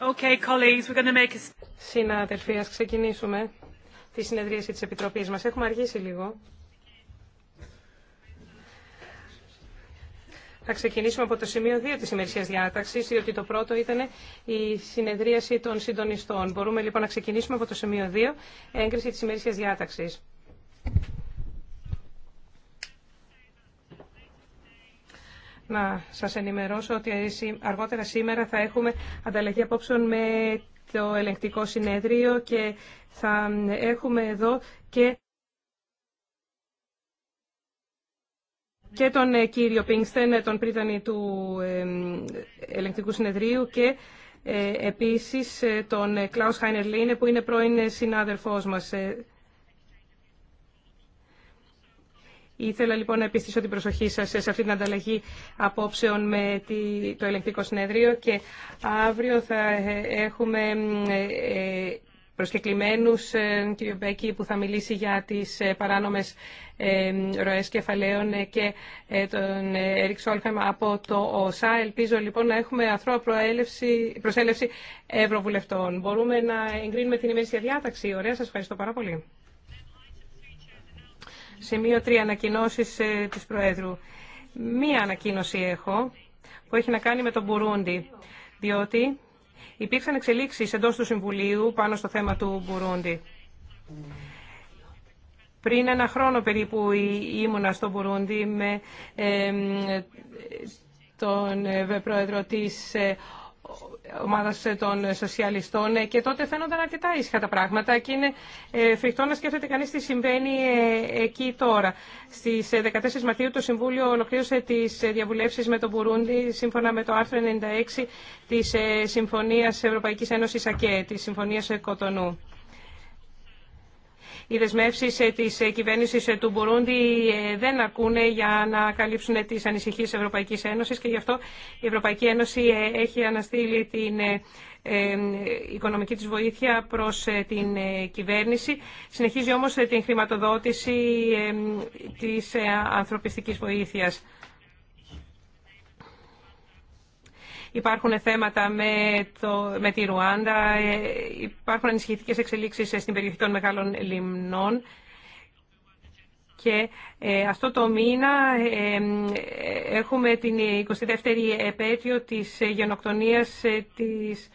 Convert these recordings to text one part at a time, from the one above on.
Okay, Συναδελφοί, ας ξεκινήσουμε τη συνεδρίαση της Επιτροπής μας. Έχουμε αργήσει λίγο. Θα ξεκινήσουμε από το σημείο 2 της ημερησίας διάταξης, διότι το πρώτο ήταν η συνεδρίαση των συντονιστών. Μπορούμε λοιπόν να ξεκινήσουμε από το σημείο 2, έγκριση της ημερησίας διάταξης. να σας ενημερώσω ότι αργότερα σήμερα θα έχουμε ανταλλαγή απόψεων με το ελεγκτικό συνέδριο και θα έχουμε εδώ και τον ε, κύριο Πίνγκστεν, ε, τον πρίτανη του ε, ελεγκτικού συνεδρίου και επίσης τον Κλάους Χάινερ Λίνε που είναι πρώην συνάδελφός μας. Ήθελα λοιπόν να επιστήσω την προσοχή σας σε αυτή την ανταλλαγή απόψεων με το ελεγκτικό συνεδρίο και αύριο θα ε, έχουμε ε, προσκεκλημένους ε, κύριο Μπέκη που θα μιλήσει για τις παράνομες ροές κεφαλαίων και τον Έρικ Σόλχαμ από το ΟΣΑ. Ελπίζω λοιπόν να έχουμε αθρώα προσέλευση ευρωβουλευτών. Μπορούμε να εγκρίνουμε την ημερήσια διάταξη. Ωραία, σας ευχαριστώ πάρα πολύ. Σημείο 3. Ανακοινώσει ε, της Προέδρου. Μία ανακοίνωση έχω που έχει να κάνει με τον Μπουρούντι, διότι υπήρξαν εξελίξεις εντός του Συμβουλίου πάνω στο θέμα του Μπουρούντι. Πριν ένα χρόνο περίπου ήμουνα στο Μπουρούντι με τον ε, πρόεδρο της ε, Ομάδα των σοσιαλιστών ε, και τότε φαίνονταν αρκετά ήσυχα τα πράγματα και είναι ε, φρικτό να σκέφτεται κανείς τι συμβαίνει ε, εκεί τώρα. Στις 14 Μαρτίου το Συμβούλιο ολοκλήρωσε τις διαβουλεύσεις με τον Μπουρούντι σύμφωνα με το άρθρο 96 της Συμφωνίας Ευρωπαϊκής Ένωσης ΑΚΕ, της Συμφωνίας Κοτονού οι δεσμεύσει ε, τη ε, κυβέρνηση ε, του Μπουρούντι δεν ακούνε για να καλύψουν τι ανησυχίε τη Ευρωπαϊκή Ένωση και γι' αυτό η Ευρωπαϊκή Ένωση έχει αναστείλει την οικονομική της βοήθεια προς την κυβέρνηση. Συνεχίζει όμως την χρηματοδότηση της ανθρωπιστικής βοήθειας. Υπάρχουν θέματα με, το, με τη Ρουάντα, ε, υπάρχουν ενισχυτικές εξελίξεις στην περιοχή των μεγάλων λιμνών. Και ε, αυτό το μήνα ε, έχουμε την 22η επέτειο της γενοκτονίας της,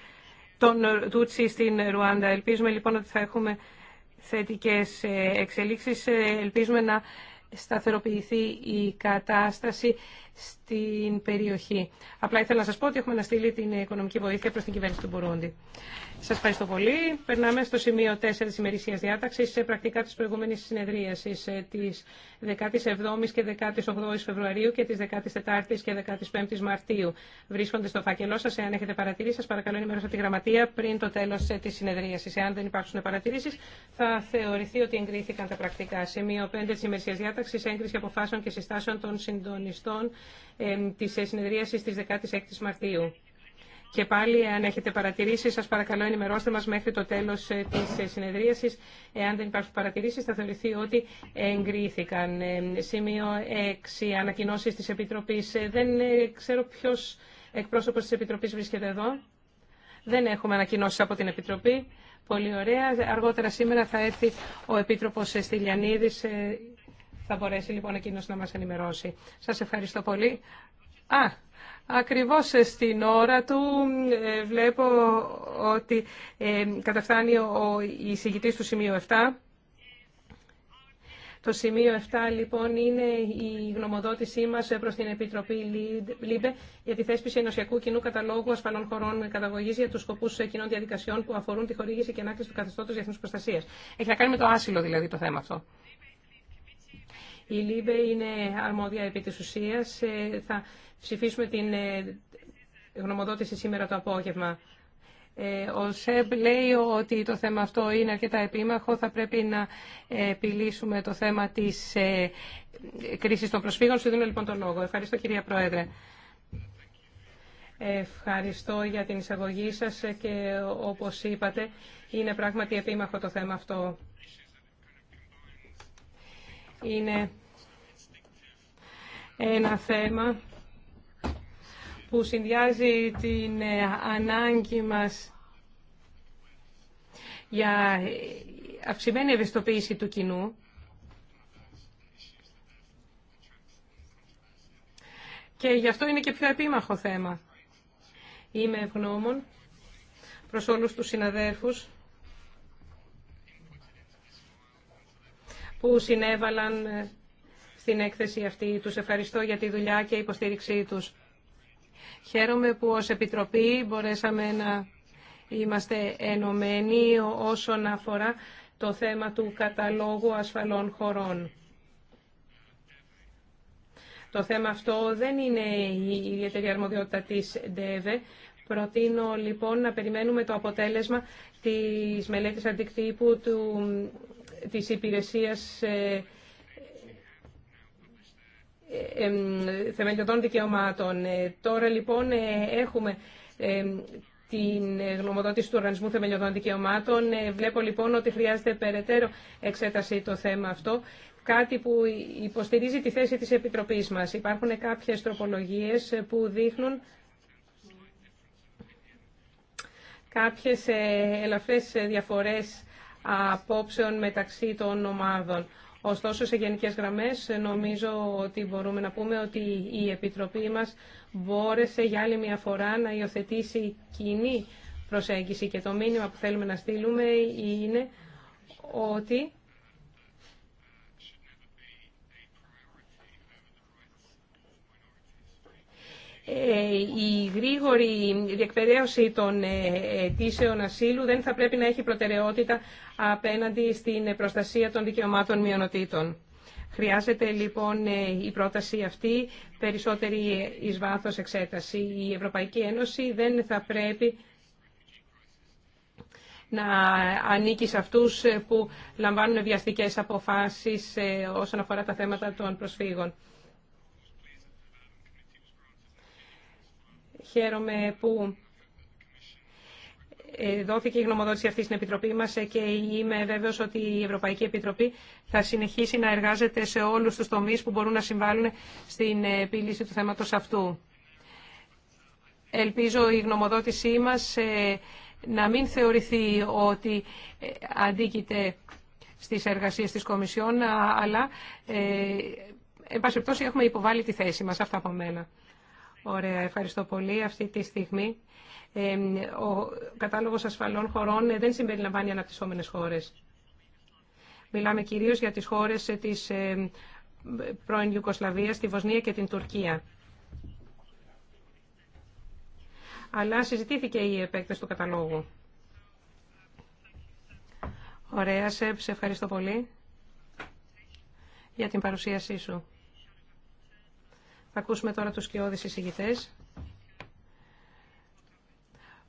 των Τούτσι στην Ρουάντα. Ελπίζουμε λοιπόν ότι θα έχουμε θετικές εξελίξεις. Ελπίζουμε να σταθεροποιηθεί η κατάσταση στην περιοχή. Απλά ήθελα να σας πω ότι έχουμε να στείλει την οικονομική βοήθεια προς την κυβέρνηση του Μπουρούντι. Σας ευχαριστώ πολύ. Περνάμε στο σημείο 4 της ημερησίας διάταξης σε πρακτικά της προηγούμενης συνεδρίασης ε, της 17 7η και 18 η Φεβρουαρίου και τη 14 η και 15 η Μαρτίου. Βρίσκονται στο φάκελό σας. Εάν έχετε παρατηρήσει, σας παρακαλώ ενημέρωση τη γραμματεία πριν το τέλος ε, της συνεδρίασης. Εάν δεν υπάρξουν παρατηρήσεις, θα θεωρηθεί ότι εγκρίθηκαν τα πρακτικά. Σημείο 5 της ημερησίας διάταξης, έγκριση αποφάσεων και συστάσεων των συντονιστών ε, ε, της ε, συνεδρίασης της 16ης Μαρτίου. Και πάλι, αν έχετε παρατηρήσει, σας παρακαλώ ενημερώστε μας μέχρι το τέλος ε, της συνεδρίασης. Εάν δεν υπάρχουν παρατηρήσεις, θα θεωρηθεί ότι εγκρίθηκαν. Σημείο 6, ανακοινώσει της Επιτροπής. Δεν ξέρω ποιος εκπρόσωπος της Επιτροπής βρίσκεται εδώ. Δεν έχουμε ανακοινώσει από την Επιτροπή. Πολύ ωραία. Αργότερα σήμερα θα έρθει ο Επίτροπος Στυλιανίδης θα μπορέσει λοιπόν εκείνο να μα ενημερώσει. Σα ευχαριστώ πολύ. Α, ακριβώς στην ώρα του ε, βλέπω ότι ε, καταφτάνει ο εισηγητή του σημείου 7. Το σημείο 7 λοιπόν είναι η γνωμοδότησή μα προ την Επιτροπή ΛΥΜΠΕ για τη θέσπιση ενωσιακού κοινού καταλόγου ασφαλών χωρών καταγωγή για του σκοπού κοινών διαδικασιών που αφορούν τη χορήγηση και ανάκτηση του καθεστώτο διεθνού προστασία. Έχει να κάνει με το άσυλο δηλαδή το θέμα αυτό. Η ΛΥΜΠΕ είναι αρμόδια επί της ουσίας. Ε, θα ψηφίσουμε την ε, γνωμοδότηση σήμερα το απόγευμα. Ε, ο ΣΕΜΠ λέει ότι το θέμα αυτό είναι αρκετά επίμαχο. Θα πρέπει να επιλύσουμε το θέμα της κρίσης των προσφύγων. Σου δίνω λοιπόν τον λόγο. Ευχαριστώ κυρία Πρόεδρε. Ευχαριστώ για την εισαγωγή σας και όπως είπατε είναι πράγματι επίμαχο το θέμα αυτό είναι ένα θέμα που συνδυάζει την ε, ανάγκη μας για αυξημένη ευαισθητοποίηση του κοινού και γι' αυτό είναι και πιο επίμαχο θέμα. Είμαι ευγνώμων προς όλους τους συναδέρφους που συνέβαλαν ε, στην έκθεση αυτή. του ευχαριστώ για τη δουλειά και υποστήριξή τους. Χαίρομαι που ως Επιτροπή μπορέσαμε να είμαστε ενωμένοι όσον αφορά το θέμα του καταλόγου ασφαλών χωρών. Το θέμα αυτό δεν είναι η ιδιαίτερη αρμοδιότητα της ΔΕΒΕ. Προτείνω λοιπόν να περιμένουμε το αποτέλεσμα της μελέτης αντικτύπου του της υπηρεσίας ε, ε, θεμελιωτών δικαιωμάτων. Ε, τώρα λοιπόν έχουμε την γνωμοδότηση του Οργανισμού Θεμελιωδών Δικαιωμάτων. Βλέπω λοιπόν ότι χρειάζεται περαιτέρω εξέταση το θέμα αυτό. Κάτι που υποστηρίζει τη θέση της Επιτροπής μας. Υπάρχουν κάποιες τροπολογίες που δείχνουν κάποιες ελαφρές διαφορές απόψεων μεταξύ των ομάδων. Ωστόσο, σε γενικές γραμμές, νομίζω ότι μπορούμε να πούμε ότι η Επιτροπή μας μπόρεσε για άλλη μια φορά να υιοθετήσει κοινή προσέγγιση και το μήνυμα που θέλουμε να στείλουμε είναι ότι Ε, η γρήγορη διεκπαιρέωση των ε, αιτήσεων ασύλου δεν θα πρέπει να έχει προτεραιότητα απέναντι στην προστασία των δικαιωμάτων μειονοτήτων. Χρειάζεται λοιπόν ε, η πρόταση αυτή περισσότερη εις βάθος εξέταση. Η Ευρωπαϊκή Ένωση δεν θα πρέπει να ανήκει σε αυτούς που λαμβάνουν βιαστικές αποφάσεις όσον αφορά τα θέματα των προσφύγων. Χαίρομαι που ε, δόθηκε η γνωμοδότηση αυτή στην Επιτροπή μας ε, και είμαι βέβαιος ότι η Ευρωπαϊκή Επιτροπή θα συνεχίσει να εργάζεται σε όλους τους τομείς που μπορούν να συμβάλλουν στην επίλυση του θέματος αυτού. Ελπίζω η γνωμοδότησή μας ε, να μην θεωρηθεί ότι αντίκειται στις εργασίες της Κομισιόν, αλλά, εν πάση έχουμε υποβάλει τη θέση μας. Αυτά από μένα. Ωραία, ευχαριστώ πολύ. Αυτή τη στιγμή ο κατάλογος ασφαλών χωρών ε, δεν συμπεριλαμβάνει αναπτυσσόμενες χώρες. Μιλάμε κυρίως για τις χώρες ε, της ε, πρώην Ιουκοσλαβίας, τη Βοσνία και την Τουρκία. Αλλά συζητήθηκε η επέκταση του καταλόγου. Ωραία, Σεπ, σε ευχαριστώ πολύ για την παρουσίασή σου. Θα ακούσουμε τώρα τους σκιώδεις εισηγητές.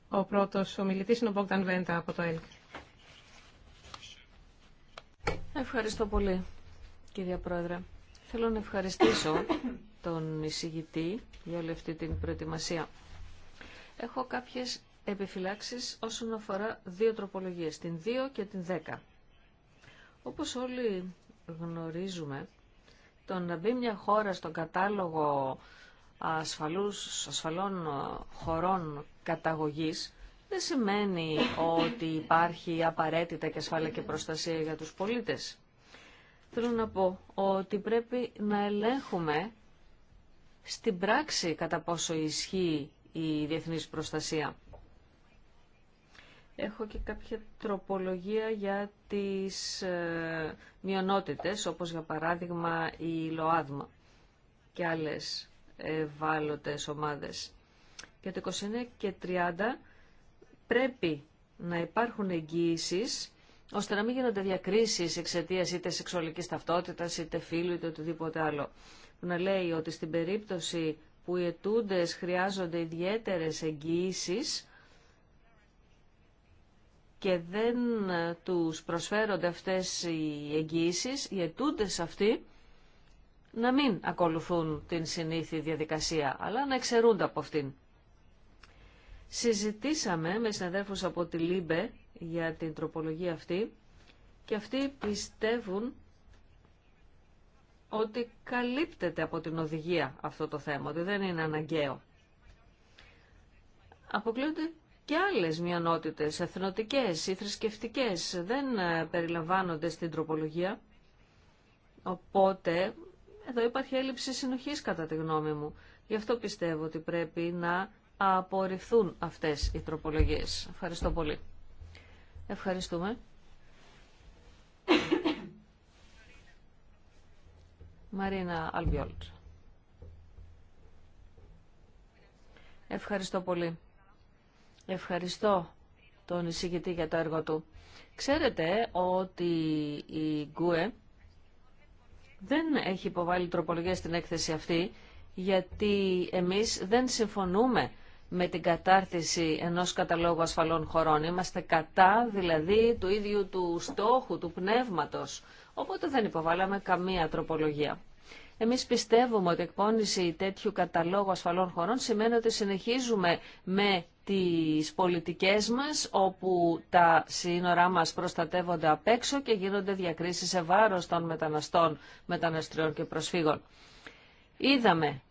Ο πρώτος ομιλητής είναι ο Μπόγκταν Βέντα από το ΕΛΚ. Ευχαριστώ πολύ, κυρία Πρόεδρε. Θέλω να ευχαριστήσω τον εισηγητή για όλη αυτή την προετοιμασία. Έχω κάποιες επιφυλάξεις όσον αφορά δύο τροπολογίες, την 2 και την 10. Όπως όλοι γνωρίζουμε, το να μπει μια χώρα στον κατάλογο ασφαλούς, ασφαλών ε, χωρών καταγωγής δεν σημαίνει ότι υπάρχει απαραίτητα και ασφάλεια και προστασία για τους πολίτες. Θέλω να πω ότι πρέπει να ελέγχουμε στην πράξη κατά πόσο ισχύει η διεθνής προστασία. Έχω και κάποια τροπολογία για τις ε, μειονότητες, όπως για παράδειγμα η ΛΟΑΔΜΑ και άλλες ευάλωτες ομάδες. Για το 29 και 30 πρέπει να υπάρχουν εγγύησει ώστε να μην γίνονται διακρίσεις εξαιτία είτε σεξουαλικής ταυτότητας, είτε φίλου, είτε οτιδήποτε άλλο. Που να λέει ότι στην περίπτωση που οι ετούντες χρειάζονται ιδιαίτερες εγγύησεις, και δεν ε, τους προσφέρονται αυτές οι εγγύησεις, οι ετούντες αυτοί να μην ακολουθούν την συνήθη διαδικασία, αλλά να εξαιρούνται από αυτήν. Συζητήσαμε με συναδέλφους από τη ΛΥΜΠΕ για την τροπολογία αυτή και αυτοί πιστεύουν ότι καλύπτεται από την οδηγία αυτό το θέμα, ότι δεν είναι αναγκαίο. Αποκλείονται και άλλες μειονότητες, εθνοτικές ή θρησκευτικέ δεν ε, περιλαμβάνονται στην τροπολογία. Οπότε, εδώ υπάρχει έλλειψη συνοχής κατά τη γνώμη μου. Γι' αυτό πιστεύω ότι πρέπει να απορριφθούν αυτές οι τροπολογίες. Ευχαριστώ πολύ. Ευχαριστούμε. Μαρίνα Αλβιόλτ. Ευχαριστώ πολύ. Ευχαριστώ τον εισηγητή για το έργο του. Ξέρετε ότι η Γκουε δεν έχει υποβάλει τροπολογία στην έκθεση αυτή, γιατί εμείς δεν συμφωνούμε με την κατάρτιση ενός καταλόγου ασφαλών χωρών. Είμαστε κατά, δηλαδή, του ίδιου του στόχου, του πνεύματος. Οπότε δεν υποβάλαμε καμία τροπολογία. Εμείς πιστεύουμε ότι η εκπόνηση τέτοιου καταλόγου ασφαλών χωρών σημαίνει ότι συνεχίζουμε με τις πολιτικές μας όπου τα σύνορά μας προστατεύονται απ' έξω και γίνονται διακρίσεις σε βάρος των μεταναστών, μεταναστριών και προσφύγων. Είδαμε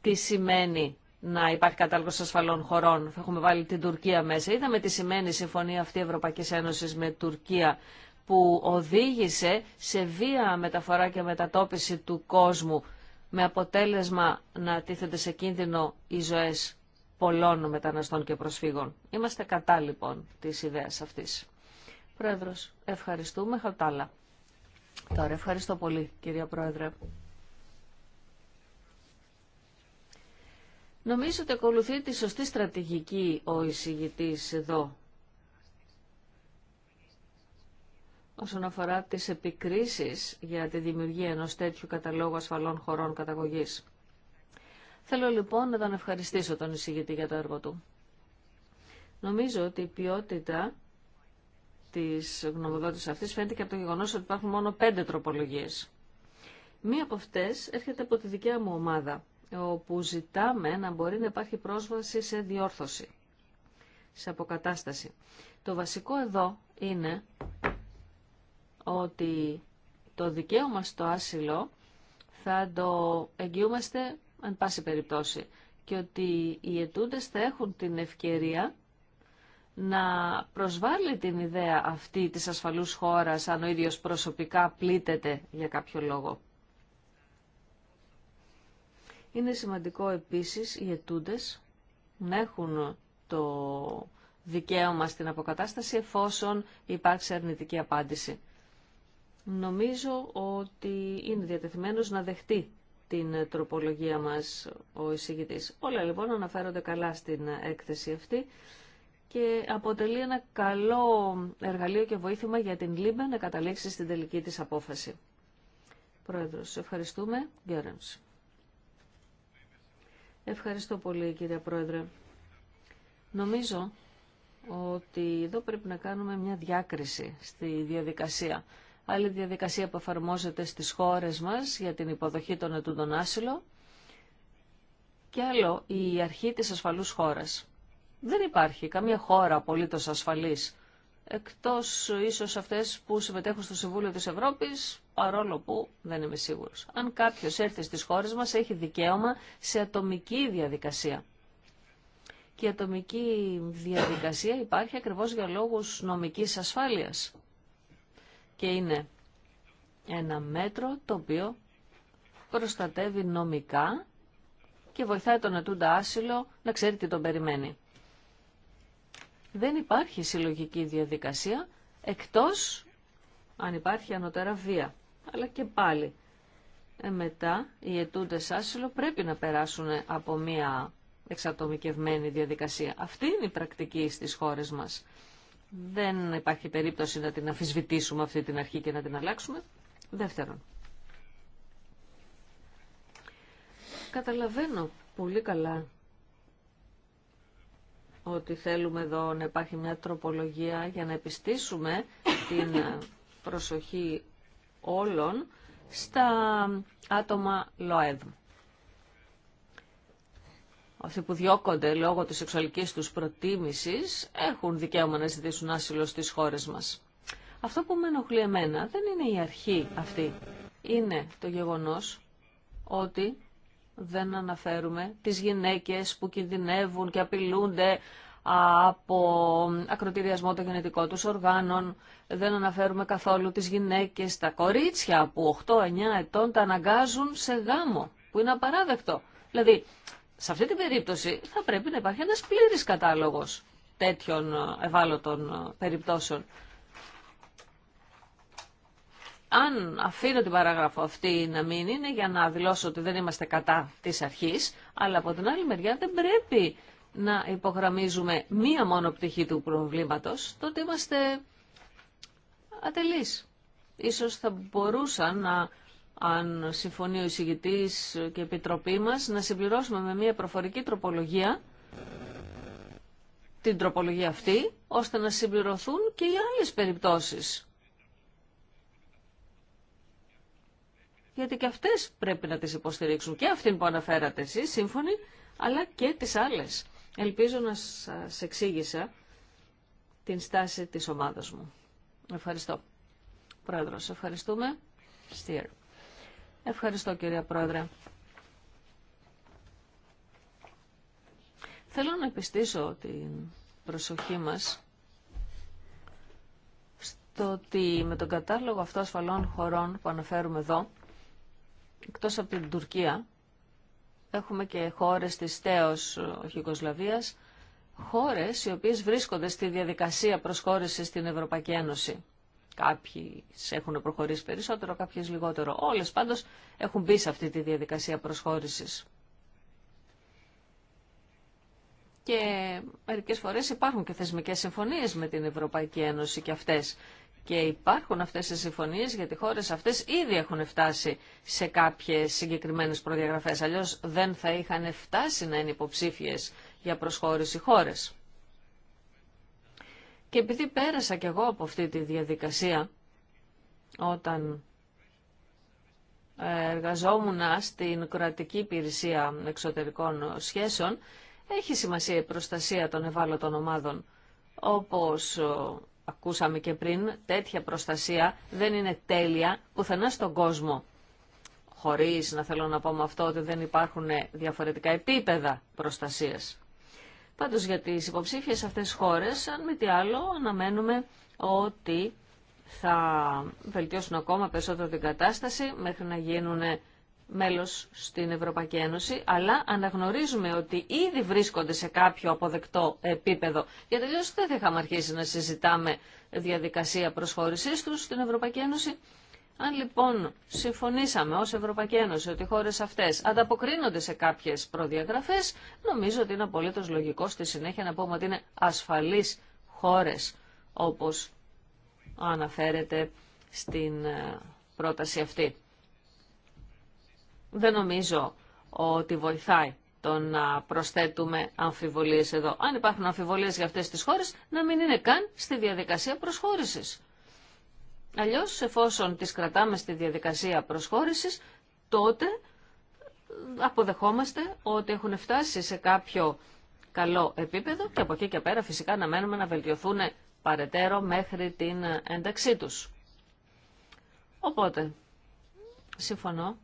τι σημαίνει να υπάρχει κατάλογος ασφαλών χωρών. Έχουμε βάλει την Τουρκία μέσα. Είδαμε τι σημαίνει η συμφωνία αυτή Ευρωπαϊκής Ένωσης με Τουρκία που οδήγησε σε βία μεταφορά και μετατόπιση του κόσμου με αποτέλεσμα να τίθεται σε κίνδυνο οι ζωές πολλών μεταναστών και προσφύγων. Είμαστε κατά λοιπόν της ιδέας αυτής. Πρόεδρος, ευχαριστούμε. χαρτάλα. Τώρα, ευχαριστώ πολύ κυρία Πρόεδρε. Νομίζω ότι ακολουθεί τη σωστή στρατηγική ο εισηγητής εδώ. όσον αφορά τις επικρίσεις για τη δημιουργία ενός τέτοιου καταλόγου ασφαλών χωρών καταγωγής. Θέλω λοιπόν να τον ευχαριστήσω τον εισηγητή για το έργο του. Νομίζω ότι η ποιότητα της γνωμοδότησης αυτής φαίνεται και από το γεγονός ότι υπάρχουν μόνο πέντε τροπολογίες. Μία από αυτές έρχεται από τη δικιά μου ομάδα, όπου ζητάμε να μπορεί να υπάρχει πρόσβαση σε διόρθωση, σε αποκατάσταση. Το βασικό εδώ είναι ότι το δικαίωμα στο άσυλο θα το εγγυούμαστε εν πάση περιπτώσει, και ότι οι ετούντες θα έχουν την ευκαιρία να προσβάλλει την ιδέα αυτή της ασφαλούς χώρας αν ο ίδιος προσωπικά πλήτεται για κάποιο λόγο. Είναι σημαντικό επίσης οι ετούντες να έχουν το δικαίωμα στην αποκατάσταση εφόσον υπάρξει αρνητική απάντηση. Νομίζω ότι είναι διατεθειμένος να δεχτεί την τροπολογία μας ο εισηγητής. Όλα λοιπόν αναφέρονται καλά στην έκθεση αυτή και αποτελεί ένα καλό εργαλείο και βοήθημα για την ΛΥΜΠΕ να καταλήξει στην τελική της απόφαση. Πρόεδρος, ευχαριστούμε. Γκέρενς. Ευχαριστώ πολύ κύριε Πρόεδρε. Νομίζω ότι εδώ πρέπει να κάνουμε μια διάκριση στη διαδικασία άλλη διαδικασία που εφαρμόζεται στις χώρες μας για την υποδοχή των ετούντων άσυλο και άλλο η αρχή της ασφαλούς χώρας. Δεν υπάρχει καμία χώρα απολύτως ασφαλής, εκτός ίσως αυτές που συμμετέχουν στο Συμβούλιο της Ευρώπης, παρόλο που δεν είμαι σίγουρος. Αν κάποιος έρθει στις χώρες μας, έχει δικαίωμα σε ατομική διαδικασία. Και η ατομική διαδικασία υπάρχει ακριβώς για λόγους νομικής ασφάλειας και είναι ένα μέτρο το οποίο προστατεύει νομικά και βοηθάει τον ετούντα άσυλο να ξέρει τι τον περιμένει. Δεν υπάρχει συλλογική διαδικασία εκτός αν υπάρχει ανωτέρα βία. Αλλά και πάλι ε, μετά οι ετούντες άσυλο πρέπει να περάσουν από μία εξατομικευμένη διαδικασία. Αυτή είναι η πρακτική στις χώρες μας. Δεν υπάρχει περίπτωση να την αφισβητήσουμε αυτή την αρχή και να την αλλάξουμε. Δεύτερον, καταλαβαίνω πολύ καλά ότι θέλουμε εδώ να υπάρχει μια τροπολογία για να επιστήσουμε την προσοχή όλων στα άτομα ΛΟΕΔΜ αυτοί που διώκονται λόγω της σεξουαλικής τους προτίμησης έχουν δικαίωμα να ζητήσουν άσυλο στις χώρες μας. Αυτό που με ενοχλεί εμένα δεν είναι η αρχή αυτή. Είναι το γεγονός ότι δεν αναφέρουμε τις γυναίκες που κινδυνεύουν και απειλούνται από ακροτηριασμό των γενετικών τους οργάνων. Δεν αναφέρουμε καθόλου τις γυναίκες, τα κορίτσια που 8-9 ετών τα αναγκάζουν σε γάμο, που είναι απαράδεκτο. Δηλαδή, σε αυτή την περίπτωση θα πρέπει να υπάρχει ένας πλήρης κατάλογος τέτοιων ευάλωτων περιπτώσεων. Αν αφήνω την παράγραφο αυτή να μην είναι για να δηλώσω ότι δεν είμαστε κατά της αρχής, αλλά από την άλλη μεριά δεν πρέπει να υπογραμμίζουμε μία μόνο πτυχή του προβλήματος, τότε είμαστε ατελείς. Ίσως θα μπορούσαν να αν συμφωνεί ο εισηγητής και η Επιτροπή μας, να συμπληρώσουμε με μια προφορική τροπολογία την τροπολογία αυτή, ώστε να συμπληρωθούν και οι άλλες περιπτώσεις. Γιατί και αυτές πρέπει να τις υποστηρίξουν. Και αυτήν που αναφέρατε εσείς, σύμφωνοι, αλλά και τις άλλες. Ελπίζω να σας εξήγησα την στάση της ομάδας μου. Ευχαριστώ. Πρόεδρος, ευχαριστούμε. Στήρα. Ευχαριστώ κυρία Πρόεδρε. Θέλω να επιστήσω την προσοχή μας στο ότι με τον κατάλογο αυτό ασφαλών χωρών που αναφέρουμε εδώ, εκτός από την Τουρκία, έχουμε και χώρες της οχι Ιουγκοσλαβίας, χώρες οι οποίες βρίσκονται στη διαδικασία προσχώρησης στην Ευρωπαϊκή Ένωση. Κάποιοι έχουν προχωρήσει περισσότερο, κάποιε λιγότερο. Όλε πάντω έχουν μπει σε αυτή τη διαδικασία προσχώρηση. Και μερικέ φορέ υπάρχουν και θεσμικέ συμφωνίε με την Ευρωπαϊκή Ένωση και αυτέ. Και υπάρχουν αυτέ οι συμφωνίε γιατί οι χώρε αυτέ ήδη έχουν φτάσει σε κάποιε συγκεκριμένε προδιαγραφέ. Αλλιώ δεν θα είχαν φτάσει να είναι υποψήφιε για προσχώρηση χώρες. Και επειδή πέρασα κι εγώ από αυτή τη διαδικασία, όταν ε, εργαζόμουν στην κρατική υπηρεσία εξωτερικών σχέσεων, έχει σημασία η προστασία των ευάλωτων ομάδων. Όπως ε, ακούσαμε και πριν, τέτοια προστασία δεν είναι τέλεια πουθενά στον κόσμο. Χωρίς να θέλω να πω με αυτό ότι δεν υπάρχουν διαφορετικά επίπεδα προστασίας. Πάντως για τις υποψήφιες αυτές χώρες, αν με τι άλλο, αναμένουμε ότι θα βελτιώσουν ακόμα περισσότερο την κατάσταση μέχρι να γίνουν μέλος στην Ευρωπαϊκή Ένωση, αλλά αναγνωρίζουμε ότι ήδη βρίσκονται σε κάποιο αποδεκτό επίπεδο. Για τελείως δεν θα είχαμε αρχίσει να συζητάμε διαδικασία προσχώρησής τους στην Ευρωπαϊκή Ένωση. Αν λοιπόν συμφωνήσαμε ως Ευρωπαϊκή Ένωση ότι οι χώρες αυτές ανταποκρίνονται σε κάποιες προδιαγραφές, νομίζω ότι είναι απολύτως λογικό στη συνέχεια να πούμε ότι είναι ασφαλείς χώρες, όπως αναφέρεται στην ε, πρόταση αυτή. Δεν νομίζω ότι βοηθάει το να προσθέτουμε αμφιβολίες εδώ. Αν υπάρχουν αμφιβολίες για αυτές τις χώρες, να μην είναι καν στη διαδικασία προσχώρησης. Αλλιώς, εφόσον τις κρατάμε στη διαδικασία προσχώρησης, τότε αποδεχόμαστε ότι έχουν φτάσει σε κάποιο καλό επίπεδο και από εκεί και πέρα φυσικά να μένουμε να βελτιωθούν παρετέρω μέχρι την ένταξή τους. Οπότε, συμφωνώ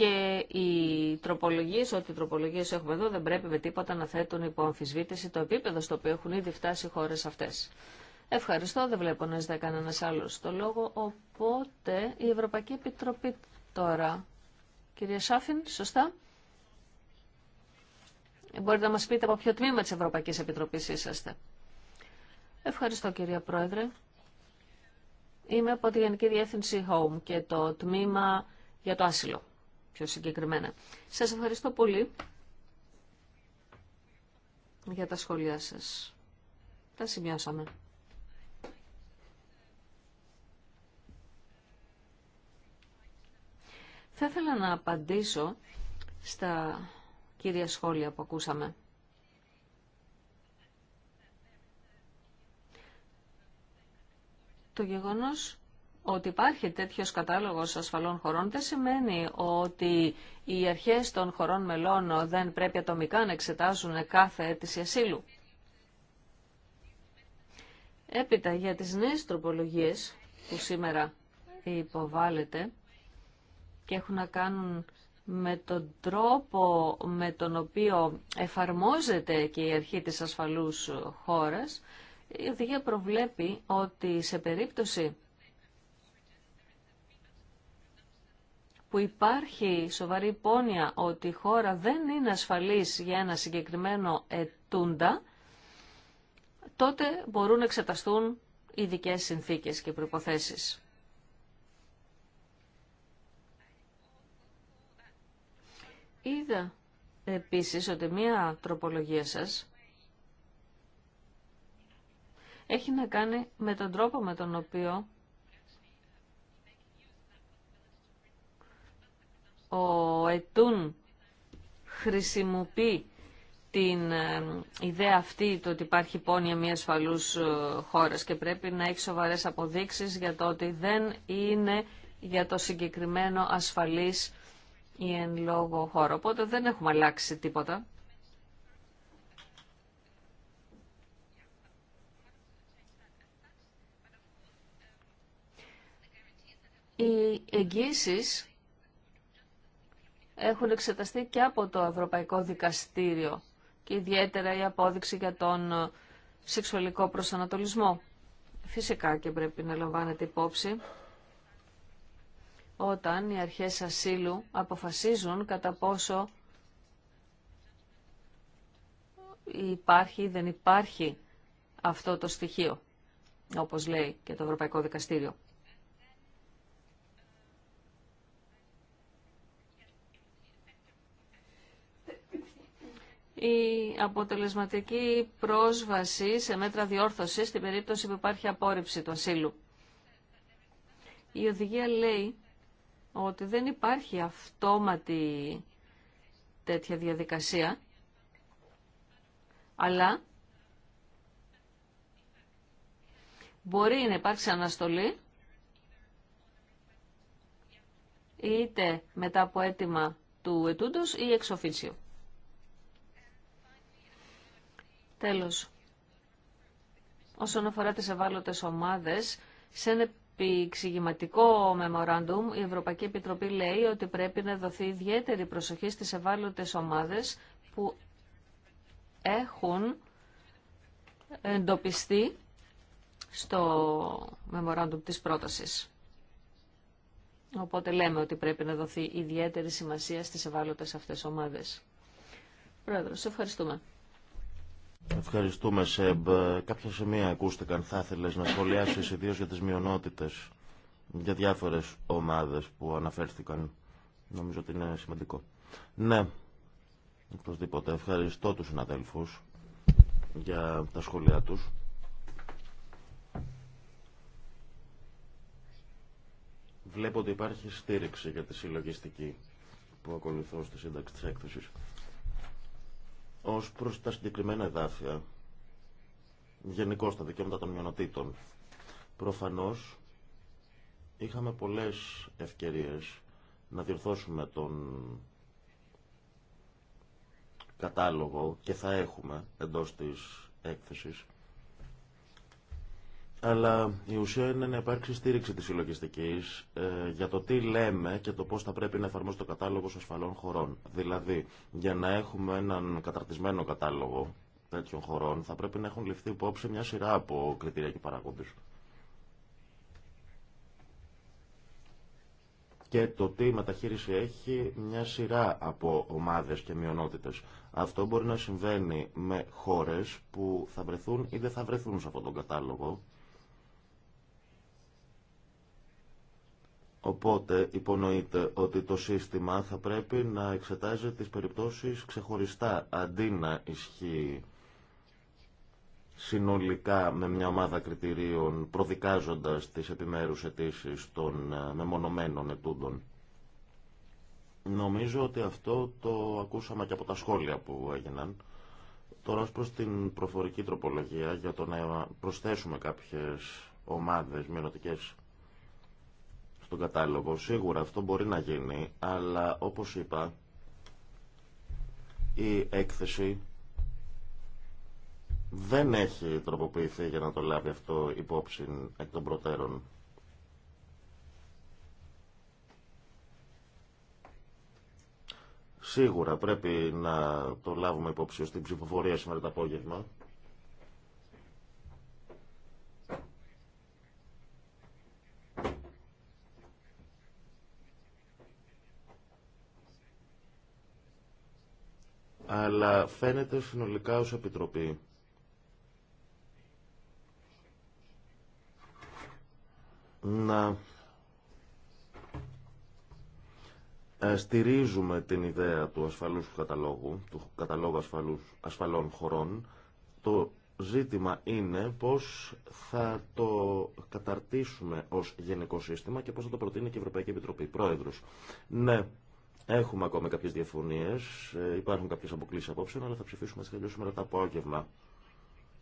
και οι τροπολογίε, ό,τι τροπολογίε έχουμε εδώ, δεν πρέπει με τίποτα να θέτουν υπό αμφισβήτηση το επίπεδο στο οποίο έχουν ήδη φτάσει οι χώρε αυτέ. Ευχαριστώ, δεν βλέπω να ζητάει κανένα άλλο το λόγο. Οπότε η Ευρωπαϊκή Επιτροπή τώρα. Κυρία Σάφιν, σωστά. Μπορείτε να μας πείτε από ποιο τμήμα της Ευρωπαϊκής Επιτροπής είσαστε. Ευχαριστώ κυρία Πρόεδρε. Είμαι από τη Γενική Διεύθυνση Home και το τμήμα για το άσυλο πιο συγκεκριμένα. Σας ευχαριστώ πολύ για τα σχόλιά σας. Τα σημειώσαμε. Θα ήθελα να απαντήσω στα κύρια σχόλια που ακούσαμε. Το γεγονός ότι υπάρχει τέτοιος κατάλογος ασφαλών χωρών δεν σημαίνει ότι οι αρχές των χωρών μελών δεν πρέπει ατομικά να εξετάζουν κάθε αίτηση ασύλου. Έπειτα για τις νέες τροπολογίες που σήμερα υποβάλλεται και έχουν να κάνουν με τον τρόπο με τον οποίο εφαρμόζεται και η αρχή της ασφαλούς χώρας, η οδηγία προβλέπει ότι σε περίπτωση που υπάρχει σοβαρή πόνια ότι η χώρα δεν είναι ασφαλής για ένα συγκεκριμένο ετούντα, τότε μπορούν να εξεταστούν ειδικέ συνθήκες και προϋποθέσεις. Είδα επίσης ότι μία τροπολογία σας έχει να κάνει με τον τρόπο με τον οποίο ο Ετούν χρησιμοποιεί την ε, ιδέα αυτή το ότι υπάρχει πόνια μια ασφαλούς ε, χώρας και πρέπει να έχει σοβαρές αποδείξεις για το ότι δεν είναι για το συγκεκριμένο ασφαλής ή εν λόγω χώρο. Οπότε δεν έχουμε αλλάξει τίποτα. Οι εγγύσεις έχουν εξεταστεί και από το Ευρωπαϊκό Δικαστήριο και ιδιαίτερα η απόδειξη για τον ε, σεξουαλικό προσανατολισμό. Φυσικά και πρέπει να λαμβάνετε υπόψη όταν οι αρχές ασύλου αποφασίζουν κατά πόσο υπάρχει ή δεν υπάρχει αυτό το στοιχείο, όπως λέει και το Ευρωπαϊκό Δικαστήριο. η αποτελεσματική πρόσβαση σε μέτρα διόρθωσης στην περίπτωση που υπάρχει απόρριψη του ασύλου. Η οδηγία λέει ότι δεν υπάρχει αυτόματη τέτοια διαδικασία, αλλά μπορεί να υπάρξει αναστολή είτε μετά από αίτημα του ετούντος ή εξοφίσιο. Τέλος, όσον αφορά τις ευάλωτες ομάδες, σε ένα επεξηγηματικό memorandum η Ευρωπαϊκή Επιτροπή λέει ότι πρέπει να δοθεί ιδιαίτερη προσοχή στις ευάλωτες ομάδες που έχουν εντοπιστεί στο memorandum της πρότασης. Οπότε λέμε ότι πρέπει να δοθεί ιδιαίτερη σημασία στις ευάλωτες αυτές ομάδες. Πρόεδρος, ευχαριστούμε. Ευχαριστούμε, Σεμπ. Κάποια σημεία ακούστηκαν. Θα ήθελε να σχολιάσει ιδίω για τι μειονότητε, για διάφορε ομάδε που αναφέρθηκαν. Νομίζω ότι είναι σημαντικό. Ναι, οπωσδήποτε. Ευχαριστώ του συναδέλφου για τα σχόλιά του. Βλέπω ότι υπάρχει στήριξη για τη συλλογιστική που ακολουθώ στη σύνταξη της έκθεσης ως προς τα συγκεκριμένα εδάφια, γενικώ τα δικαιώματα των μειονοτήτων. Προφανώς είχαμε πολλές ευκαιρίες να διορθώσουμε τον κατάλογο και θα έχουμε εντός της έκθεσης αλλά η ουσία είναι να υπάρξει στήριξη τη συλλογιστική ε, για το τι λέμε και το πώς θα πρέπει να το κατάλογο κατάλογος ασφαλών χωρών. Δηλαδή, για να έχουμε έναν καταρτισμένο κατάλογο τέτοιων χωρών, θα πρέπει να έχουν ληφθεί υπόψη μια σειρά από κριτήρια και παράγοντε. και το τι μεταχείριση έχει μια σειρά από ομάδε και μειονότητε. Αυτό μπορεί να συμβαίνει με χώρε που θα βρεθούν ή δεν θα βρεθούν σε αυτόν τον κατάλογο Οπότε υπονοείται ότι το σύστημα θα πρέπει να εξετάζει τις περιπτώσεις ξεχωριστά, αντί να ισχύει συνολικά με μια ομάδα κριτηρίων, προδικάζοντας τις επιμέρους αιτήσει των ε, μεμονωμένων ετούντων. Νομίζω ότι αυτό το ακούσαμε και από τα σχόλια που έγιναν. Τώρα ως προς την προφορική τροπολογία για το να προσθέσουμε κάποιες ομάδες μειονοτικές κατάλογο. Σίγουρα αυτό μπορεί να γίνει, αλλά όπως είπα, η έκθεση δεν έχει τροποποιηθεί για να το λάβει αυτό υπόψη εκ των προτέρων. Σίγουρα πρέπει να το λάβουμε υπόψη στην ψηφοφορία σήμερα το απόγευμα. αλλά φαίνεται συνολικά ως Επιτροπή να ε, στηρίζουμε την ιδέα του ασφαλούς καταλόγου, του καταλόγου ασφαλών χωρών. Το ζήτημα είναι πώς θα το καταρτήσουμε ως γενικό σύστημα και πώς θα το προτείνει και η Ευρωπαϊκή Επιτροπή. Πρόεδρος, ναι, Έχουμε ακόμα κάποιες διαφωνίες, ε, υπάρχουν κάποιες αποκλήσεις απόψε, αλλά θα ψηφίσουμε έτσι τελειώσουμε μετά το απόγευμα.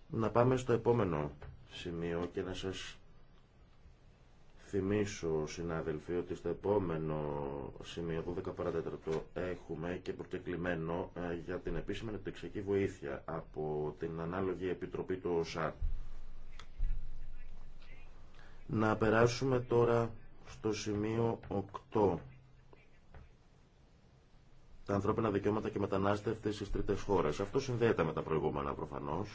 Να πάμε στο επόμενο σημείο και να σας θυμίσω, συνάδελφοι, ότι στο επόμενο σημείο, 12 παρατέταρτο, έχουμε και προκεκλημένο ε, για την επίσημη ανεπτυξιακή βοήθεια από την ανάλογη επιτροπή του ΩΣΑ. Να περάσουμε τώρα στο σημείο 8 τα ανθρώπινα δικαιώματα και μετανάστευτες στι τρίτε χώρε. Αυτό συνδέεται με τα προηγούμενα προφανώ.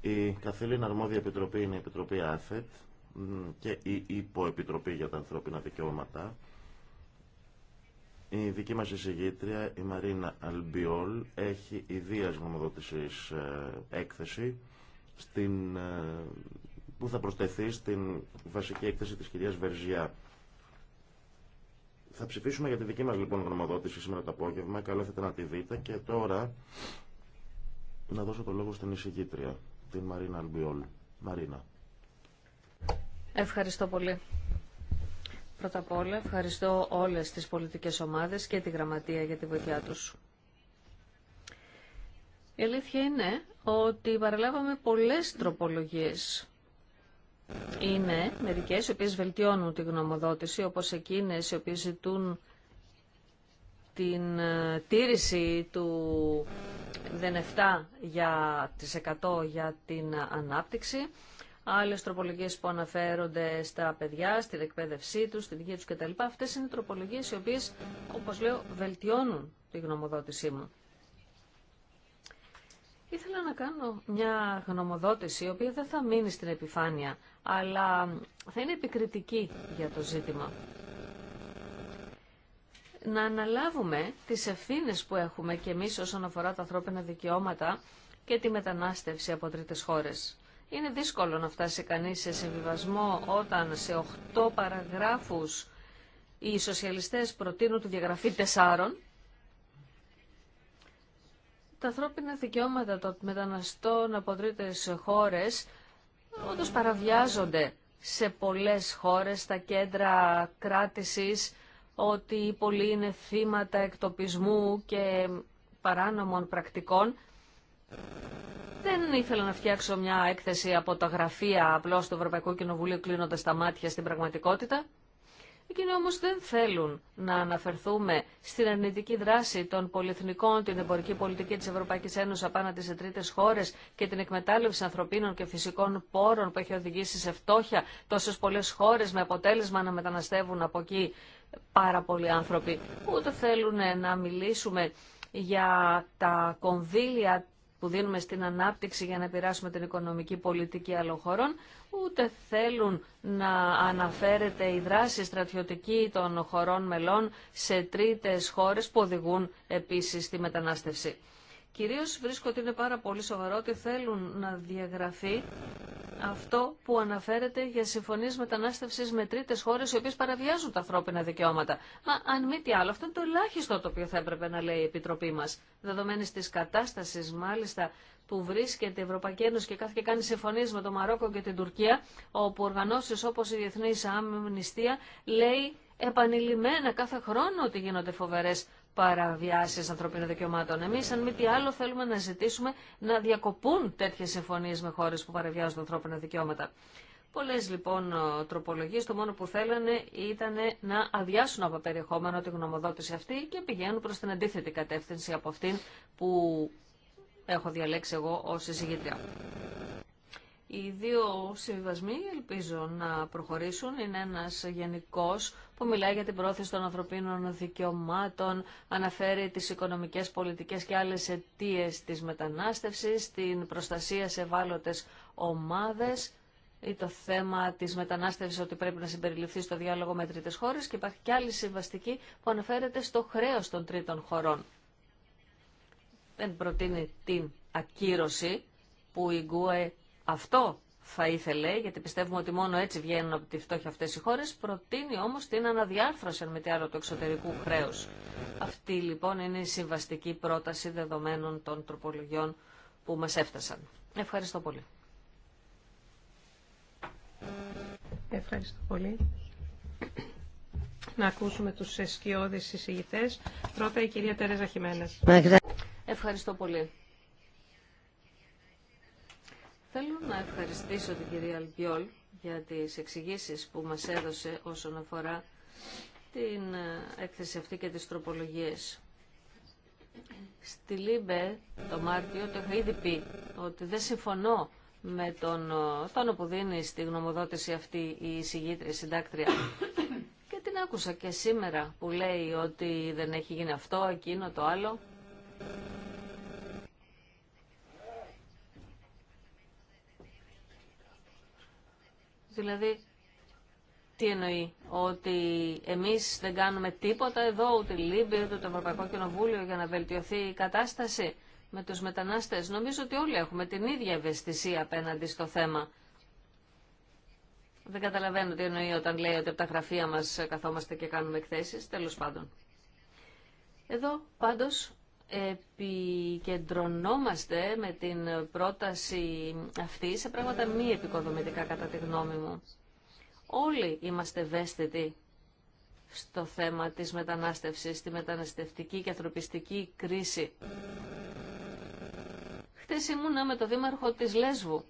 Η καθήλυνα αρμόδια επιτροπή είναι η Επιτροπή ΑΦΕΤ και η Υποεπιτροπή για τα Ανθρώπινα Δικαιώματα. Η δική μας εισηγήτρια, η Μαρίνα Αλμπιόλ, έχει ιδίας γνωμοδότηση ε, έκθεση στην, ε, που θα προσθεθεί στην βασική έκθεση της κυρίας Βερζιά θα ψηφίσουμε για τη δική μας λοιπόν γνωμοδότηση σήμερα το απόγευμα. Καλό θα να τη δείτε. Και τώρα να δώσω το λόγο στην εισηγήτρια, την Μαρίνα Αλμπιόλ. Μαρίνα. Ευχαριστώ πολύ. Πρώτα απ' όλα ευχαριστώ όλες τις πολιτικές ομάδες και τη Γραμματεία για τη βοηθιά τους. Η αλήθεια είναι ότι παραλάβαμε πολλές τροπολογίες είναι μερικέ οι οποίες βελτιώνουν τη γνωμοδότηση, όπως εκείνες οι οποίες ζητούν την ε, τήρηση του 7 για τις 100 για την ανάπτυξη, άλλες τροπολογίες που αναφέρονται στα παιδιά, στην εκπαίδευσή τους, στην υγεία τους κτλ. Αυτές είναι τροπολογίες οι οποίες, όπως λέω, βελτιώνουν τη γνωμοδότησή μου. Ήθελα να κάνω μια γνωμοδότηση, η οποία δεν θα μείνει στην επιφάνεια, αλλά θα είναι επικριτική για το ζήτημα. Να αναλάβουμε τις ευθύνες που έχουμε και εμείς όσον αφορά τα ανθρώπινα δικαιώματα και τη μετανάστευση από τρίτες χώρες. Είναι δύσκολο να φτάσει κανείς σε συμβιβασμό όταν σε 8 παραγράφους οι σοσιαλιστές προτείνουν τη διαγραφή τεσσάρων τα ανθρώπινα δικαιώματα των μεταναστών από τρίτες χώρες όντως παραβιάζονται σε πολλές χώρες, στα κέντρα κράτησης, ότι πολλοί είναι θύματα εκτοπισμού και παράνομων πρακτικών. Δεν ήθελα να φτιάξω μια έκθεση από τα γραφεία απλώς του Ευρωπαϊκού Κοινοβουλίου κλείνοντας τα μάτια στην πραγματικότητα. Εκείνοι όμως δεν θέλουν να αναφερθούμε στην αρνητική δράση των πολυεθνικών, την εμπορική πολιτική της Ευρωπαϊκής Ένωσης απέναντι σε τρίτες χώρες και την εκμετάλλευση ανθρωπίνων και φυσικών πόρων που έχει οδηγήσει σε φτώχεια τόσες πολλές χώρες με αποτέλεσμα να μεταναστεύουν από εκεί πάρα πολλοί άνθρωποι. Ούτε θέλουν να μιλήσουμε για τα κονδύλια που δίνουμε στην ανάπτυξη για να επηρεάσουμε την οικονομική πολιτική άλλων χωρών, ούτε θέλουν να αναφέρεται η δράση στρατιωτική των χωρών μελών σε τρίτες χώρες που οδηγούν επίσης στη μετανάστευση. Κυρίως βρίσκω ότι είναι πάρα πολύ σοβαρό ότι θέλουν να διαγραφεί αυτό που αναφέρεται για συμφωνίε μετανάστευση με τρίτε χώρε οι οποίε παραβιάζουν τα ανθρώπινα δικαιώματα. Μα αν μη τι άλλο, αυτό είναι το ελάχιστο το οποίο θα έπρεπε να λέει η Επιτροπή μα. Δεδομένη τη κατάσταση, μάλιστα, που βρίσκεται η Ευρωπαϊκή Ένωση και κάθε και κάνει συμφωνίε με το Μαρόκο και την Τουρκία, όπου οργανώσει όπω η Διεθνή Αμνηστία λέει επανειλημμένα κάθε χρόνο ότι γίνονται φοβερέ παραβιάσεις ανθρωπίνων δικαιωμάτων. Εμείς, αν μη τι άλλο, θέλουμε να ζητήσουμε να διακοπούν τέτοιες συμφωνίε με χώρες που παραβιάζουν ανθρώπινα δικαιώματα. Πολλές λοιπόν τροπολογίες, το μόνο που θέλανε ήταν να αδειάσουν από περιεχόμενο τη γνωμοδότηση αυτή και πηγαίνουν προς την αντίθετη κατεύθυνση από αυτήν που έχω διαλέξει εγώ ως εισηγήτρια. Οι δύο συμβιβασμοί ελπίζω να προχωρήσουν. Είναι ένας γενικός που μιλάει για την πρόθεση των ανθρωπίνων δικαιωμάτων, αναφέρει τις οικονομικές, πολιτικές και άλλες αιτίε της μετανάστευσης, την προστασία σε ευάλωτες ομάδες ή το θέμα της μετανάστευσης ότι πρέπει να συμπεριληφθεί στο διάλογο με τρίτες χώρες και υπάρχει και άλλη συμβαστική που αναφέρεται στο χρέος των τρίτων χωρών. Δεν προτείνει την ακύρωση που η ΓΚΟΕ... Αυτό θα ήθελε, γιατί πιστεύουμε ότι μόνο έτσι βγαίνουν από τη φτώχεια αυτές οι χώρες, προτείνει όμως την αναδιάρθρωση, αν με τι άλλο, του εξωτερικού χρέους. Αυτή λοιπόν είναι η συμβαστική πρόταση δεδομένων των τροπολογιών που μας έφτασαν. Ευχαριστώ πολύ. Ευχαριστώ πολύ. Να ακούσουμε τους σκιώδεις συζητητές. Πρώτα η κυρία Τερέζα Χιμένες. Ευχαριστώ πολύ. Θέλω να ευχαριστήσω την κυρία Αλμπιόλ για τις εξηγήσεις που μας έδωσε όσον αφορά την ε, έκθεση αυτή και τις τροπολογίες. Στη Λίμπε το Μάρτιο το είχα ήδη πει ότι δεν συμφωνώ με τον ε, τόνο που δίνει στη γνωμοδότηση αυτή η συγγήτρια, συντάκτρια. και την άκουσα και σήμερα που λέει ότι δεν έχει γίνει αυτό, εκείνο, το άλλο. Δηλαδή, τι εννοεί, ότι εμείς δεν κάνουμε τίποτα εδώ, ούτε Λίμπη, ούτε το Ευρωπαϊκό Κοινοβούλιο για να βελτιωθεί η κατάσταση με τους μετανάστες. Νομίζω ότι όλοι έχουμε την ίδια ευαισθησία απέναντι στο θέμα. Δεν καταλαβαίνω τι εννοεί όταν λέει ότι από τα γραφεία μας καθόμαστε και κάνουμε εκθέσεις, τέλος πάντων. Εδώ πάντως επικεντρωνόμαστε με την πρόταση αυτή σε πράγματα μη επικοδομητικά κατά τη γνώμη μου. Όλοι είμαστε ευαίσθητοι στο θέμα της μετανάστευσης, τη μεταναστευτική και ανθρωπιστική κρίση. Χτες ήμουνα με το δήμαρχο της Λέσβου,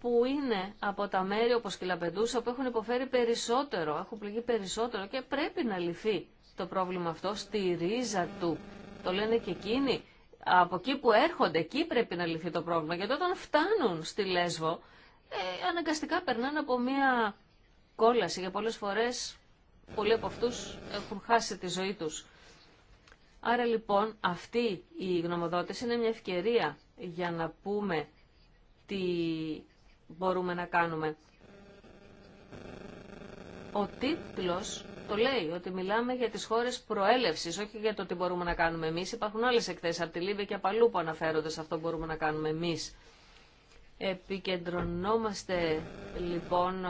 που είναι από τα μέρη όπως και η Λαπεντούσα που έχουν υποφέρει περισσότερο, έχουν πληγεί περισσότερο και πρέπει να λυθεί το πρόβλημα αυτό στη ρίζα του το λένε και εκείνοι. Από εκεί που έρχονται, εκεί πρέπει να λυθεί το πρόβλημα. Γιατί όταν φτάνουν στη Λέσβο, ε, αναγκαστικά περνάνε από μια κόλαση. Για πολλές φορές, πολλοί από αυτούς έχουν χάσει τη ζωή τους. Άρα λοιπόν αυτή η γνωμοδότηση είναι μια ευκαιρία για να πούμε τι μπορούμε να κάνουμε. Ο τίτλος το λέει, ότι μιλάμε για τις χώρες προέλευση. όχι για το τι μπορούμε να κάνουμε εμείς. Υπάρχουν άλλε εκθέσει από τη Λίβη και από που αναφέρονται σε αυτό που μπορούμε να κάνουμε εμείς. Επικεντρωνόμαστε λοιπόν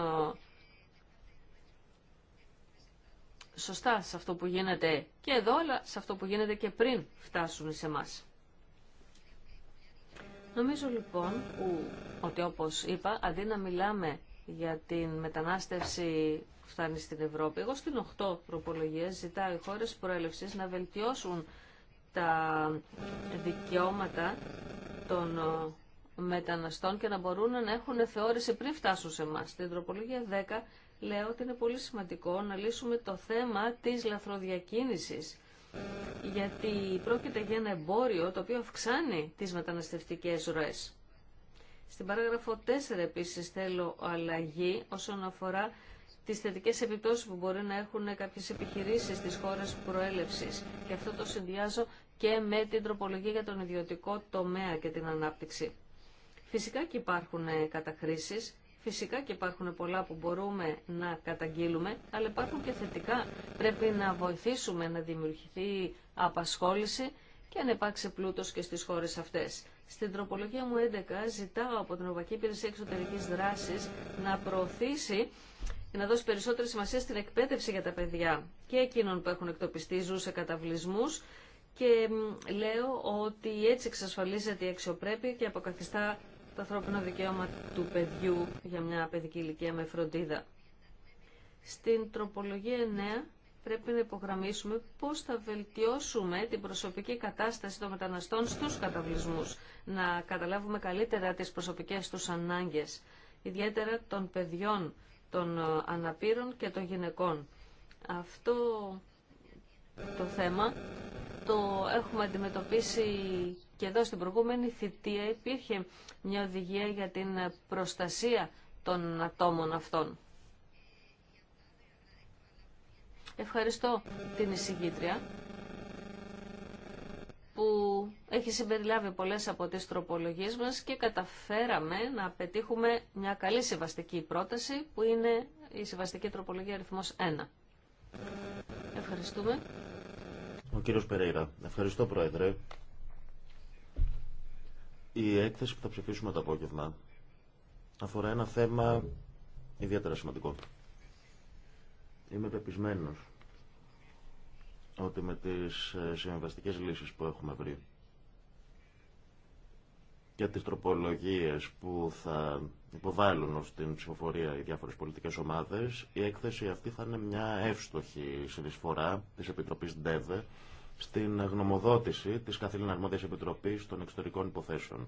σωστά σε αυτό που γίνεται και εδώ, αλλά σε αυτό που γίνεται και πριν φτάσουν σε εμά. Νομίζω λοιπόν ότι όπως είπα, αντί να μιλάμε για την μετανάστευση φτάνει στην Ευρώπη. Εγώ στην 8 προπολογία ζητάω οι χώρες προέλευσης να βελτιώσουν τα δικαιώματα των ε, μεταναστών και να μπορούν να έχουν θεώρηση πριν φτάσουν σε εμά. Στην τροπολογία 10 λέω ότι είναι πολύ σημαντικό να λύσουμε το θέμα της λαθροδιακίνησης γιατί πρόκειται για ένα εμπόριο το οποίο αυξάνει τις μεταναστευτικές ροές. Στην παράγραφο 4 επίσης θέλω αλλαγή όσον αφορά τις θετικές επιπτώσεις που μπορεί να έχουν κάποιες επιχειρήσεις στις χώρες προέλευσης. Και αυτό το συνδυάζω και με την τροπολογία για τον ιδιωτικό τομέα και την ανάπτυξη. Φυσικά και υπάρχουν καταχρήσεις, φυσικά και υπάρχουν πολλά που μπορούμε να καταγγείλουμε, αλλά υπάρχουν και θετικά. Πρέπει να βοηθήσουμε να δημιουργηθεί απασχόληση και να υπάρξει πλούτος και στις χώρες αυτές. Στην τροπολογία μου 11 ζητάω από την Ευρωπαϊκή Υπηρεσία Εξωτερικής Δράσης να προωθήσει να δώσει περισσότερη σημασία στην εκπαίδευση για τα παιδιά και εκείνων που έχουν εκτοπιστεί, ζουν σε καταβλισμούς και λέω ότι έτσι εξασφαλίζεται η αξιοπρέπεια και αποκαθιστά το ανθρώπινο δικαίωμα του παιδιού για μια παιδική ηλικία με φροντίδα. Στην τροπολογία 9 πρέπει να υπογραμμίσουμε πώς θα βελτιώσουμε την προσωπική κατάσταση των μεταναστών στους καταβλισμούς, να καταλάβουμε καλύτερα τις προσωπικές τους ανάγκες, ιδιαίτερα των παιδιών των ε, αναπήρων και των γυναικών. Αυτό το θέμα το έχουμε αντιμετωπίσει και εδώ στην προηγούμενη θητεία υπήρχε μια οδηγία για την προστασία των ατόμων αυτών. Ευχαριστώ την εισηγήτρια που έχει συμπεριλάβει πολλές από τις τροπολογίες μας και καταφέραμε να πετύχουμε μια καλή συμβαστική πρόταση που είναι η συμβαστική τροπολογία αριθμός 1. Ευχαριστούμε. Ο κύριος Περέιρα. Ευχαριστώ Πρόεδρε. Η έκθεση που θα ψηφίσουμε το απόγευμα αφορά ένα θέμα ιδιαίτερα σημαντικό. Είμαι πεπισμένος ότι με τις ε, συμβαστικές λύσεις που έχουμε βρει και τις τροπολογίες που θα υποβάλλουν ως την ψηφοφορία οι διάφορες πολιτικές ομάδες, η έκθεση αυτή θα είναι μια εύστοχη συνεισφορά της Επιτροπής ΝΤΕΒΕ στην γνωμοδότηση της Καθήλυνα Αρμόδιας Επιτροπής των Εξωτερικών Υποθέσεων.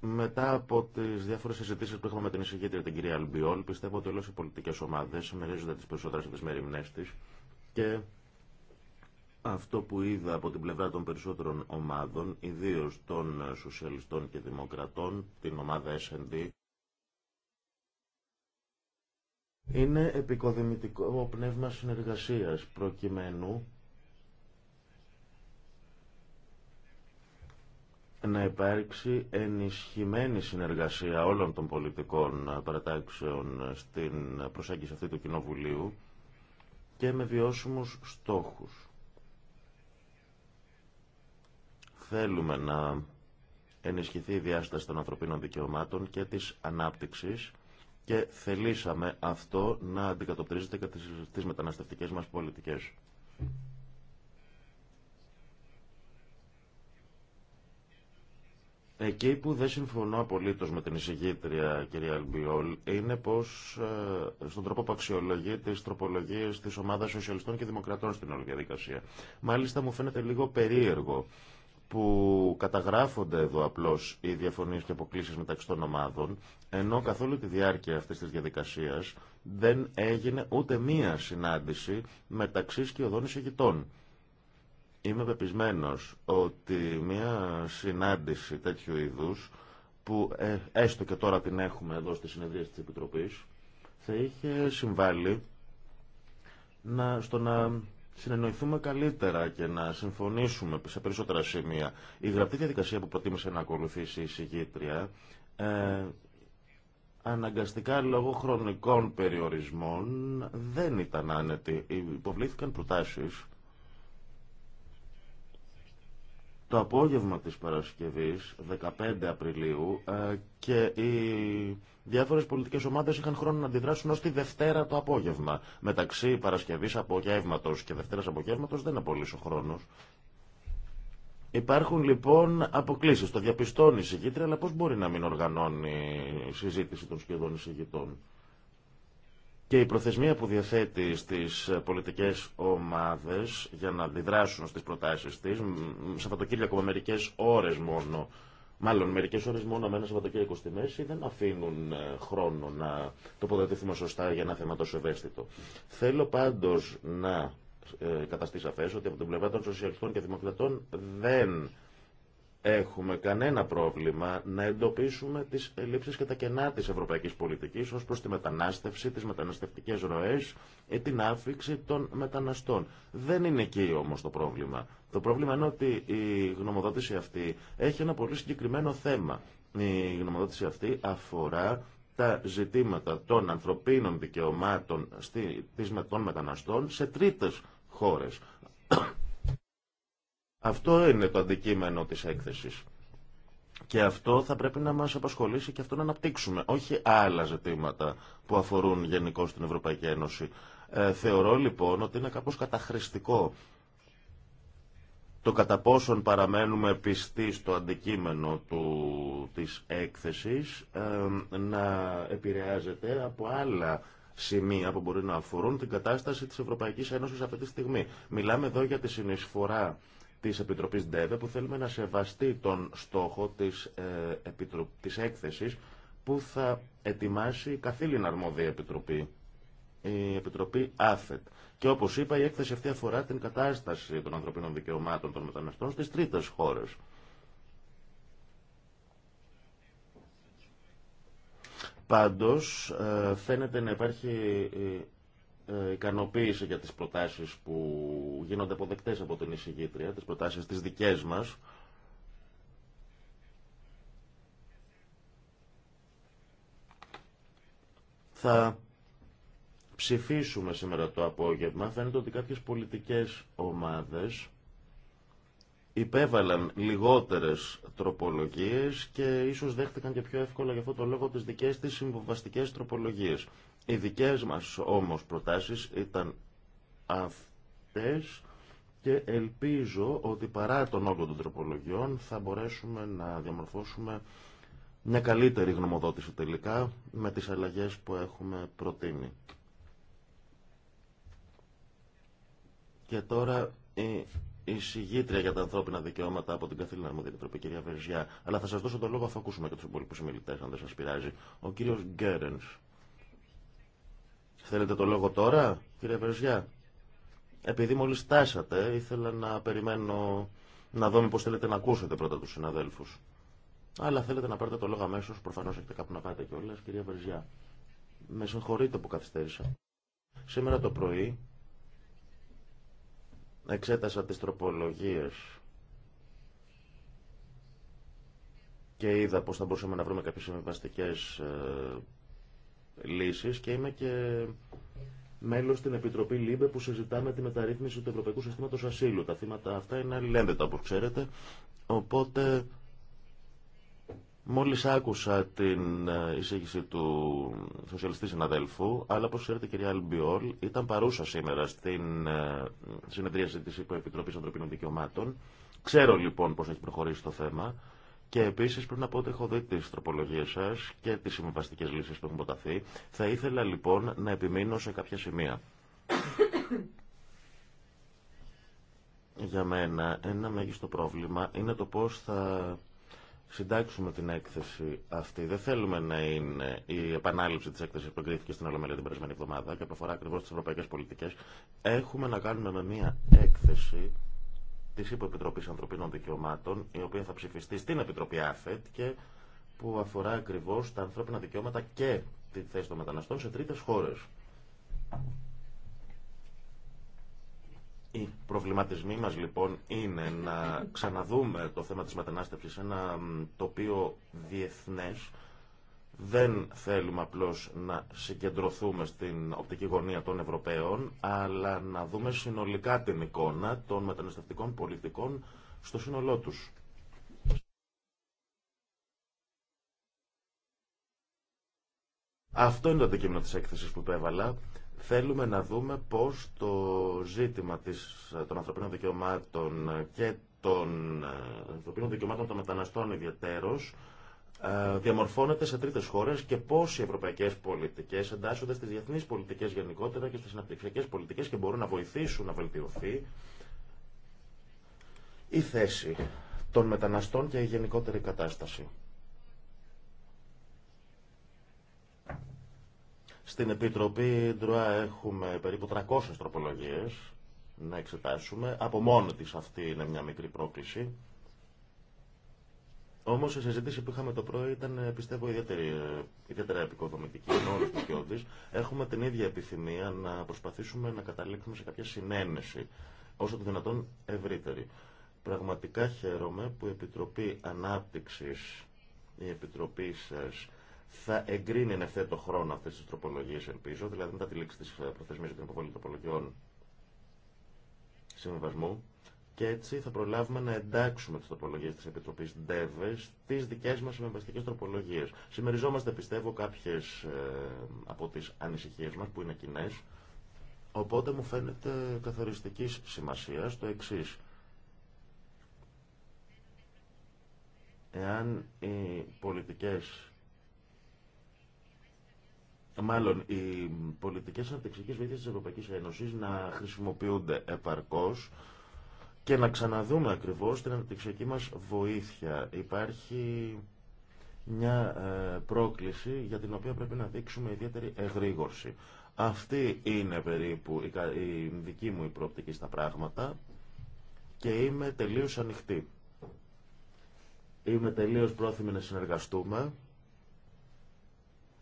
Μετά από τι διάφορε συζητήσει που είχαμε με την εισηγήτρια την κυρία Αλμπιόλ, πιστεύω ότι όλε οι πολιτικέ ομάδε συμμερίζονται τι περισσότερε από τι μεριμνέ τη και αυτό που είδα από την πλευρά των περισσότερων ομάδων, ιδίω των Σοσιαλιστών και Δημοκρατών, την ομάδα SD, είναι επικοδημητικό πνεύμα συνεργασία προκειμένου να υπάρξει ενισχυμένη συνεργασία όλων των πολιτικών παρατάξεων στην προσέγγιση αυτή του Κοινοβουλίου και με βιώσιμους στόχους. Θέλουμε να ενισχυθεί η διάσταση των ανθρωπίνων δικαιωμάτων και της ανάπτυξης και θελήσαμε αυτό να αντικατοπτρίζεται και τις μεταναστευτικές μας πολιτικές. Εκεί που δεν συμφωνώ απολύτω με την εισηγήτρια κυρία Αλμπιόλ είναι πω ε, στον τρόπο που αξιολογεί τι τροπολογίε τη ομάδα Σοσιαλιστών και Δημοκρατών στην όλη διαδικασία. Μάλιστα μου φαίνεται λίγο περίεργο που καταγράφονται εδώ απλώ οι διαφωνίε και αποκλήσει μεταξύ των ομάδων, ενώ καθ' όλη τη διάρκεια αυτή τη διαδικασία δεν έγινε ούτε μία συνάντηση μεταξύ σκιωδών εισηγητών. Είμαι πεπισμένο ότι μια συνάντηση τέτοιου είδους που ε, έστω και τώρα την έχουμε εδώ στη συνεδρία της Επιτροπής θα είχε συμβάλει να, στο να συνεννοηθούμε καλύτερα και να συμφωνήσουμε σε περισσότερα σημεία. Η γραπτή διαδικασία που προτίμησε να ακολουθήσει η συγκήτρια ε, αναγκαστικά λόγω χρονικών περιορισμών δεν ήταν άνετη. Υποβλήθηκαν προτάσεις το απόγευμα της Παρασκευής, 15 Απριλίου, ε, και οι διάφορες πολιτικές ομάδες είχαν χρόνο να αντιδράσουν ως τη Δευτέρα το απόγευμα. Μεταξύ Παρασκευής απογεύματος και Δευτέρας απογεύματος δεν απολύσει ο χρόνος. Υπάρχουν λοιπόν αποκλήσεις, το διαπιστώνει η συγκήτρια, αλλά πώς μπορεί να μην οργανώνει η συζήτηση των σχεδόν εισηγητών. Και η προθεσμία που διαθέτει στις πολιτικές ομάδες για να αντιδράσουν στις προτάσεις της, Σαββατοκύριακο με μερικές ώρες μόνο, μάλλον μερικές ώρες μόνο με ένα Σαββατοκύριακο στη μέση, δεν αφήνουν ε, χρόνο να τοποθετηθούμε σωστά για ένα θέμα τόσο ευαίσθητο. Θέλω πάντως να ε, καταστήσω σαφές ότι από την πλευρά των σοσιαλιστών και δημοκρατών δεν έχουμε κανένα πρόβλημα να εντοπίσουμε τις ελλείψεις και τα κενά της ευρωπαϊκής πολιτικής ως προς τη μετανάστευση, τις μεταναστευτικές ροές ή την άφηξη των μεταναστών. Δεν είναι εκεί όμως το πρόβλημα. Το πρόβλημα είναι ότι η γνωμοδότηση αυτή έχει ένα πολύ συγκεκριμένο θέμα. Η γνωμοδότηση αυτή αφορά τα ζητήματα των ανθρωπίνων δικαιωμάτων των μεταναστών σε τρίτες χώρες. Αυτό είναι το αντικείμενο της έκθεσης. Και αυτό θα πρέπει να μας απασχολήσει και αυτό να αναπτύξουμε, όχι άλλα ζητήματα που αφορούν γενικώ την Ευρωπαϊκή Ένωση. Ε, θεωρώ λοιπόν ότι είναι κάπως καταχρηστικό το κατά πόσον παραμένουμε πιστοί στο αντικείμενο του, της έκθεσης ε, να επηρεάζεται από άλλα σημεία που μπορεί να αφορούν την κατάσταση της Ευρωπαϊκής Ένωσης αυτή τη στιγμή. Μιλάμε εδώ για τη συνεισφορά της Επιτροπής ΔΕΒΕ που θέλουμε να σεβαστεί τον στόχο της, ε, επιτρο... έκθεσης που θα ετοιμάσει η καθήλυνα αρμόδια επιτροπή, η Επιτροπή ΑΦΕΤ. Και όπως είπα η έκθεση αυτή αφορά την κατάσταση των ανθρωπίνων δικαιωμάτων των μεταναστών στις τρίτες χώρες. Πάντως ε, φαίνεται να υπάρχει ε, ε, ικανοποίηση για τις προτάσεις που γίνονται αποδεκτές από την εισηγήτρια, τις προτάσεις της δικές μας. Θα ψηφίσουμε σήμερα το απόγευμα. Φαίνεται ότι κάποιες πολιτικές ομάδες υπέβαλαν λιγότερες τροπολογίες και ίσως δέχτηκαν και πιο εύκολα για αυτό το λόγο τις δικές της συμβαστικές τροπολογίες. Οι δικές μας όμως προτάσεις ήταν αυτές και ελπίζω ότι παρά τον όγκο των τροπολογιών θα μπορέσουμε να διαμορφώσουμε μια καλύτερη γνωμοδότηση τελικά με τις αλλαγές που έχουμε προτείνει. Και τώρα η εισηγήτρια για τα ανθρώπινα δικαιώματα από την Καθήλυνα μου Επιτροπή, κυρία Βεζιά. Αλλά θα σας δώσω τον λόγο θα ακούσουμε και τους υπολοιπούς συμμιλητές αν δεν σα πειράζει. Ο κύριος Γκέρενς. Θέλετε το λόγο τώρα, κύριε Βερζιά. Επειδή μόλις στάσατε, ήθελα να περιμένω να δω μήπως θέλετε να ακούσετε πρώτα τους συναδέλφους. Αλλά θέλετε να πάρετε το λόγο αμέσω, προφανώς έχετε κάπου να πάτε κιόλα, κυρία Βερζιά. Με συγχωρείτε που καθυστέρησα. Σήμερα το πρωί εξέτασα τις τροπολογίες και είδα πώς θα μπορούσαμε να βρούμε κάποιες συμβαστικέ. Ε, λύσεις και είμαι και μέλο στην Επιτροπή ΛΥΜΠΕ που συζητάμε τη μεταρρύθμιση του Ευρωπαϊκού Συστήματο Ασύλου. Τα θύματα αυτά είναι αλληλένδετα, όπω ξέρετε. Οπότε, μόλι άκουσα την ε, εισήγηση του σοσιαλιστή συναδέλφου, αλλά όπω ξέρετε, κυρία Αλμπιόλ, ήταν παρούσα σήμερα στην ε, συνεδρίαση της Επιτροπή Ανθρωπίνων Δικαιωμάτων. Ξέρω λοιπόν πώ έχει προχωρήσει το θέμα. Και επίση πρέπει να πω ότι έχω δει τι τροπολογίε σα και τι συμβαστικέ λύσει που έχουν ποταθεί Θα ήθελα λοιπόν να επιμείνω σε κάποια σημεία. Για μένα ένα μέγιστο πρόβλημα είναι το πώς θα συντάξουμε την έκθεση αυτή. Δεν θέλουμε να είναι η επανάληψη τη έκθεση που εγκρίθηκε στην Ολομέλεια την περασμένη εβδομάδα και που αφορά ακριβώ τι ευρωπαϊκέ πολιτικέ. Έχουμε να κάνουμε με μια έκθεση τη Υποεπιτροπή Ανθρωπίνων Δικαιωμάτων, η οποία θα ψηφιστεί στην Επιτροπή ΑΦΕΤ και που αφορά ακριβώ τα ανθρώπινα δικαιώματα και τη θέση των μεταναστών σε τρίτε χώρε. Οι προβληματισμοί μας λοιπόν είναι να ξαναδούμε το θέμα της μετανάστευσης σε ένα τοπίο διεθνές δεν θέλουμε απλώς να συγκεντρωθούμε στην οπτική γωνία των Ευρωπαίων, αλλά να δούμε συνολικά την εικόνα των μεταναστευτικών πολιτικών στο σύνολό τους. Αυτό είναι το αντικείμενο της έκθεσης που υπέβαλα. Θέλουμε να δούμε πώς το ζήτημα της, των ανθρωπίνων δικαιωμάτων και των ε, ανθρωπίνων δικαιωμάτων των μεταναστών ιδιαίτερως ε, διαμορφώνεται σε τρίτες χώρες και πώς οι ευρωπαϊκές πολιτικές εντάσσονται στις διεθνείς πολιτικές γενικότερα και στις αναπτυξιακές πολιτικές και μπορούν να βοηθήσουν να βελτιωθεί η θέση των μεταναστών και η γενικότερη κατάσταση. Στην Επιτροπή Ντροά έχουμε περίπου 300 τροπολογίες να εξετάσουμε. Από μόνη της αυτή είναι μια μικρή πρόκληση. Όμω η συζήτηση που είχαμε το πρωί ήταν, ε, πιστεύω, ιδιαίτερη, ε, ιδιαίτερα επικοδομητική Ενώ όλοι του Έχουμε την ίδια επιθυμία να προσπαθήσουμε να καταλήξουμε σε κάποια συνένεση, όσο το δυνατόν ευρύτερη. Πραγματικά χαίρομαι που η Επιτροπή Ανάπτυξη, η Επιτροπή σα, θα εγκρίνει εν ευθέτω χρόνο αυτέ τι τροπολογίε, ελπίζω, δηλαδή μετά τη λήξη τη ε, προθεσμία για την υποβολή τροπολογιών συμβιβασμού και έτσι θα προλάβουμε να εντάξουμε τι τροπολογίε τη Επιτροπή ΔΕΒΕ στι δικέ μα συμβαστικέ τροπολογίε. Συμμεριζόμαστε, πιστεύω, κάποιε ε, από τι ανησυχίε μα που είναι κοινέ. Οπότε μου φαίνεται καθοριστική σημασία το εξή. Εάν οι πολιτικές μάλλον οι πολιτικές αναπτυξιακές βοήθειες της Ευρωπαϊκής Ένωσης να χρησιμοποιούνται επαρκώς και να ξαναδούμε ακριβώς την αναπτυξιακή μας βοήθεια. Υπάρχει μια ε, πρόκληση για την οποία πρέπει να δείξουμε ιδιαίτερη εγρήγορση. Αυτή είναι περίπου η δική μου η προοπτική στα πράγματα και είμαι τελείως ανοιχτή. Είμαι τελείως πρόθυμη να συνεργαστούμε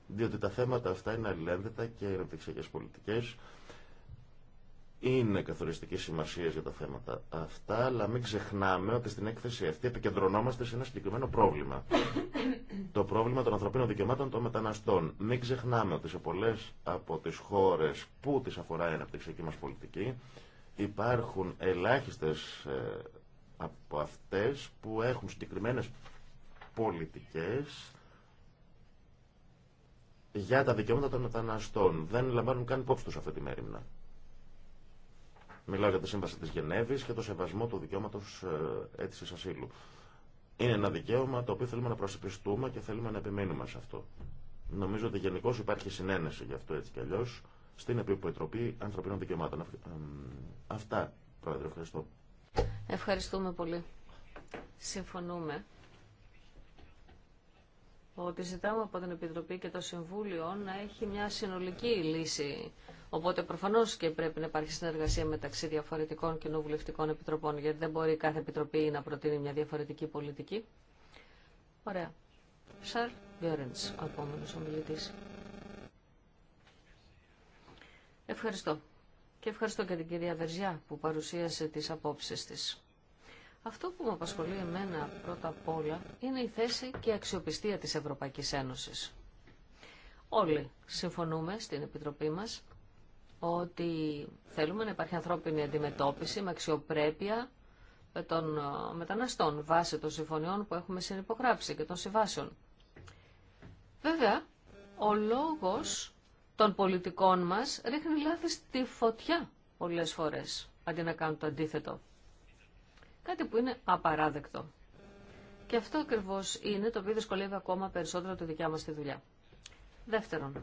διότι τα θέματα αυτά είναι αλληλένδετα και οι αναπτυξιακές πολιτικές είναι καθοριστική σημασία για τα θέματα αυτά, αλλά μην ξεχνάμε ότι στην έκθεση αυτή επικεντρωνόμαστε σε ένα συγκεκριμένο πρόβλημα. το πρόβλημα των ανθρωπίνων δικαιωμάτων των μεταναστών. Μην ξεχνάμε ότι σε πολλέ από τι χώρε που τι αφορά η αναπτυξιακή μα πολιτική υπάρχουν ελάχιστε ε, από αυτέ που έχουν συγκεκριμένε πολιτικέ για τα δικαιώματα των μεταναστών. Δεν λαμβάνουν καν υπόψη του αυτή τη μέρημνα. Μιλάω για τη Σύμβαση τη Γενέβης και το σεβασμό του δικαιώματος ε, αίτηση ασύλου. Είναι ένα δικαίωμα το οποίο θέλουμε να προσεπιστούμε και θέλουμε να επιμένουμε σε αυτό. Νομίζω ότι γενικώ υπάρχει συνένεση γι' αυτό έτσι κι αλλιώ στην Επιτροπή Ανθρωπίνων Δικαιωμάτων. Αυτά, Πρόεδρε, ευχαριστώ. Ευχαριστούμε πολύ. Συμφωνούμε ότι ζητάμε από την Επιτροπή και το Συμβούλιο να έχει μια συνολική λύση. Οπότε προφανώ και πρέπει να υπάρχει συνεργασία μεταξύ διαφορετικών κοινοβουλευτικών επιτροπών, γιατί δεν μπορεί κάθε επιτροπή να προτείνει μια διαφορετική πολιτική. Ωραία. Σαρ Βιόρεντς, ο επόμενο Ευχαριστώ. Και ευχαριστώ και την κυρία Βερζιά που παρουσίασε τι απόψει της. Αυτό που με απασχολεί εμένα πρώτα απ' όλα είναι η θέση και η αξιοπιστία της Ευρωπαϊκής Ένωσης. Όλοι συμφωνούμε στην Επιτροπή μας ότι θέλουμε να υπάρχει ανθρώπινη αντιμετώπιση με αξιοπρέπεια των ε, μεταναστών βάσει των συμφωνιών που έχουμε συνυπογράψει και των συμβάσεων. Βέβαια, ο λόγος των πολιτικών μας ρίχνει λάθη στη φωτιά πολλές φορές, αντί να κάνουν το αντίθετο. Κάτι που είναι απαράδεκτο. Και αυτό ακριβώ είναι το οποίο δυσκολεύει ακόμα περισσότερο τη δικιά μα τη δουλειά. Δεύτερον,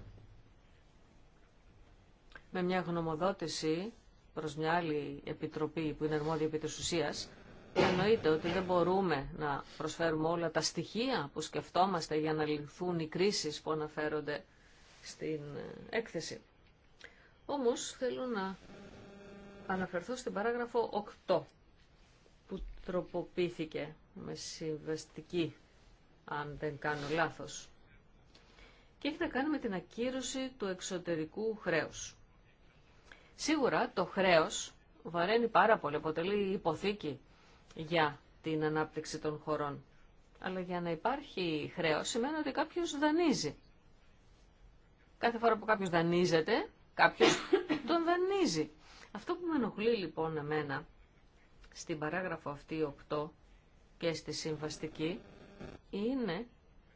με μια γνωμοδότηση προ μια άλλη επιτροπή που είναι αρμόδια επί τη ουσία, εννοείται ότι δεν μπορούμε να προσφέρουμε όλα τα στοιχεία που σκεφτόμαστε για να λυθούν οι κρίσει που αναφέρονται στην έκθεση. Όμω θέλω να αναφερθώ στην παράγραφο 8 που τροποποιήθηκε με συμβαστική, αν δεν κάνω λάθος. Και έχει να κάνει με την ακύρωση του εξωτερικού χρέους. Σίγουρα το χρέος βαραίνει πάρα πολύ, αποτελεί υποθήκη για την ανάπτυξη των χωρών. Αλλά για να υπάρχει χρέος σημαίνει ότι κάποιος δανείζει. Κάθε φορά που κάποιος δανείζεται, κάποιος τον δανείζει. Αυτό που με ενοχλεί λοιπόν εμένα στην παράγραφο αυτή 8 και στη συμβαστική είναι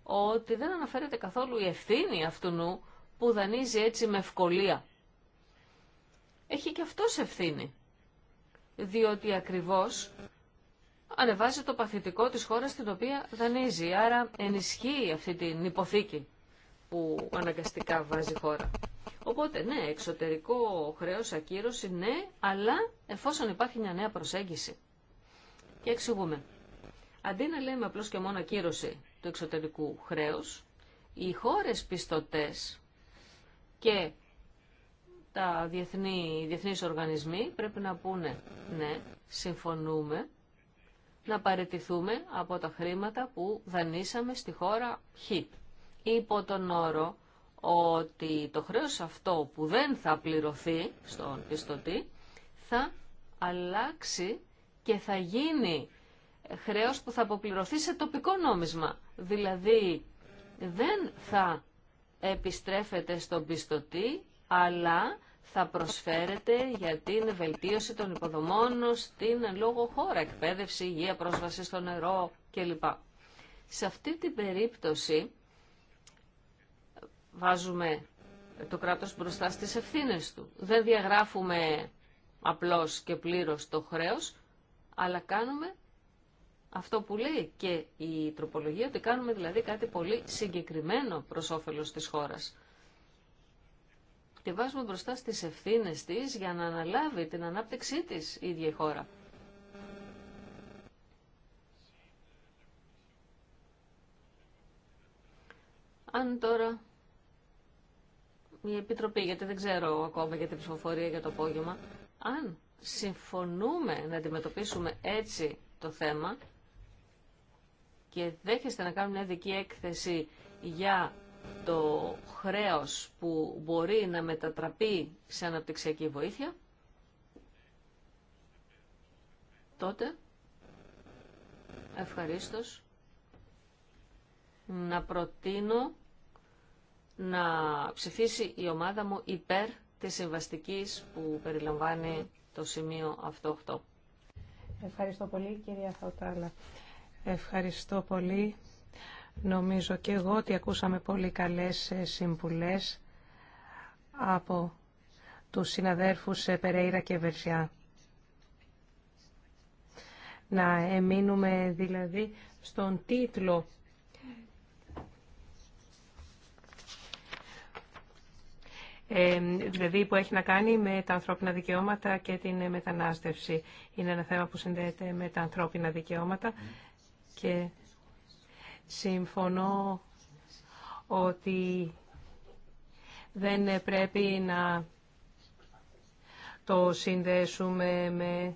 ότι δεν αναφέρεται καθόλου η ευθύνη αυτού που δανείζει έτσι με ευκολία. Έχει και αυτός ευθύνη, διότι ακριβώς ανεβάζει το παθητικό της χώρας την οποία δανείζει, άρα ενισχύει αυτή την υποθήκη που αναγκαστικά βάζει χώρα. Οπότε ναι, εξωτερικό χρέος ακύρωση ναι, αλλά εφόσον υπάρχει μια νέα προσέγγιση. Και εξηγούμε. Αντί να λέμε απλώ και μόνο ακύρωση του εξωτερικού χρέου, οι χώρες πιστωτέ και τα διεθνή, οι διεθνείς οργανισμοί πρέπει να πούνε ναι, συμφωνούμε να παραιτηθούμε από τα χρήματα που δανείσαμε στη χώρα Χ. Υπό τον όρο ότι το χρέος αυτό που δεν θα πληρωθεί στον πιστωτή θα αλλάξει και θα γίνει χρέος που θα αποπληρωθεί σε τοπικό νόμισμα. Δηλαδή δεν θα επιστρέφεται στον πιστωτή, αλλά θα προσφέρεται για την βελτίωση των υποδομών στην λόγω χώρα, εκπαίδευση, υγεία, πρόσβαση στο νερό κλπ. Σε αυτή την περίπτωση βάζουμε το κράτος μπροστά στις ευθύνες του. Δεν διαγράφουμε απλώς και πλήρως το χρέος, αλλά κάνουμε αυτό που λέει και η τροπολογία, ότι κάνουμε δηλαδή κάτι πολύ συγκεκριμένο προς όφελος της χώρας. Και βάζουμε μπροστά στις ευθύνες της για να αναλάβει την ανάπτυξή της η ίδια η χώρα. Αν τώρα η Επιτροπή, γιατί δεν ξέρω ακόμα για την ψηφοφορία για το απόγευμα. Αν συμφωνούμε να αντιμετωπίσουμε έτσι το θέμα και δέχεστε να κάνουμε μια δική έκθεση για το χρέος που μπορεί να μετατραπεί σε αναπτυξιακή βοήθεια, τότε ευχαρίστως να προτείνω να ψηφίσει η ομάδα μου υπέρ της συμβαστικής που περιλαμβάνει το σημείο αυτό 8. Ευχαριστώ πολύ κυρία Θαουτάλα. Ευχαριστώ πολύ. Νομίζω και εγώ ότι ακούσαμε πολύ καλές ε, συμβουλές από τους συναδέρφους ε, Περέιρα και Βερσιά. Να εμείνουμε δηλαδή στον τίτλο δηλαδή που έχει να κάνει με τα ανθρώπινα δικαιώματα και την μετανάστευση. Είναι ένα θέμα που συνδέεται με τα ανθρώπινα δικαιώματα και συμφωνώ ότι δεν πρέπει να το συνδέσουμε με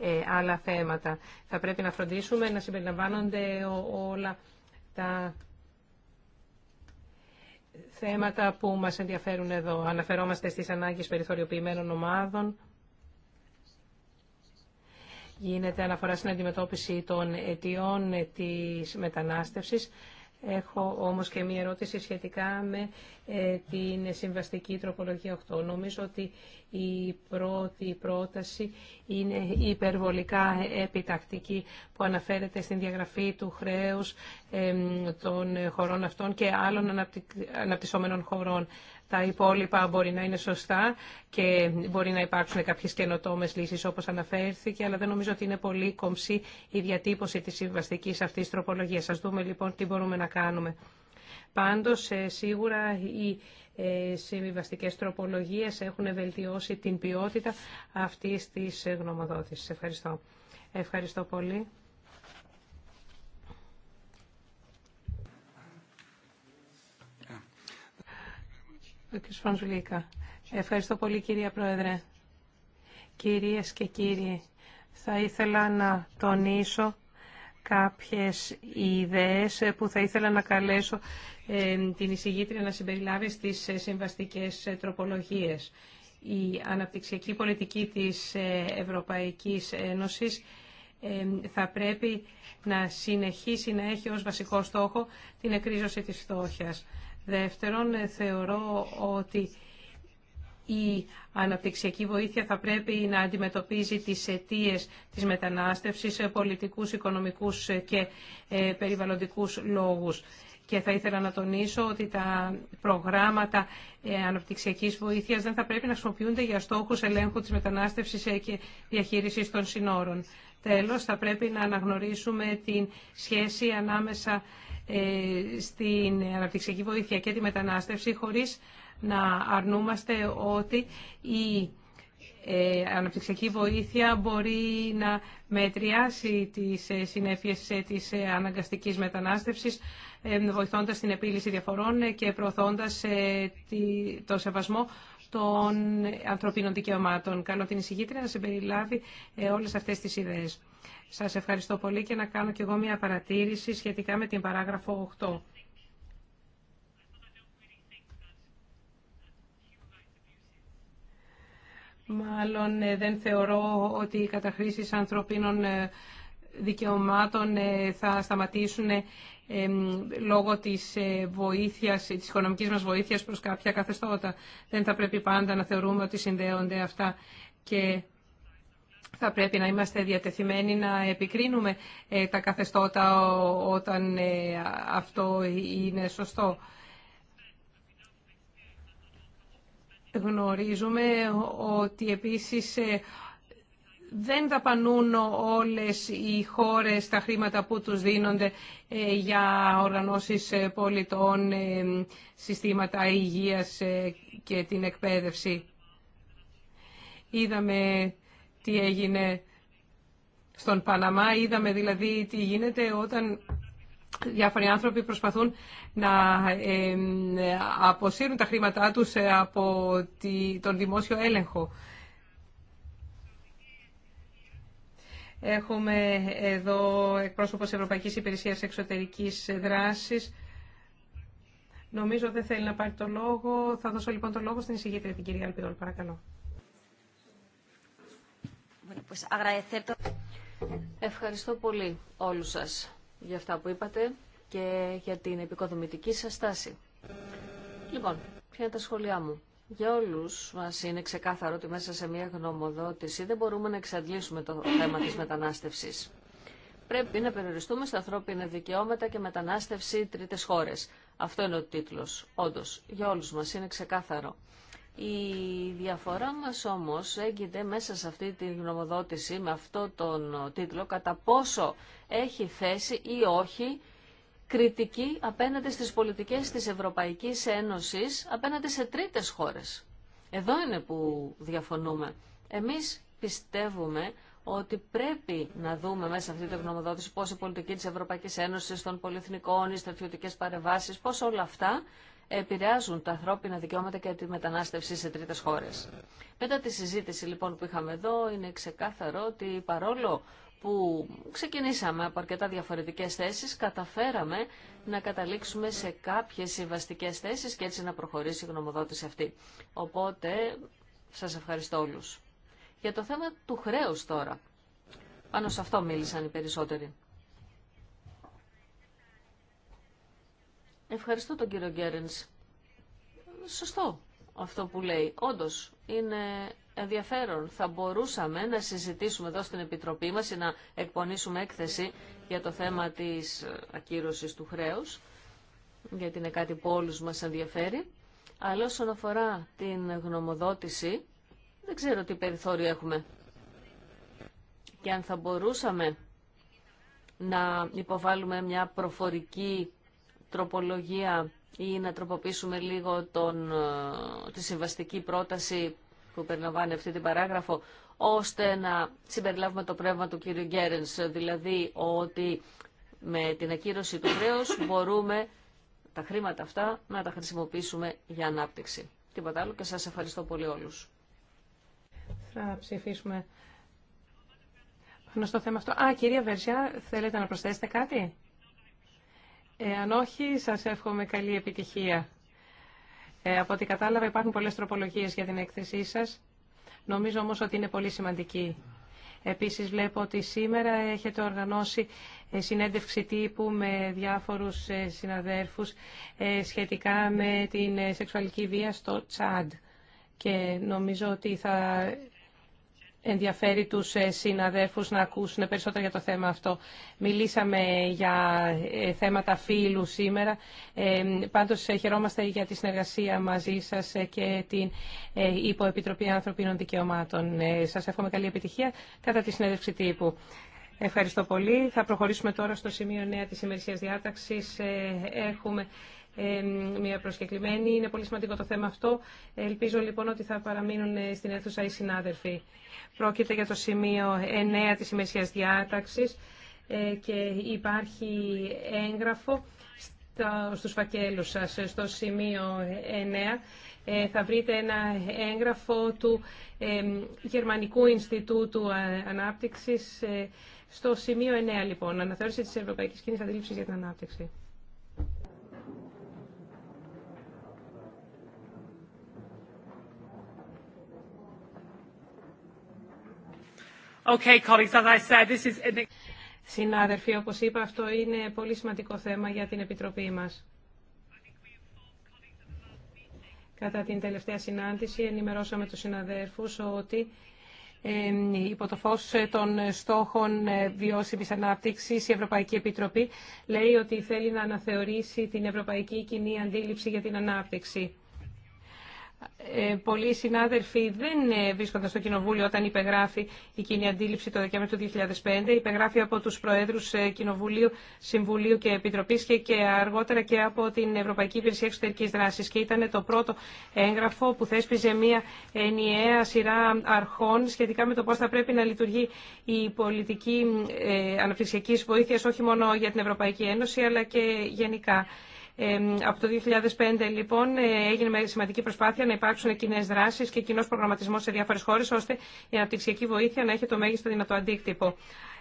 ε, άλλα θέματα. Θα πρέπει να φροντίσουμε να συμπεριλαμβάνονται όλα τα θέματα που μας ενδιαφέρουν εδώ. Αναφερόμαστε στις ανάγκες περιθωριοποιημένων ομάδων. Γίνεται αναφορά στην αντιμετώπιση των αιτιών της μετανάστευσης. Έχω όμως και μία ερώτηση σχετικά με ε, την συμβαστική τροπολογία 8. Νομίζω ότι η πρώτη πρόταση είναι υπερβολικά επιτακτική που αναφέρεται στην διαγραφή του χρέους των χωρών αυτών και άλλων αναπτυσσόμενων χωρών τα υπόλοιπα μπορεί να είναι σωστά και μπορεί να υπάρξουν κάποιες καινοτόμες λύσεις όπως αναφέρθηκε, αλλά δεν νομίζω ότι είναι πολύ κομψή η διατύπωση της σύμβαστικής αυτής τροπολογίας. Ας δούμε λοιπόν τι μπορούμε να κάνουμε. Πάντως, ε, σίγουρα οι ε, συμβιβαστικές τροπολογίες έχουν βελτιώσει την ποιότητα αυτής της ε, γνωμοδότησης. Ευχαριστώ. Ευχαριστώ πολύ. Ευχαριστώ πολύ κυρία Πρόεδρε. Κυρίες και κύριοι, θα ήθελα να τονίσω κάποιες ιδέες που θα ήθελα να καλέσω ε, την εισηγήτρια να συμπεριλάβει στις ε, συμβαστικές ε, τροπολογίες. Η αναπτυξιακή πολιτική της Ευρωπαϊκής Ένωσης θα πρέπει να συνεχίσει να έχει ως βασικό στόχο την εκρίζωση της φτώχειας. Δεύτερον, θεωρώ ότι η αναπτυξιακή βοήθεια θα πρέπει να αντιμετωπίζει τις αιτίε της μετανάστευσης σε πολιτικούς, οικονομικούς και ε, περιβαλλοντικούς λόγους. Και θα ήθελα να τονίσω ότι τα προγράμματα ε, αναπτυξιακής βοήθειας δεν θα πρέπει να χρησιμοποιούνται για στόχους ελέγχου της μετανάστευσης ε, και διαχείρισης των συνόρων. Τέλος, θα πρέπει να αναγνωρίσουμε την σχέση ανάμεσα ε, στην αναπτυξιακή βοήθεια και τη μετανάστευση χωρίς να αρνούμαστε ότι η ε, αναπτυξιακή βοήθεια μπορεί να μετριάσει τις ε, συνέπειες της αναγκαστικής μετανάστευσης βοηθώντας την επίλυση διαφορών και προωθώντας το σεβασμό των ανθρωπίνων δικαιωμάτων. Κάνω την εισηγήτρια να συμπεριλάβει όλες αυτές τις ιδέες. Σας ευχαριστώ πολύ και να κάνω κι εγώ μια παρατήρηση σχετικά με την παράγραφο 8. Μάλλον ε, δεν θεωρώ ότι οι καταχρήσεις ανθρωπίνων ε, δικαιωμάτων ε, θα σταματήσουν λόγω της βοήθειας, της οικονομικής μας βοήθειας προς κάποια καθεστώτα. Δεν θα πρέπει πάντα να θεωρούμε ότι συνδέονται αυτά και θα πρέπει να είμαστε διατεθειμένοι να επικρίνουμε ε, τα καθεστώτα όταν ε, αυτό είναι σωστό. Γνωρίζουμε ότι επίσης ε, δεν δαπανούν όλες οι χώρες τα χρήματα που τους δίνονται για οργανώσεις πολιτών, συστήματα υγείας και την εκπαίδευση. Είδαμε τι έγινε στον Παναμά. Είδαμε δηλαδή τι γίνεται όταν διάφοροι άνθρωποι προσπαθούν να αποσύρουν τα χρήματά τους ε, από τον δημόσιο έλεγχο. Έχουμε εδώ εκπρόσωπος Ευρωπαϊκής Υπηρεσίας Εξωτερικής Δράσης. Νομίζω δεν θέλει να πάρει το λόγο. Θα δώσω λοιπόν το λόγο στην εισηγήτρια την κυρία Αλπιδόλ. Παρακαλώ. Ευχαριστώ πολύ όλους σας για αυτά που είπατε και για την επικοδομητική σας στάση. Λοιπόν, ποια είναι τα σχόλιά μου. Για όλους μας είναι ξεκάθαρο ότι μέσα σε μια γνωμοδότηση δεν μπορούμε να εξαντλήσουμε το θέμα της μετανάστευσης. Πρέπει να περιοριστούμε στα ανθρώπινα δικαιώματα και μετανάστευση τρίτες χώρες. Αυτό είναι ο τίτλος, όντως. Για όλους μας είναι ξεκάθαρο. Η διαφορά μας όμως έγινε μέσα σε αυτή τη γνωμοδότηση με αυτό τον τίτλο κατά πόσο έχει θέση ή όχι κριτική απέναντι στις πολιτικές της Ευρωπαϊκής Ένωσης, απέναντι σε τρίτες χώρες. Εδώ είναι που διαφωνούμε. Εμείς πιστεύουμε ότι πρέπει να δούμε μέσα αυτή τη γνωμοδότηση πώς η πολιτική της Ευρωπαϊκής Ένωσης των πολυεθνικών, οι στρατιωτικές παρεμβάσεις, πώς όλα αυτά επηρεάζουν τα ανθρώπινα δικαιώματα και τη μετανάστευση σε τρίτε χώρες. Μετά τη συζήτηση λοιπόν που είχαμε εδώ είναι ξεκάθαρο ότι παρόλο που ξεκινήσαμε από αρκετά διαφορετικές θέσεις, καταφέραμε να καταλήξουμε σε κάποιες συμβαστικές θέσεις και έτσι να προχωρήσει η γνωμοδότηση αυτή. Οπότε, σας ευχαριστώ όλους. Για το θέμα του χρέους τώρα. Πάνω σε αυτό μίλησαν οι περισσότεροι. Ευχαριστώ τον κύριο Γκέρενς. Σωστό αυτό που λέει. Όντως, είναι ενδιαφέρον. Θα μπορούσαμε να συζητήσουμε εδώ στην Επιτροπή μας ή να εκπονήσουμε έκθεση για το θέμα της ε, ακύρωσης του χρέους, γιατί είναι κάτι που όλους μας ενδιαφέρει. Αλλά όσον αφορά την γνωμοδότηση, δεν ξέρω τι περιθώριο έχουμε. Και αν θα μπορούσαμε να υποβάλουμε μια προφορική τροπολογία ή να τροποποιήσουμε λίγο τον, ε, τη συμβαστική πρόταση που περιλαμβάνει αυτή την παράγραφο, ώστε να συμπεριλάβουμε το πνεύμα του κύριου Γκέρενς, δηλαδή ότι με την ακύρωση του χρέους μπορούμε τα χρήματα αυτά να τα χρησιμοποιήσουμε για ανάπτυξη. Τίποτα άλλο και σας ευχαριστώ πολύ όλους. Θα ψηφίσουμε γνωστό θέμα αυτό. Α, κυρία Βερσιά, θέλετε να προσθέσετε κάτι. Εάν όχι, σας εύχομαι καλή επιτυχία. Ε, από ό,τι κατάλαβα υπάρχουν πολλές τροπολογίες για την έκθεσή σας. Νομίζω όμως ότι είναι πολύ σημαντική. Επίσης βλέπω ότι σήμερα έχετε οργανώσει ε, συνέντευξη τύπου με διάφορους ε, συναδέρφους ε, σχετικά με την σεξουαλική βία στο Τσάντ. Και νομίζω ότι θα ενδιαφέρει τους ε, συναδέρφους να ακούσουν περισσότερα για το θέμα αυτό. Μιλήσαμε για ε, θέματα φίλου σήμερα. Ε, πάντως χαιρόμαστε για τη συνεργασία μαζί σας και την Υποεπιτροπή Ανθρωπίνων Δικαιωμάτων. Σας εύχομαι καλή επιτυχία κατά τη συνέντευξη τύπου. Ευχαριστώ πολύ. Θα προχωρήσουμε τώρα στο σημείο νέα της ημερησίας διάταξης. Έχουμε μια προσκεκλημένη. Είναι πολύ σημαντικό το θέμα αυτό. Ελπίζω λοιπόν ότι θα παραμείνουν ε, στην αίθουσα οι συνάδελφοι. Πρόκειται για το σημείο 9 της ημεσίας διάταξης ε, και υπάρχει έγγραφο στους φακέλους σας στο σημείο 9 ε, θα βρείτε ένα έγγραφο του Γερμανικού Ινστιτούτου Ανάπτυξης στο σημείο 9 λοιπόν, αναθεώρηση της Ευρωπαϊκής Κίνησης Αντίληψης για την Ανάπτυξη. Συνάδελφοι, όπως είπα, αυτό είναι πολύ σημαντικό θέμα για την Επιτροπή μας. Κατά την τελευταία συνάντηση ενημερώσαμε τους συναδέρφους ότι υπό το φως των στόχων ε, βιώσιμης ανάπτυξης η Ευρωπαϊκή Επιτροπή λέει ότι θέλει να αναθεωρήσει την Ευρωπαϊκή Κοινή Αντίληψη για την Ανάπτυξη. Ε, πολλοί συνάδελφοι δεν ε, βρίσκονταν στο Κοινοβούλιο όταν υπεγράφει η κοινή αντίληψη το Δεκέμβριο του 2005. Υπεγράφει από τους Προέδρους ε, Κοινοβουλίου, Συμβουλίου και Επιτροπής και, και αργότερα και από την Ευρωπαϊκή Υπηρεσία Εξωτερικής Δράσης. Και ήταν το πρώτο έγγραφο που θέσπιζε μια ενιαία σειρά αρχών σχετικά με το πώς θα πρέπει να λειτουργεί η πολιτική αναπτυξιακής βοήθειας όχι μόνο για την Ευρωπαϊκή Ένωση αλλά και γενικά από το 2005 λοιπόν ε, έγινε σημαντική προσπάθεια να υπάρξουν κοινέ δράσει και κοινό προγραμματισμό σε διάφορε χώρε ώστε η αναπτυξιακή βοήθεια να έχει το μέγιστο δυνατό αντίκτυπο.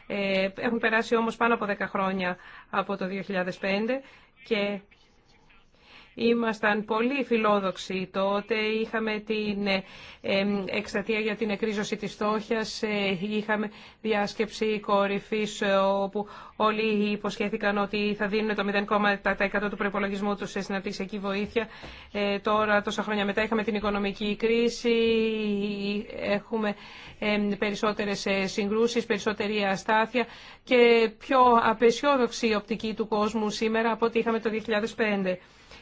Ε, έχουν περάσει όμως πάνω από 10 χρόνια από το 2005 και Ήμασταν πολύ φιλόδοξοι τότε, είχαμε την ε, εκστατεία για την εκρίζωση της στόχιας, ε, είχαμε διάσκεψη κορυφής ε, όπου όλοι υποσχέθηκαν ότι θα δίνουν το 0,7% του προπολογισμού τους σε συναρτησιακή βοήθεια. Τώρα, τόσα χρόνια μετά, είχαμε την οικονομική κρίση, έχουμε περισσότερες συγκρούσεις, περισσότερη αστάθεια και πιο απεσιόδοξη οπτική του κόσμου σήμερα από ό,τι είχαμε το 2005.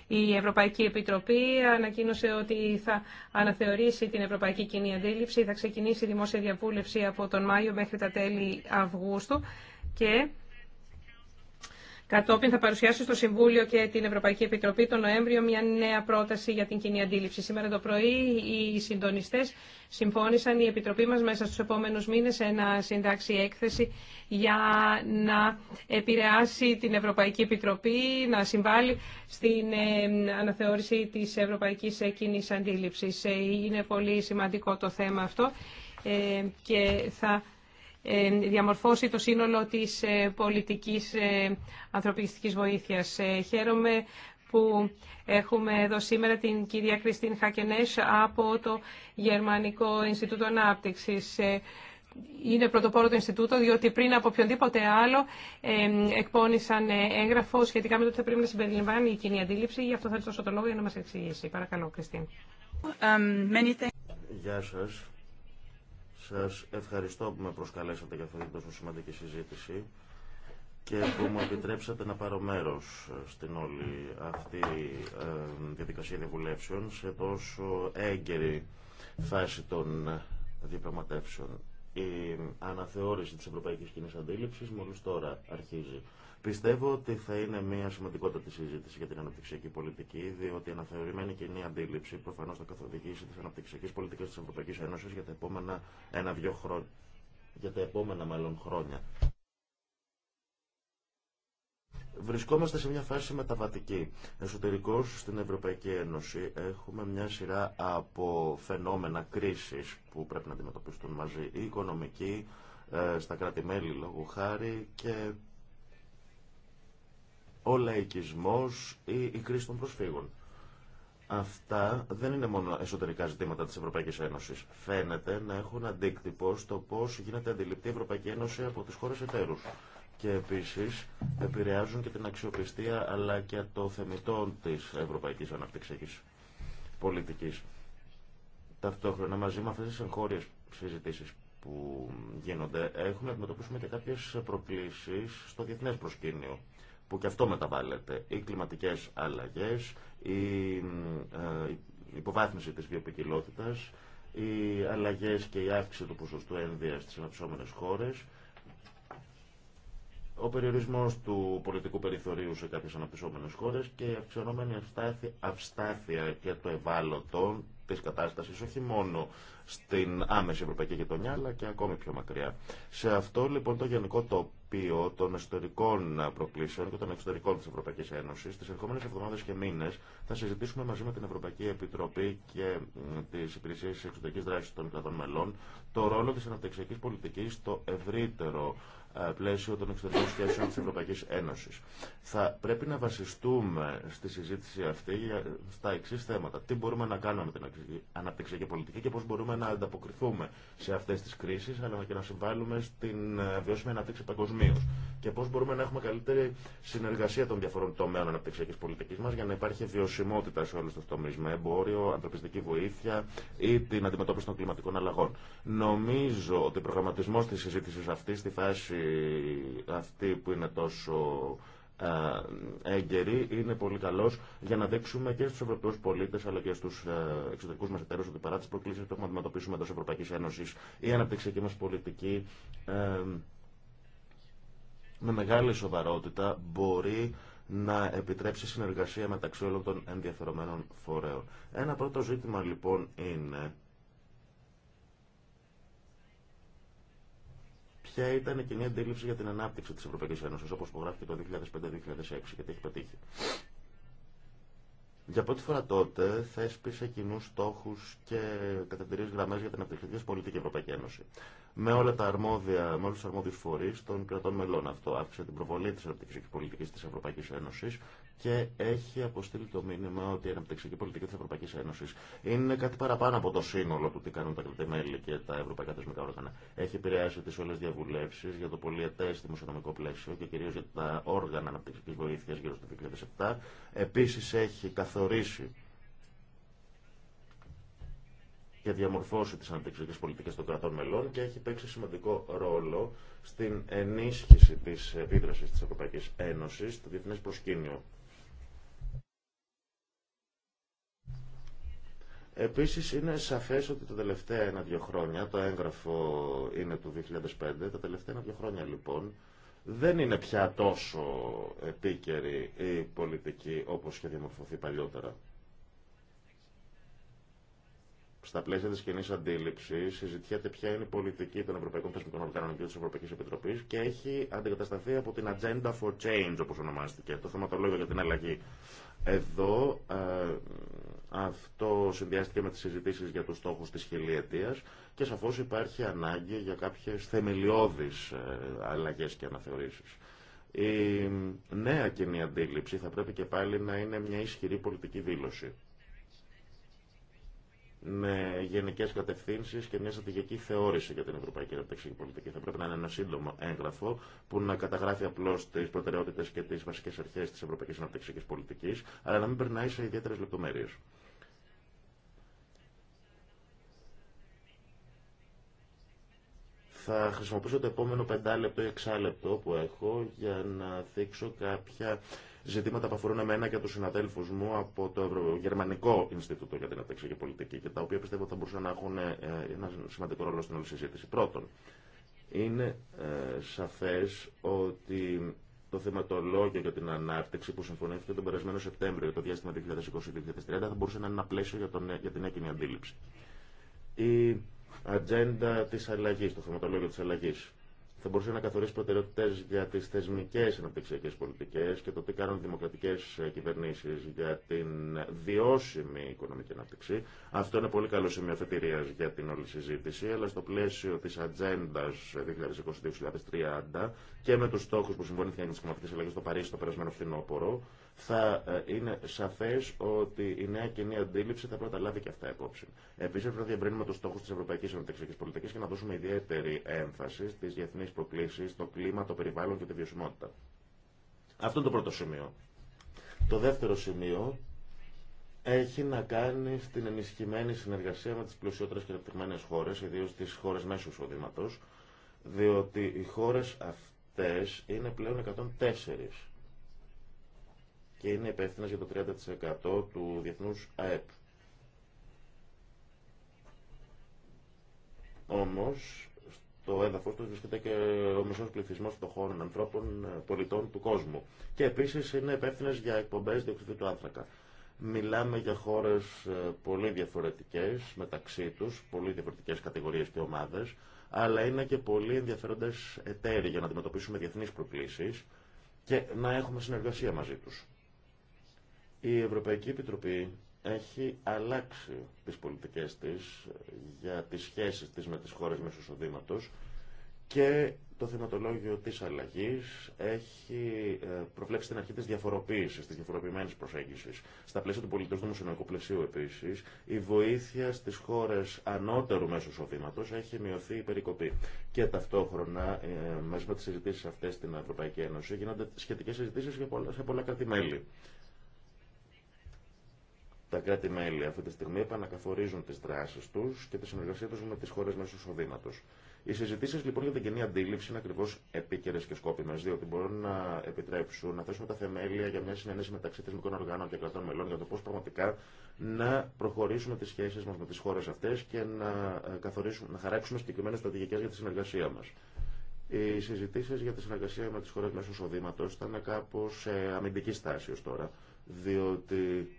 Η Ευρωπαϊκή Επιτροπή ανακοίνωσε ότι θα αναθεωρήσει την Ευρωπαϊκή Κοινή Αντίληψη, θα ξεκινήσει δημόσια διαβούλευση από τον Μάιο μέχρι τα τέλη Αυγούστου και Κατόπιν θα παρουσιάσω στο Συμβούλιο και την Ευρωπαϊκή Επιτροπή τον Νοέμβριο μια νέα πρόταση για την κοινή αντίληψη. Σήμερα το πρωί οι συντονιστέ συμφώνησαν η Επιτροπή μα μέσα στου επόμενου μήνε να συντάξει έκθεση για να επηρεάσει την Ευρωπαϊκή Επιτροπή, να συμβάλλει στην ε, αναθεώρηση τη Ευρωπαϊκή Κοινή Αντίληψη. Ε, είναι πολύ σημαντικό το θέμα αυτό ε, και θα ε, διαμορφώσει το σύνολο της ε, πολιτικής ε, ανθρωπιστικής βοήθειας. Χαίρομαι που έχουμε εδώ σήμερα την κυρία Κριστίν Χακενές από το Γερμανικό Ινστιτούτο Ανάπτυξης. Είναι πρωτοπόρο το Ινστιτούτο, διότι πριν από οποιονδήποτε άλλο εκπώνησαν έγγραφο σχετικά με το ότι θα πρέπει να συμπεριλαμβάνει η κοινή αντίληψη. Γι' αυτό θα ρωτήσω το λόγο για να μας εξηγήσει. Παρακαλώ, Κριστίν. Um, Γεια σας. Σας ευχαριστώ που με προσκαλέσατε για αυτή την τόσο σημαντική συζήτηση και που μου επιτρέψατε να πάρω μέρο στην όλη αυτή ε, διαδικασία διαβουλεύσεων σε τόσο έγκαιρη φάση των διαπραγματεύσεων. Η αναθεώρηση της Ευρωπαϊκής Κοινής Αντίληψης μόλις τώρα αρχίζει. Πιστεύω ότι θα είναι μια σημαντικότατη συζήτηση για την αναπτυξιακή πολιτική, διότι η αναθεωρημένη κοινή αντίληψη προφανώ θα καθοδηγήσει τι αναπτυξιακέ πολιτικέ τη Ευρωπαϊκή Ένωση για τα επόμενα ένα-δύο χρόνια. Για τα επόμενα μάλλον χρόνια. Βρισκόμαστε σε μια φάση μεταβατική. Εσωτερικώ στην Ευρωπαϊκή Ένωση έχουμε μια σειρά από φαινόμενα κρίση που πρέπει να αντιμετωπιστούν μαζί. Η οικονομική, ε, στα κράτη-μέλη λόγω χάρη και ο λαϊκισμός ή η κρίση των προσφύγων. Αυτά δεν είναι μόνο εσωτερικά ζητήματα της Ευρωπαϊκής Ένωσης. Φαίνεται να έχουν αντίκτυπο στο πώς γίνεται αντιληπτή η Ευρωπαϊκή Ένωση από τις χώρες εταίρους. Και επίσης επηρεάζουν και την αξιοπιστία αλλά και το θεμητό της ευρωπαϊκής αναπτυξιακής πολιτικής. Ταυτόχρονα μαζί με αυτές τις εγχώριες συζητήσεις που γίνονται έχουμε να αντιμετωπίσουμε και κάποιες προκλήσεις στο διεθνές προσκήνιο που και αυτό μεταβάλλεται. Οι κλιματικές αλλαγές, η ε, υποβάθμιση της βιοπικιλότητας, οι αλλαγές και η αύξηση του ποσοστού ένδυας στις αναψώμενες χώρες, ο περιορισμός του πολιτικού περιθωρίου σε κάποιες αναπτυσσόμενες χώρες και η αυξανόμενη αυστάθεια και το ευάλωτο της κατάστασης όχι μόνο στην άμεση ευρωπαϊκή γειτονιά αλλά και ακόμη πιο μακριά. Σε αυτό λοιπόν το γενικό τό των εσωτερικών προκλήσεων και των εξωτερικών της Ευρωπαϊκής Ένωσης. Τις ερχόμενες εβδομάδες και μήνες θα συζητήσουμε μαζί με την Ευρωπαϊκή Επιτροπή και τις υπηρεσίες εξωτερικής δράσης των κρατών μελών το ρόλο της αναπτυξιακής πολιτικής στο ευρύτερο ε, πλαίσιο των εξωτερικών σχέσεων της Ευρωπαϊκής Ένωσης. Θα πρέπει να βασιστούμε στη συζήτηση αυτή στα εξή θέματα. Τι μπορούμε να κάνουμε με την αναπτυξιακή πολιτική και πώς μπορούμε να ανταποκριθούμε σε αυτές τις κρίσεις αλλά και να συμβάλλουμε στην ε, βιώσιμη αναπτύξη παγκοσμίω. Και πώς μπορούμε να έχουμε καλύτερη συνεργασία των διαφορών τομέων αναπτυξιακής πολιτικής μας για να υπάρχει βιωσιμότητα σε όλου τους τομείς με εμπόριο, ανθρωπιστική βοήθεια ή την αντιμετώπιση των κλιματικών αλλαγών. Νομίζω ότι ο προγραμματισμός της αυτή στη φάση αυτή που είναι τόσο ε, έγκαιρη είναι πολύ καλό για να δείξουμε και στου Ευρωπαίου πολίτε αλλά και στου ε, εξωτερικού μα εταίρου ότι παρά τι προκλήσει που έχουμε να αντιμετωπίσουμε εντό Ευρωπαϊκή Ένωση η αναπτυξιακή μα πολιτική ε, με μεγάλη σοβαρότητα μπορεί να επιτρέψει συνεργασία μεταξύ όλων των ενδιαφερομένων φορέων. Ένα πρώτο ζήτημα λοιπόν είναι και ήταν η κοινή αντίληψη για την ανάπτυξη της Ευρωπαϊκής Ένωσης, όπως υπογράφηκε το 2005-2006 και τι έχει πετύχει. Για πρώτη φορά τότε θέσπισε κοινού στόχου και κατευθυντήριε γραμμέ για την αναπτυξιακή πολιτική Ευρωπαϊκή Ένωση. Με, όλα τα αρμόδια, με όλου του αρμόδιου φορεί των κρατών μελών αυτό. άφησε την προβολή τη αναπτυξιακή πολιτική τη Ευρωπαϊκή Ένωση και έχει αποστείλει το μήνυμα ότι η αναπτυξιακή πολιτική τη Ευρωπαϊκή Ένωση είναι κάτι παραπάνω από το σύνολο του τι κάνουν τα κρατημέλη και τα ευρωπαϊκά θεσμικά όργανα. Έχει επηρεάσει τι όλε διαβουλεύσει για το πολιετέ δημοσιονομικό πλαίσιο και κυρίω για τα όργανα αναπτυξιακή βοήθεια γύρω στο 2007. Επίση έχει καθορίσει και διαμορφώσει τι αναπτυξιακέ πολιτικέ των κρατών μελών και έχει παίξει σημαντικό ρόλο στην ενίσχυση τη επίδραση τη Ευρωπαϊκή Ένωση στο διεθνέ προσκήνιο. Επίσης είναι σαφές ότι τα τελευταία ένα-δύο χρόνια, το έγγραφο είναι του 2005, τα τελευταία ένα-δύο χρόνια λοιπόν, δεν είναι πια τόσο επίκαιρη η πολιτική όπως είχε διαμορφωθεί παλιότερα. Στα πλαίσια τη κοινή αντίληψη συζητιέται ποια είναι η πολιτική των Ευρωπαϊκών Θεσμικών Οργάνων και της Ευρωπαϊκή Επιτροπής και έχει αντικατασταθεί από την Agenda for Change όπως ονομάστηκε, το θεματολόγιο για την αλλαγή. Εδώ ε, αυτό συνδυάστηκε με τις συζητήσεις για τους στόχους της χιλιετίας και σαφώς υπάρχει ανάγκη για κάποιες θεμελιώδεις ε, αλλαγές και αναθεωρήσεις. Η νέα κοινή αντίληψη θα πρέπει και πάλι να είναι μια ισχυρή πολιτική δήλωση με γενικέ κατευθύνσει και μια στρατηγική θεώρηση για την ευρωπαϊκή αναπτυξιακή πολιτική. Θα πρέπει να είναι ένα σύντομο έγγραφο που να καταγράφει απλώ τι προτεραιότητε και τι βασικέ αρχέ τη ευρωπαϊκή αναπτυξιακή πολιτική, αλλά να μην περνάει σε ιδιαίτερε λεπτομέρειε. Θα χρησιμοποιήσω το επόμενο πεντάλεπτο ή εξάλεπτο που έχω για να δείξω κάποια ζητήματα που αφορούν εμένα και του συναδέλφου μου από το Γερμανικό Ινστιτούτο για την και Πολιτική και τα οποία πιστεύω θα μπορούσαν να έχουν ε, ένα σημαντικό ρόλο στην όλη συζήτηση. Πρώτον, είναι ε, σαφέ ότι το θεματολόγιο για την ανάπτυξη που συμφωνήθηκε τον περασμένο Σεπτέμβριο, το διάστημα 2020-2030, θα μπορούσε να είναι ένα πλαίσιο για, τον, ε, για την έκοινη αντίληψη ατζέντα τη αλλαγή, το θεματολόγιο τη αλλαγή. Θα μπορούσε να καθορίσει προτεραιότητε για τι θεσμικέ αναπτυξιακέ πολιτικέ και το τι κάνουν δημοκρατικέ ε, κυβερνήσει για την βιώσιμη οικονομική ανάπτυξη. Αυτό είναι πολύ καλό σημείο αφετηρία για την όλη συζήτηση, αλλά στο πλαίσιο τη ατζέντα 2020-2030 και με του στόχου που συμφωνήθηκαν για τι κλιματικέ αλλαγέ στο Παρίσι το περασμένο φθινόπωρο, θα ε, είναι σαφέ ότι η νέα κοινή αντίληψη θα πρώτα λάβει και αυτά υπόψη. Επίση, πρέπει να διαμπρίνουμε του στόχου τη Ευρωπαϊκή Αναπτυξιακή Πολιτική και να δώσουμε ιδιαίτερη έμφαση στι διεθνεί προκλήσει, το κλίμα, το περιβάλλον και τη βιωσιμότητα. Αυτό είναι το πρώτο σημείο. Το δεύτερο σημείο έχει να κάνει στην ενισχυμένη συνεργασία με τι πλουσιότερε και αναπτυγμένε χώρε, ιδίω τι χώρε μέσου εισοδήματο, διότι οι χώρε αυτέ είναι πλέον 104 και είναι υπεύθυνο για το 30% του διεθνούς ΑΕΠ. Όμως, στο έδαφο του βρίσκεται και ο μισό πληθυσμό φτωχών ανθρώπων, πολιτών του κόσμου. Και επίση είναι υπεύθυνε για εκπομπέ διοξιδίου του άνθρακα. Μιλάμε για χώρε ε, πολύ διαφορετικέ μεταξύ του, πολύ διαφορετικέ κατηγορίε και ομάδε, αλλά είναι και πολύ ενδιαφέροντε εταίροι για να αντιμετωπίσουμε διεθνεί προκλήσει και να έχουμε συνεργασία μαζί τους. Η Ευρωπαϊκή Επιτροπή έχει αλλάξει τις πολιτικές της για τις σχέσεις της με τις χώρες μεσοσοδήματος και το θεματολόγιο της αλλαγής έχει ε, προβλέψει την αρχή της διαφοροποίησης, της διαφοροποιημένης προσέγγισης. Στα πλαίσια του πολιτικού δημοσιονομικού πλαισίου επίσης, η βοήθεια στις χώρες ανώτερου μέσου έχει μειωθεί η περικοπή. Και ταυτόχρονα, ε, μέσα με τις συζητήσεις αυτές στην Ευρωπαϊκή Ένωση, γίνονται σχετικές συζητήσεις σε πολλά κράτη-μέλη. Τα κράτη-μέλη αυτή τη στιγμή επανακαθορίζουν τι δράσει του και τη συνεργασία του με τι χώρε μέσω εισοδήματο. Οι συζητήσει λοιπόν για την κοινή αντίληψη είναι ακριβώ επίκαιρε και σκόπιμε, διότι μπορούν να επιτρέψουν να θέσουμε τα θεμέλια για μια συνένεση μεταξύ θεσμικών οργάνων και κρατών μελών για το πώ πραγματικά να προχωρήσουμε τι σχέσει μα με τι χώρε αυτέ και να, ε, καθορίσουμε, να χαράξουμε συγκεκριμένε στρατηγικέ για τη συνεργασία μα. Οι συζητήσει για τη συνεργασία με τι χώρε μέσω εισοδήματο ήταν κάπω σε αμυντική στάση τώρα, διότι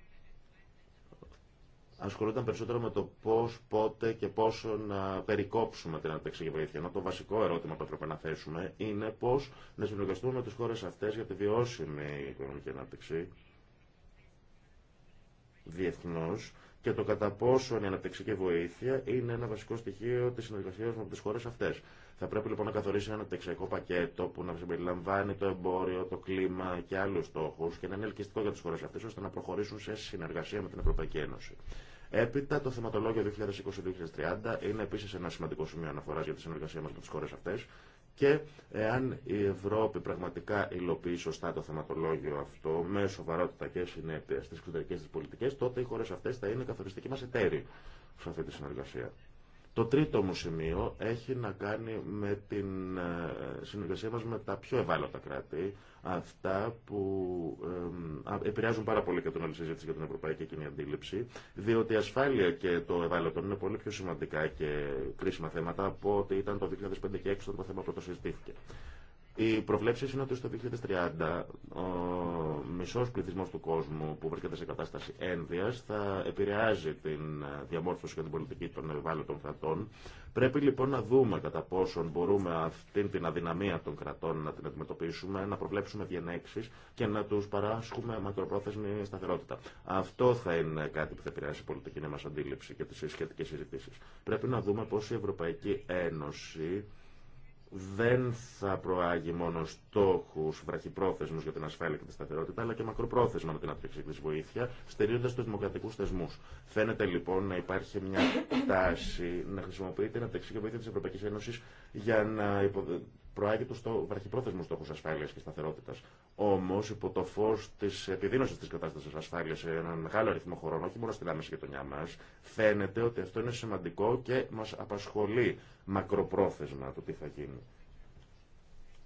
ασχολούνταν περισσότερο με το πώ, πότε και πόσο να περικόψουμε την αναπτυξιακή βοήθεια. Ενώ το βασικό ερώτημα που έπρεπε να θέσουμε είναι πώ να συνεργαστούμε με τι χώρε αυτέ για τη βιώσιμη οικονομική ανάπτυξη διεθνώ και το κατά πόσο η αναπτυξιακή βοήθεια είναι ένα βασικό στοιχείο τη συνεργασία με τι χώρε αυτέ. Θα πρέπει λοιπόν να καθορίσει ένα τεξιακό πακέτο που να συμπεριλαμβάνει το εμπόριο, το κλίμα και άλλου στόχου και να είναι ελκυστικό για τι χώρε αυτέ ώστε να προχωρήσουν σε συνεργασία με την Ευρωπαϊκή Ένωση. Έπειτα, το θεματολόγιο 2020-2030 είναι επίση ένα σημαντικό σημείο αναφορά για τη συνεργασία μα με τι χώρε αυτέ και εάν η Ευρώπη πραγματικά υλοποιεί σωστά το θεματολόγιο αυτό με σοβαρότητα και συνέπεια στι εξωτερικέ τη πολιτικέ, τότε οι χώρε αυτέ θα είναι καθοριστικοί μα εταίροι σε αυτή τη συνεργασία. Το τρίτο μου σημείο έχει να κάνει με την ε, συνεργασία μας με τα πιο ευάλωτα κράτη, αυτά που επηρεάζουν πάρα πολύ και τον όλη συζήτηση για την ευρωπαϊκή κοινή αντίληψη, διότι η ασφάλεια και το ευάλωτο είναι πολύ πιο σημαντικά και κρίσιμα θέματα από ό,τι ήταν το 2005 και 2006 όταν το θέμα πρώτο συζητήθηκε. Οι προβλέψει είναι ότι στο 2030 ο μισό πληθυσμό του κόσμου που βρίσκεται σε κατάσταση ένδυα θα επηρεάζει την διαμόρφωση και την πολιτική των ευάλωτων κρατών. Πρέπει λοιπόν να δούμε κατά πόσον μπορούμε αυτή την αδυναμία των κρατών να την αντιμετωπίσουμε, να προβλέψουμε διενέξει και να του παράσχουμε μακροπρόθεσμη σταθερότητα. Αυτό θα είναι κάτι που θα επηρεάσει η πολιτική μα αντίληψη και τι σχετικέ συζητήσει. Πρέπει να δούμε πώ η Ευρωπαϊκή Ένωση δεν θα προάγει μόνο στόχου βραχυπρόθεσμου για την ασφάλεια και τη σταθερότητα, αλλά και μακροπρόθεσμα με την τη βοήθεια, στερίζοντα του δημοκρατικού θεσμού. Φαίνεται λοιπόν να υπάρχει μια τάση να χρησιμοποιείται η αυτοεξήγηση βοήθεια τη Ευρωπαϊκή Ένωση για να προάγει του βραχυπρόθεσμο στόχου ασφάλεια και σταθερότητα. Όμω, υπό το φω τη επιδείνωση τη κατάσταση ασφάλεια σε έναν μεγάλο αριθμό χωρών, όχι μόνο στην άμεση γειτονιά μα, φαίνεται ότι αυτό είναι σημαντικό και μα απασχολεί μακροπρόθεσμα το τι θα γίνει.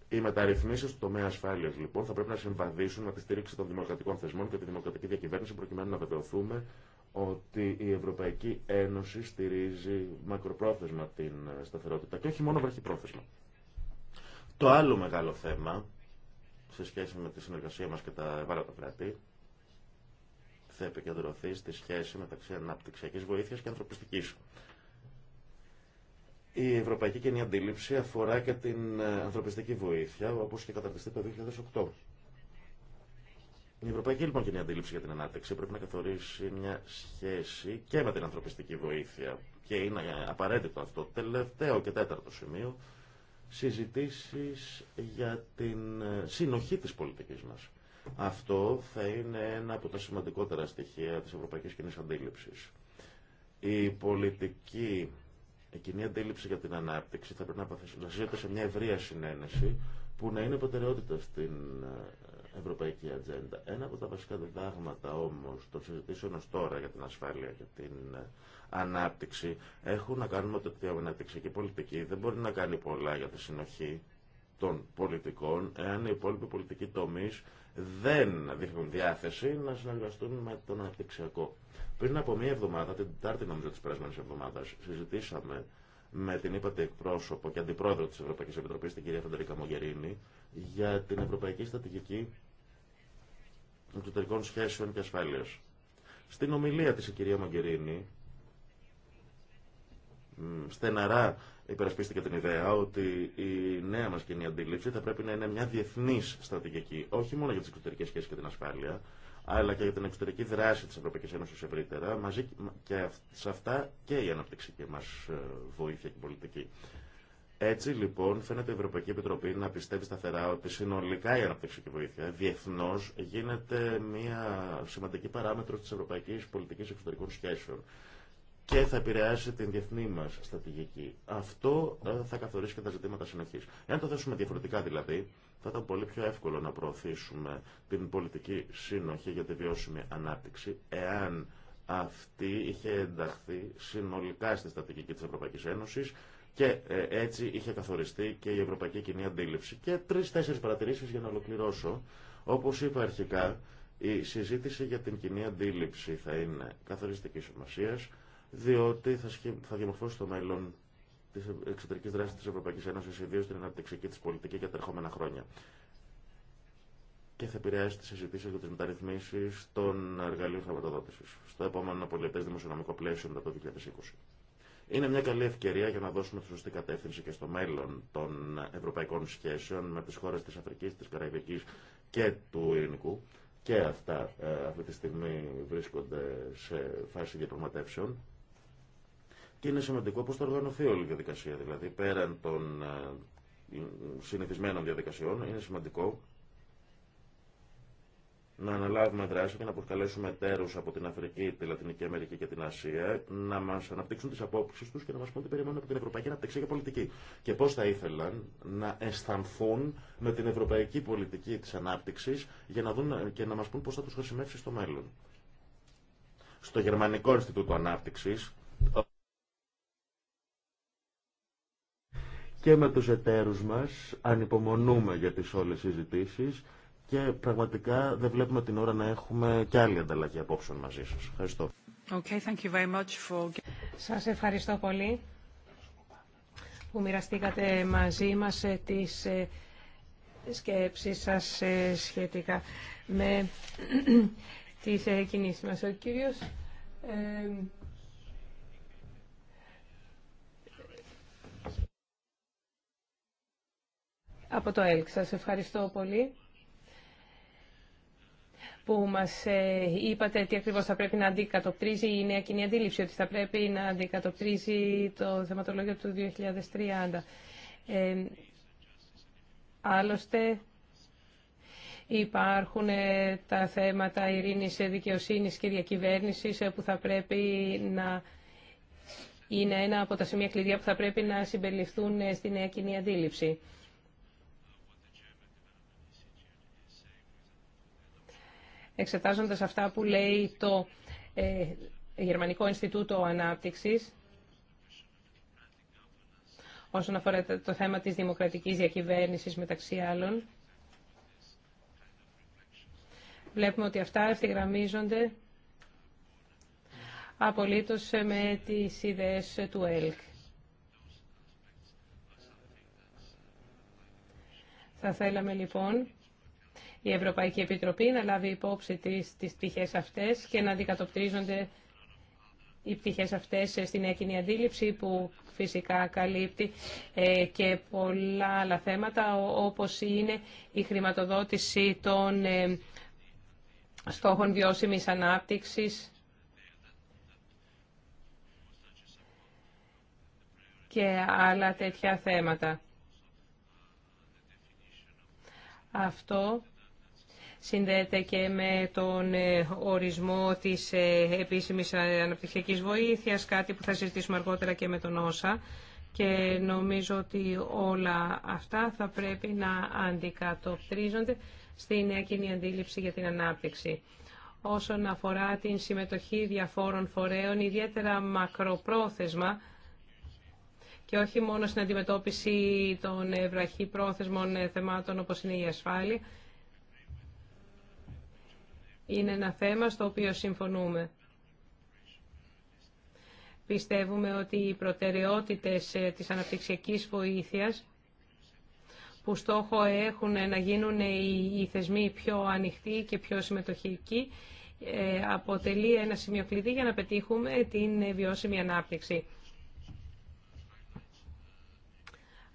Οι μεταρρυθμίσει του τομέα ασφάλεια, λοιπόν, θα πρέπει να συμβαδίσουν με τη στήριξη των δημοκρατικών θεσμών και τη δημοκρατική διακυβέρνηση, προκειμένου να βεβαιωθούμε ότι η Ευρωπαϊκή Ένωση στηρίζει μακροπρόθεσμα την σταθερότητα και όχι μόνο βραχυπρόθεσμα. Το άλλο μεγάλο θέμα, σε σχέση με τη συνεργασία μας και τα ευάλωτα κράτη, θα επικεντρωθεί στη σχέση μεταξύ αναπτυξιακής βοήθειας και ανθρωπιστικής. Η ευρωπαϊκή κοινή αντίληψη αφορά και την ε, ανθρωπιστική βοήθεια, όπως και καταρτιστεί το 2008. Η Ευρωπαϊκή λοιπόν κοινή αντίληψη για την ανάπτυξη πρέπει να καθορίσει μια σχέση και με την ανθρωπιστική βοήθεια. Και είναι ε, απαραίτητο αυτό. Τελευταίο και τέταρτο σημείο συζητήσεις για την ε, συνοχή της πολιτικής μας. Αυτό θα είναι ένα από τα σημαντικότερα στοιχεία της Ευρωπαϊκής Κοινής Αντίληψης. Η πολιτική, η κοινή αντίληψη για την ανάπτυξη θα πρέπει να βασίζεται σε μια ευρεία συνένεση που να είναι προτεραιότητα στην ε, ευρωπαϊκή ατζέντα. Ένα από τα βασικά διδάγματα όμως των συζητήσεων ως τώρα για την ασφάλεια και την ε, ανάπτυξη έχουν να κάνουν με το ότι η αναπτυξιακή πολιτική δεν μπορεί να κάνει πολλά για τη συνοχή των πολιτικών εάν οι υπόλοιποι πολιτικοί τομείς δεν δείχνουν διάθεση να συνεργαστούν με τον αναπτυξιακό. Πριν από μία εβδομάδα, την Τετάρτη νομίζω τη περασμένη εβδομάδα, συζητήσαμε με την είπατε εκπρόσωπο και αντιπρόεδρο της Ευρωπαϊκής Επιτροπής, την κυρία Φεντερίκα Μογερίνη, για την Ευρωπαϊκή Στατηγική Εξωτερικών Σχέσεων και Ασφάλειας. Στην ομιλία της η κυρία Μογερίνη στεναρά υπερασπίστηκε την ιδέα ότι η νέα μας κοινή αντίληψη θα πρέπει να είναι μια διεθνής στρατηγική, όχι μόνο για τις εξωτερικές σχέσεις και την ασφάλεια, αλλά και για την εξωτερική δράση της Ευρωπαϊκής Ένωσης ευρύτερα, μαζί και σε αυτά και η αναπτυξική μας ε, βοήθεια και πολιτική. Έτσι λοιπόν φαίνεται η Ευρωπαϊκή Επιτροπή να πιστεύει σταθερά ότι συνολικά η αναπτυξική βοήθεια διεθνώ γίνεται μια σημαντική παράμετρο τη ευρωπαϊκή πολιτική εξωτερικών σχέσεων και θα επηρεάσει την διεθνή μα στρατηγική. Αυτό ε, θα καθορίσει και τα ζητήματα συνοχή. Εάν το θέσουμε διαφορετικά δηλαδή, θα ήταν πολύ πιο εύκολο να προωθήσουμε την πολιτική σύνοχη για τη βιώσιμη ανάπτυξη, εάν αυτή είχε ενταχθεί συνολικά στη στατική της Ευρωπαϊκής Ένωσης και ε, έτσι είχε καθοριστεί και η ευρωπαϊκή κοινή αντίληψη. Και τρεις-τέσσερις παρατηρήσεις για να ολοκληρώσω. Όπως είπα αρχικά, η συζήτηση για την κοινή αντίληψη θα είναι καθοριστική σημασία, διότι θα, θα διαμορφώσει το μέλλον τη εξωτερική δράση τη Ευρωπαϊκή Ένωση, ιδίω στην αναπτυξική τη πολιτική για τα ερχόμενα χρόνια. Και θα επηρεάσει τι συζητήσει για τι μεταρρυθμίσει των εργαλείων χρηματοδότηση στο επόμενο πολιτέ δημοσιονομικό πλαίσιο μετά το 2020. Είναι μια καλή ευκαιρία για να δώσουμε τη σωστή κατεύθυνση και στο μέλλον των ευρωπαϊκών σχέσεων με τι χώρε τη Αφρική, τη Καραϊβική και του Ειρηνικού. Και αυτά ε, αυτή τη στιγμή βρίσκονται σε φάση διαπραγματεύσεων και είναι σημαντικό πώ θα οργανωθεί όλη η διαδικασία. Δηλαδή, πέραν των ε, συνηθισμένων διαδικασιών, είναι σημαντικό να αναλάβουμε δράση και να προσκαλέσουμε εταίρους από την Αφρική, τη Λατινική Αμερική και την Ασία να μα αναπτύξουν τι απόψει του και να μα πούν τι περιμένουν από την Ευρωπαϊκή Αναπτυξία και Πολιτική και πώ θα ήθελαν να αισθανθούν με την Ευρωπαϊκή Πολιτική τη ανάπτυξη για να δουν και να μας πούν πώ θα του χρησιμεύσει στο μέλλον. Στο Γερμανικό Ινστιτούτο Ανάπτυξη. και με τους εταίρους μας, ανυπομονούμε για τις όλες τις συζητήσεις και πραγματικά δεν βλέπουμε την ώρα να έχουμε και άλλη ανταλλαγή απόψεων μαζί σας. Ευχαριστώ. Okay, thank you very much for... Σας ευχαριστώ πολύ που μοιραστήκατε μαζί μας ε, τις ε, σκέψεις σας ε, σχετικά με τις κινήσεις μας. Ο από το ΕΛΚ. Σας ευχαριστώ πολύ που μας ε, είπατε τι ακριβώς θα πρέπει να αντικατοπτρίζει η νέα κοινή αντίληψη, ότι θα πρέπει να αντικατοπτρίζει το θεματολόγιο του 2030. Ε, άλλωστε, υπάρχουν ε, τα θέματα ειρήνης, δικαιοσύνης και διακυβέρνησης ε, που θα πρέπει να είναι ένα από τα σημεία κλειδιά που θα πρέπει να συμπεριληφθούν στη νέα κοινή αντίληψη. εξετάζοντας αυτά που λέει το ε, Γερμανικό Ινστιτούτο Ανάπτυξης όσον αφορά το θέμα της δημοκρατικής διακυβέρνησης μεταξύ άλλων. Βλέπουμε ότι αυτά ευθυγραμμίζονται απολύτως με τις ιδέες του ΕΛΚ. Θα θέλαμε λοιπόν η Ευρωπαϊκή Επιτροπή να λάβει υπόψη τις, τις πτυχές αυτές και να αντικατοπτρίζονται οι πτυχές αυτές στην έκοινη αντίληψη που φυσικά καλύπτει ε, και πολλά άλλα θέματα όπως είναι η χρηματοδότηση των ε, στόχων βιώσιμης ανάπτυξης και άλλα τέτοια θέματα. Αυτό συνδέεται και με τον ε, ορισμό της ε, επίσημης αναπτυξιακής βοήθειας, κάτι που θα συζητήσουμε αργότερα και με τον Όσα. Και νομίζω ότι όλα αυτά θα πρέπει να αντικατοπτρίζονται στη νέα κοινή αντίληψη για την ανάπτυξη. Όσον αφορά την συμμετοχή διαφόρων φορέων, ιδιαίτερα μακροπρόθεσμα, και όχι μόνο στην αντιμετώπιση των βραχυπρόθεσμων ε, θεμάτων όπως είναι η ασφάλεια, είναι ένα θέμα στο οποίο συμφωνούμε. Πιστεύουμε ότι οι προτεραιότητες ε, της αναπτυξιακής βοήθειας που στόχο έχουν να γίνουν οι θεσμοί πιο ανοιχτοί και πιο συμμετοχικοί ε, αποτελεί ένα σημείο κλειδί για να πετύχουμε την βιώσιμη ανάπτυξη.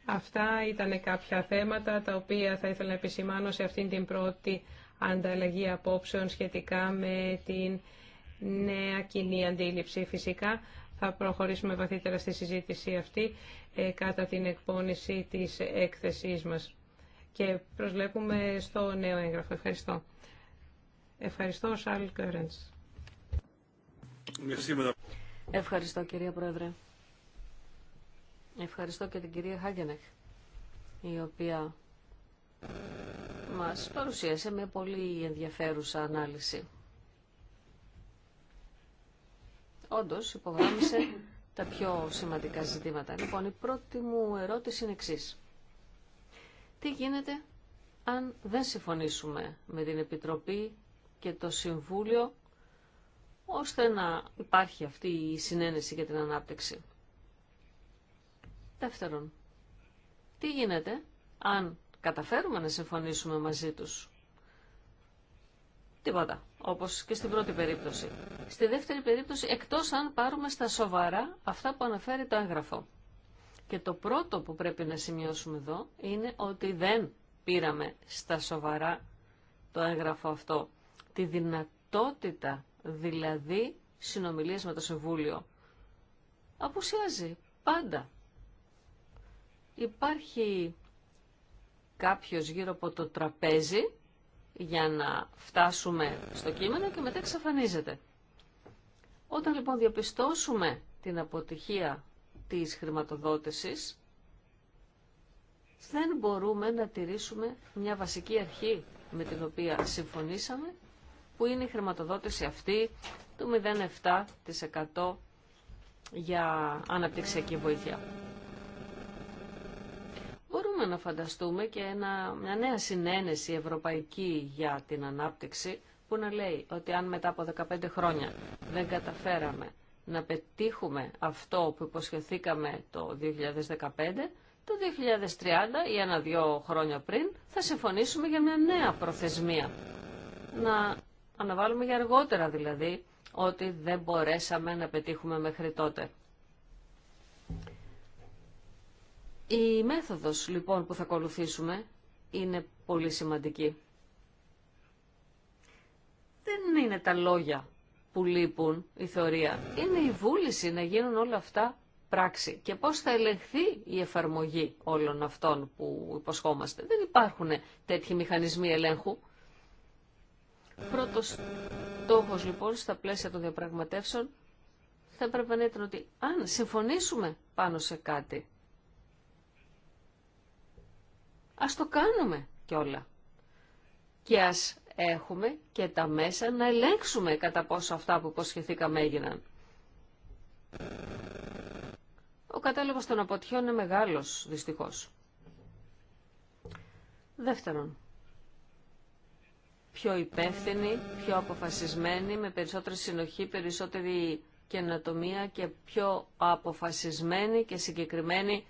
Αυτά ήταν κάποια θέματα τα οποία θα ήθελα να επισημάνω σε αυτήν την πρώτη ανταλλαγή απόψεων σχετικά με την νέα κοινή αντίληψη. Φυσικά θα προχωρήσουμε βαθύτερα στη συζήτηση αυτή ε, κατά την εκπόνηση της έκθεσής μας. Και προσλέπουμε στο νέο έγγραφο. Ευχαριστώ. Ευχαριστώ, Σαλ Κέρενς. Ευχαριστώ, κυρία Πρόεδρε. Ευχαριστώ και την κυρία Χάγενεχ, η οποία μας παρουσίασε μια πολύ ενδιαφέρουσα ανάλυση. Όντως υπογράμμισε τα πιο σημαντικά ζητήματα. Λοιπόν, η πρώτη μου ερώτηση είναι εξή. Τι γίνεται αν δεν συμφωνήσουμε με την Επιτροπή και το Συμβούλιο ώστε να υπάρχει αυτή η συνένεση για την ανάπτυξη. Δεύτερον, τι γίνεται αν καταφέρουμε να συμφωνήσουμε μαζί τους. Τίποτα, όπως και στην πρώτη περίπτωση. Στη δεύτερη περίπτωση, εκτός αν πάρουμε στα σοβαρά αυτά που αναφέρει το έγγραφο. Και το πρώτο που πρέπει να σημειώσουμε εδώ είναι ότι δεν πήραμε στα σοβαρά το έγγραφο αυτό. Τη δυνατότητα δηλαδή συνομιλίας με το Συμβούλιο. Απουσιάζει πάντα. Υπάρχει κάποιος γύρω από το τραπέζι για να φτάσουμε στο κείμενο και μετά εξαφανίζεται. Όταν λοιπόν διαπιστώσουμε την αποτυχία της χρηματοδότησης, δεν μπορούμε να τηρήσουμε μια βασική αρχή με την οποία συμφωνήσαμε, που είναι η χρηματοδότηση αυτή του 0,7% για αναπτυξιακή βοήθεια μπορούμε να φανταστούμε και μια νέα συνένεση ευρωπαϊκή για την ανάπτυξη που να λέει ότι αν μετά από 15 χρόνια δεν καταφέραμε να πετύχουμε αυτό που υποσχεθήκαμε το 2015, το 2030 ή ένα-δυο χρόνια πριν θα συμφωνήσουμε για μια νέα προθεσμία. Να αναβάλουμε για αργότερα δηλαδή ότι δεν μπορέσαμε να πετύχουμε μέχρι τότε. Η μέθοδος λοιπόν που θα ακολουθήσουμε είναι πολύ σημαντική. Δεν είναι τα λόγια που λείπουν η θεωρία. Είναι η βούληση να γίνουν όλα αυτά πράξη. Και πώς θα ελεγχθεί η εφαρμογή όλων αυτών που υποσχόμαστε. Δεν υπάρχουν τέτοιοι μηχανισμοί ελέγχου. Πρώτος στόχος λοιπόν στα πλαίσια των διαπραγματεύσεων θα έπρεπε να ήταν ότι αν συμφωνήσουμε πάνω σε κάτι Ας το κάνουμε κιόλα. Και ας έχουμε και τα μέσα να ελέγξουμε κατά πόσο αυτά που υποσχεθήκαμε έγιναν. Ο κατάλογος των αποτυχιών είναι μεγάλος, δυστυχώς. Δεύτερον, πιο υπεύθυνοι, πιο αποφασισμένοι, με περισσότερη συνοχή, περισσότερη καινοτομία και πιο αποφασισμένοι και συγκεκριμένοι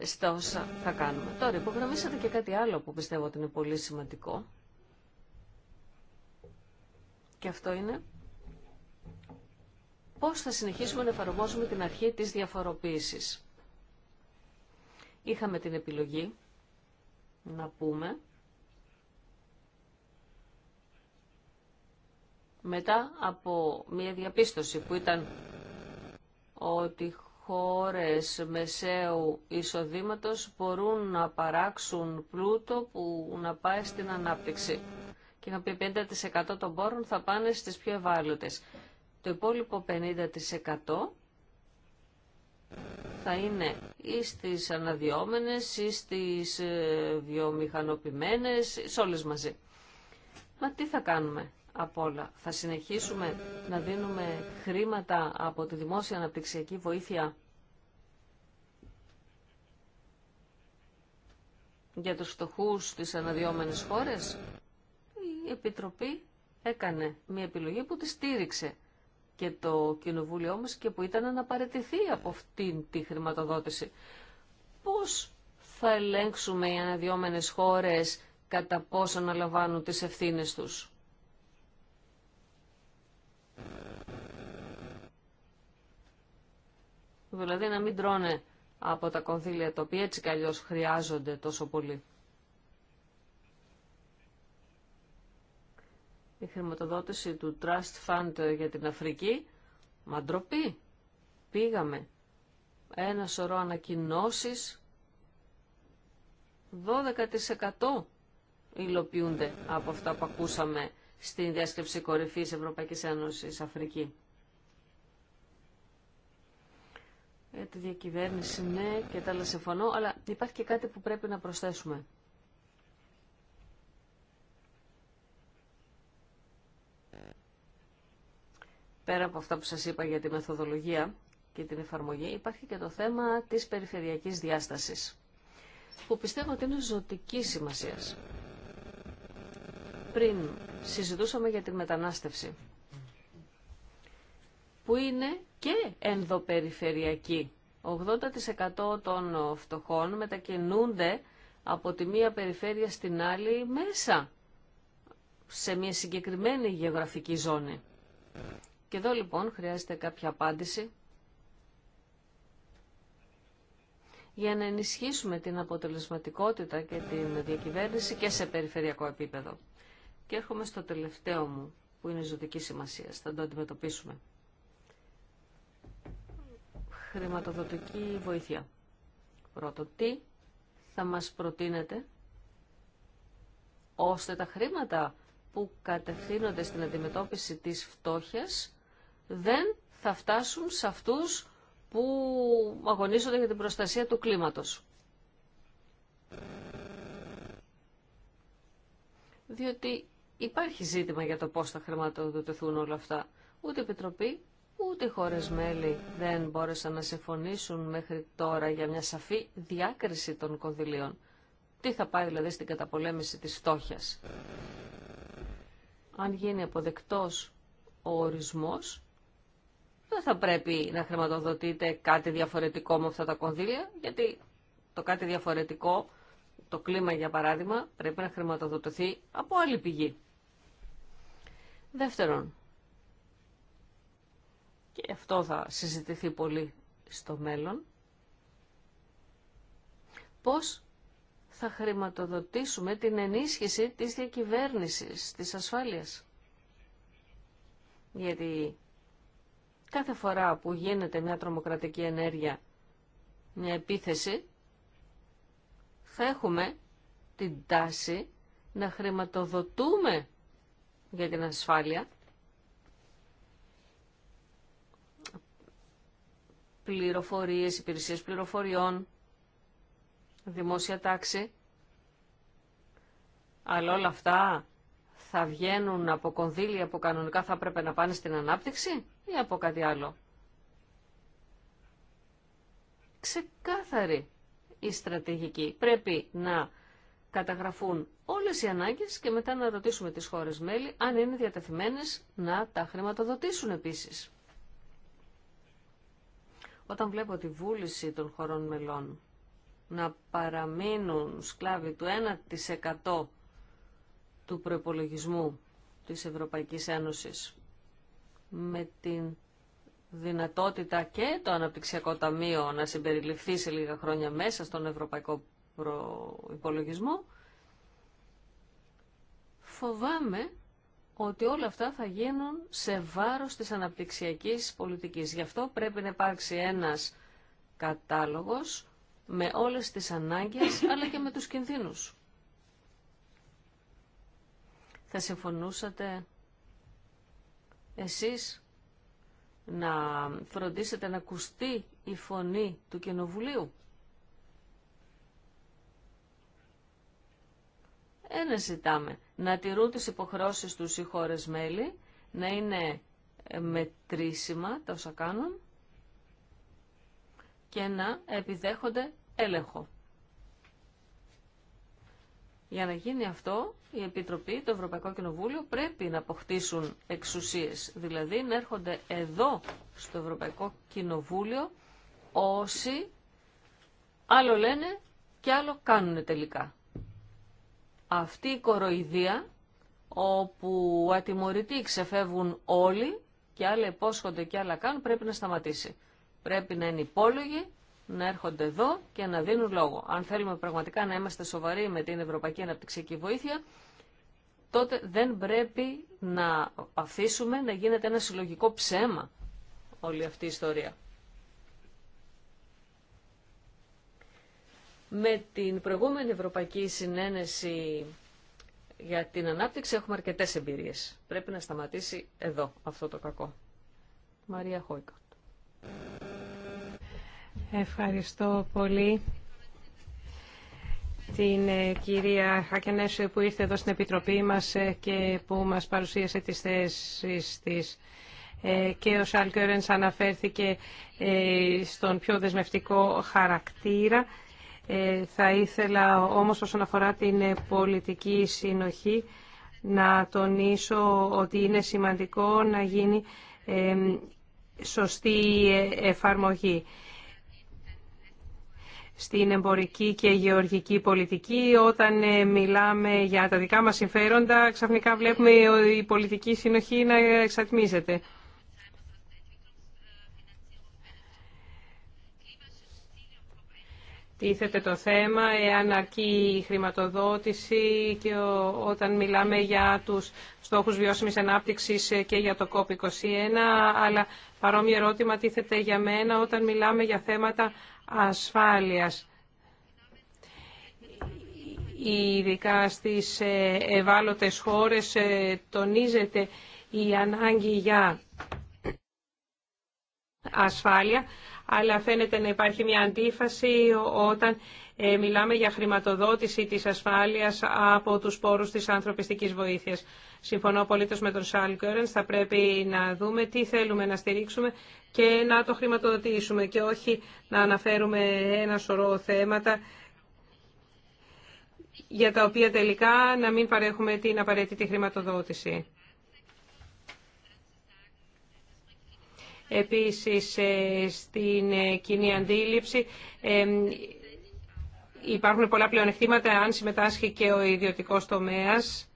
στα όσα θα κάνουμε. Τώρα, υπογραμμίσατε και κάτι άλλο που πιστεύω ότι είναι πολύ σημαντικό. Και αυτό είναι πώς θα συνεχίσουμε να εφαρμόσουμε την αρχή της διαφοροποίησης. Είχαμε την επιλογή να πούμε μετά από μια διαπίστωση που ήταν ότι χώρες μεσαίου εισοδήματος μπορούν να παράξουν πλούτο που να πάει στην ανάπτυξη. Και είχα πει 50% των πόρων θα πάνε στις πιο ευάλωτες. Το υπόλοιπο 50% θα είναι ή στις αναδιόμενες ή στις ε, βιομηχανοποιημένες, σε όλες μαζί. Μα τι θα κάνουμε απ' Θα συνεχίσουμε να δίνουμε χρήματα από τη δημόσια αναπτυξιακή βοήθεια για τους φτωχούς της αναδιόμενης χώρες. Η Επιτροπή έκανε μια επιλογή που τη στήριξε και το Κοινοβούλιο μας και που ήταν να παραιτηθεί από αυτήν τη χρηματοδότηση. Πώς θα ελέγξουμε οι αναδιόμενες χώρες κατά πόσο αναλαμβάνουν τις ευθύνες τους. Δηλαδή να μην τρώνε από τα κονδύλια τα οποία έτσι καλλιώς χρειάζονται τόσο πολύ. Η χρηματοδότηση του Trust Fund για την Αφρική, μα Πήγαμε. Ένα σωρό ανακοινώσεις, 12% υλοποιούνται από αυτά που ακούσαμε στην διάσκεψη κορυφής Ευρωπαϊκής Ένωσης Αφρική. Ε, τη διακυβέρνηση ναι και τα άλλα συμφωνώ, αλλά υπάρχει και κάτι που πρέπει να προσθέσουμε. Πέρα από αυτά που σας είπα για τη μεθοδολογία και την εφαρμογή, υπάρχει και το θέμα της περιφερειακής διάστασης, που πιστεύω ότι είναι ζωτική σημασίας πριν συζητούσαμε για τη μετανάστευση, που είναι και ενδοπεριφερειακή. 80% των φτωχών μετακινούνται από τη μία περιφέρεια στην άλλη μέσα σε μια συγκεκριμένη γεωγραφική ζώνη. Και εδώ λοιπόν χρειάζεται κάποια απάντηση για να ενισχύσουμε την αποτελεσματικότητα και την διακυβέρνηση και σε περιφερειακό επίπεδο. Και έρχομαι στο τελευταίο μου, που είναι ζωτική σημασία. Θα το αντιμετωπίσουμε. Χρηματοδοτική βοήθεια. Πρώτο, τι θα μας προτείνετε ώστε τα χρήματα που κατευθύνονται στην αντιμετώπιση της φτώχειας δεν θα φτάσουν σε αυτούς που αγωνίζονται για την προστασία του κλίματος. Διότι Υπάρχει ζήτημα για το πώς θα χρηματοδοτηθούν όλα αυτά. Ούτε η Επιτροπή, ούτε οι χώρες μέλη δεν μπόρεσαν να συμφωνήσουν μέχρι τώρα για μια σαφή διάκριση των κονδυλίων. Τι θα πάει δηλαδή στην καταπολέμηση της φτώχειας. Αν γίνει αποδεκτός ο ορισμός, δεν θα πρέπει να χρηματοδοτείτε κάτι διαφορετικό με αυτά τα κονδύλια, γιατί το κάτι διαφορετικό, το κλίμα για παράδειγμα, πρέπει να χρηματοδοτηθεί από άλλη πηγή. Δεύτερον, και αυτό θα συζητηθεί πολύ στο μέλλον, πώς θα χρηματοδοτήσουμε την ενίσχυση της διακυβέρνησης, της ασφάλειας. Γιατί κάθε φορά που γίνεται μια τρομοκρατική ενέργεια, μια επίθεση, θα έχουμε την τάση να χρηματοδοτούμε για την ασφάλεια. Πληροφορίες, υπηρεσίες πληροφοριών, δημόσια τάξη. Αλλά όλα αυτά θα βγαίνουν από κονδύλια που κανονικά θα έπρεπε να πάνε στην ανάπτυξη ή από κάτι άλλο. Ξεκάθαρη η στρατηγική. Πρέπει να καταγραφούν όλες οι ανάγκες και μετά να ρωτήσουμε τις χώρες μέλη αν είναι διατεθειμένες να τα χρηματοδοτήσουν επίσης. Όταν βλέπω τη βούληση των χωρών μελών να παραμείνουν σκλάβοι του 1% του προπολογισμού της Ευρωπαϊκής Ένωσης με την δυνατότητα και το Αναπτυξιακό Ταμείο να συμπεριληφθεί σε λίγα χρόνια μέσα στον Ευρωπαϊκό προϋπολογισμό, φοβάμαι ότι όλα αυτά θα γίνουν σε βάρος της αναπτυξιακής πολιτικής. Γι' αυτό πρέπει να υπάρξει ένας κατάλογος με όλες τις ανάγκες αλλά και με τους κινδύνους. Θα συμφωνούσατε εσείς να φροντίσετε να ακουστεί η φωνή του Κοινοβουλίου. Ένα ε, ζητάμε. Να τηρούν τις υποχρεώσεις τους οι χώρες μέλη, να είναι ε, μετρήσιμα τα όσα κάνουν και να επιδέχονται έλεγχο. Για να γίνει αυτό, η Επιτροπή, το Ευρωπαϊκό Κοινοβούλιο πρέπει να αποκτήσουν εξουσίες. Δηλαδή να έρχονται εδώ στο Ευρωπαϊκό Κοινοβούλιο όσοι άλλο λένε και άλλο κάνουν τελικά αυτή η κοροϊδία όπου ατιμωρητοί ξεφεύγουν όλοι και άλλα υπόσχονται και άλλα κάνουν πρέπει να σταματήσει. Πρέπει να είναι υπόλογοι, να έρχονται εδώ και να δίνουν λόγο. Αν θέλουμε πραγματικά να είμαστε σοβαροί με την Ευρωπαϊκή Αναπτυξιακή Βοήθεια, τότε δεν πρέπει να αφήσουμε να γίνεται ένα συλλογικό ψέμα όλη αυτή η ιστορία. Με την προηγούμενη Ευρωπαϊκή Συνένεση για την Ανάπτυξη έχουμε αρκετές εμπειρίες. Πρέπει να σταματήσει εδώ αυτό το κακό. Μαρία Χόικα. Ευχαριστώ πολύ την ε, κυρία Χακενέσου που ήρθε εδώ στην Επιτροπή μας ε, και που μας παρουσίασε τις θέσεις της. Ε, και ο Σαλκιόρενς αναφέρθηκε στον πιο δεσμευτικό χαρακτήρα ε, θα ήθελα όμως όσον αφορά την ε, πολιτική συνοχή να τονίσω ότι είναι σημαντικό να γίνει σωστή ε, εφαρμογή. Στην εμπορική και γεωργική πολιτική, όταν μιλάμε για τα δικά μας συμφέροντα, ξαφνικά βλέπουμε η πολιτική συνοχή να εξατμίζεται. Τίθεται το θέμα εάν αρκεί η χρηματοδότηση και όταν μιλάμε για τους στόχους βιώσιμης ανάπτυξης και για το COP21, αλλά παρόμοιο ερώτημα τίθεται για μένα όταν μιλάμε για θέματα ασφάλειας. Ειδικά στις ε, ευάλωτες χώρες ε, τονίζεται η ανάγκη για ασφάλεια, αλλά φαίνεται να υπάρχει μια αντίφαση όταν ε, μιλάμε για χρηματοδότηση της ασφάλειας από τους πόρους της ανθρωπιστικής βοήθειας. Συμφωνώ απολύτως με τον Σάλ θα πρέπει να δούμε τι θέλουμε να στηρίξουμε και να το χρηματοδοτήσουμε και όχι να αναφέρουμε ένα σωρό θέματα για τα οποία τελικά να μην παρέχουμε την απαραίτητη χρηματοδότηση. Επίσης, ε, στην ε, κοινή αντίληψη ε, υπάρχουν πολλά πλεονεκτήματα αν συμμετάσχει και ο ιδιωτικός τομέας.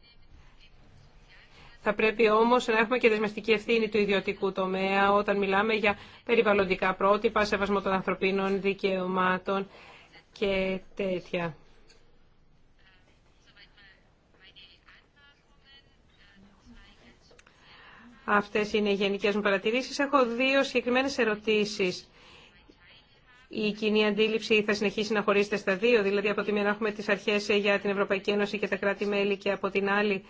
Θα πρέπει όμως να έχουμε και δεσμευτική ευθύνη του ιδιωτικού τομέα όταν μιλάμε για περιβαλλοντικά πρότυπα, σεβασμό των ανθρωπίνων δικαιωμάτων και τέτοια. Αυτές είναι οι γενικές μου παρατηρήσεις. Έχω δύο συγκεκριμένες ερωτήσεις. Η κοινή αντίληψη θα συνεχίσει να χωρίζεται στα δύο, δηλαδή από τη μία να έχουμε τις αρχές για την Ευρωπαϊκή Ένωση και τα κράτη-μέλη και από την άλλη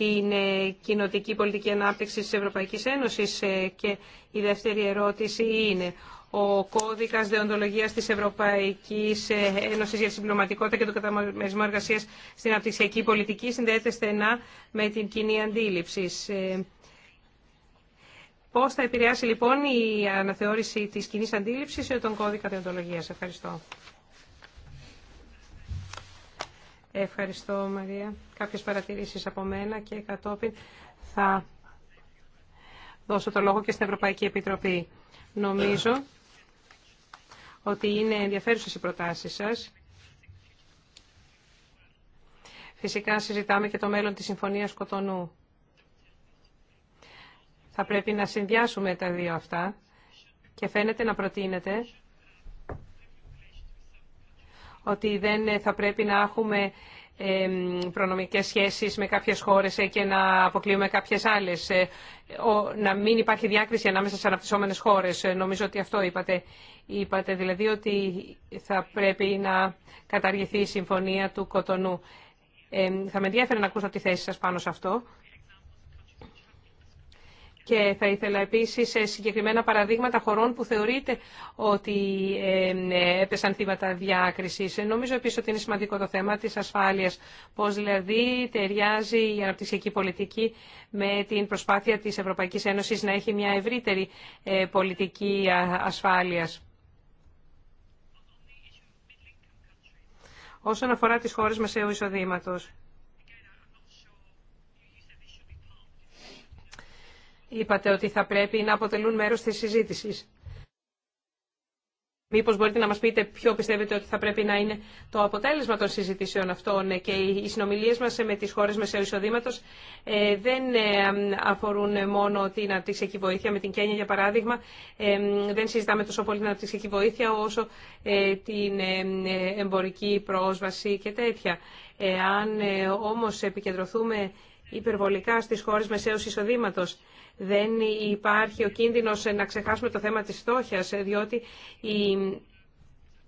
την ε, κοινοτική πολιτική ανάπτυξη της Ευρωπαϊκής Ένωσης ε, και η δεύτερη ερώτηση είναι ο κώδικας δεοντολογίας της Ευρωπαϊκής ε, Ένωσης για τη συμπληρωματικότητα και το καταμερισμό εργασίας στην αναπτυξιακή πολιτική συνδέεται στενά με την κοινή αντίληψη. Πώς θα επηρεάσει λοιπόν η αναθεώρηση της κοινή αντίληψης ή τον κώδικα δεοντολογίας. Ευχαριστώ. Ευχαριστώ Μαρία. Κάποιες παρατηρήσεις από μένα και κατόπιν θα δώσω το λόγο και στην Ευρωπαϊκή Επιτροπή. Νομίζω ότι είναι ενδιαφέρουσες οι προτάσεις σας. Φυσικά συζητάμε και το μέλλον της Συμφωνίας Κοτονού. Θα πρέπει να συνδυάσουμε τα δύο αυτά και φαίνεται να προτείνεται ότι δεν θα πρέπει να έχουμε προνομικές σχέσεις με κάποιες χώρες ε, και να αποκλείουμε κάποιες άλλες, ε, να μην υπάρχει διάκριση ανάμεσα σε αναπτυσσόμενες χώρες. Ε, νομίζω ότι αυτό είπατε. Είπατε δηλαδή ότι θα πρέπει να καταργηθεί η συμφωνία του Κοτονού. Θα με ενδιαφέρει να ακούσω τη θέση σας πάνω σε αυτό. Και θα ήθελα επίσης ε, συγκεκριμένα παραδείγματα χωρών που θεωρείται ότι ε, ε, έπεσαν θύματα διάκρισης. Νομίζω επίσης ότι είναι σημαντικό το θέμα της ασφάλειας, πώς δηλαδή ταιριάζει η αναπτυξιακή πολιτική με την προσπάθεια της Ευρωπαϊκής Ένωσης να έχει μια ευρύτερη πολιτική ασφάλειας. Όσον αφορά τις χώρες μεσαίου εισοδήματος. είπατε ότι θα πρέπει να αποτελούν μέρος της συζήτησης. Μήπως μπορείτε να μας πείτε ποιο πιστεύετε ότι θα πρέπει να είναι το αποτέλεσμα των συζητήσεων αυτών ε, και οι συνομιλίες μας ε, με τις χώρες μεσαίου εισοδήματος ε, δεν αφορούν μόνο την αναπτυξιακή βοήθεια. Με την Κένια, για παράδειγμα, δεν συζητάμε τόσο πολύ την αναπτυξιακή βοήθεια όσο την εμπορική πρόσβαση και τέτοια. Αν όμως επικεντρωθούμε υπερβολικά στις χώρες μεσαίου εισοδήματος δεν υπάρχει ο κίνδυνος ε, να ξεχάσουμε το θέμα της στόχιας, ε, διότι η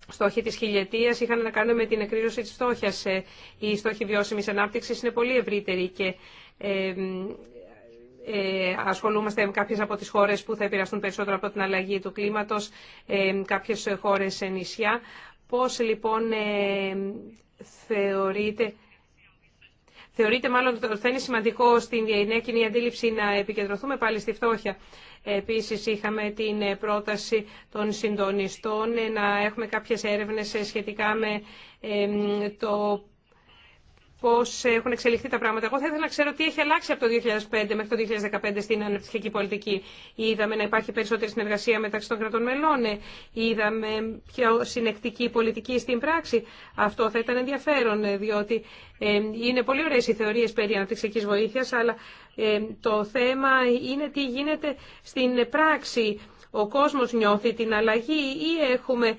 στόχοι της χιλιετίας είχαν να κάνουν με την εκρήρωση της στόχιας. Ε. Οι στόχοι βιώσιμης ανάπτυξης είναι πολύ ευρύτεροι και ε, ε, ασχολούμαστε με κάποιες από τις χώρες που θα επηρεαστούν περισσότερο από την αλλαγή του κλίματος, ε, κάποιες χώρες σε νησιά. Πώς λοιπόν θεωρείτε Θεωρείται μάλλον ότι θα είναι σημαντικό στην νέα κοινή αντίληψη να επικεντρωθούμε πάλι στη φτώχεια. Επίσης είχαμε την ε, πρόταση των συντονιστών ε, να έχουμε κάποιες έρευνες ε, σχετικά με το Πώ έχουν εξελιχθεί τα πράγματα. Εγώ θα ήθελα να ξέρω τι έχει αλλάξει από το 2005 μέχρι το 2015 στην αναπτυξιακή πολιτική. Είδαμε να υπάρχει περισσότερη συνεργασία μεταξύ των κρατών μελών. Είδαμε πιο συνεκτική πολιτική στην πράξη. Αυτό θα ήταν ενδιαφέρον, ε, διότι ε, είναι πολύ ωραίε οι θεωρίε περί αναπτυξιακής βοήθειας, αλλά ε, το θέμα είναι τι γίνεται στην πράξη. Ο κόσμος νιώθει την αλλαγή ή έχουμε,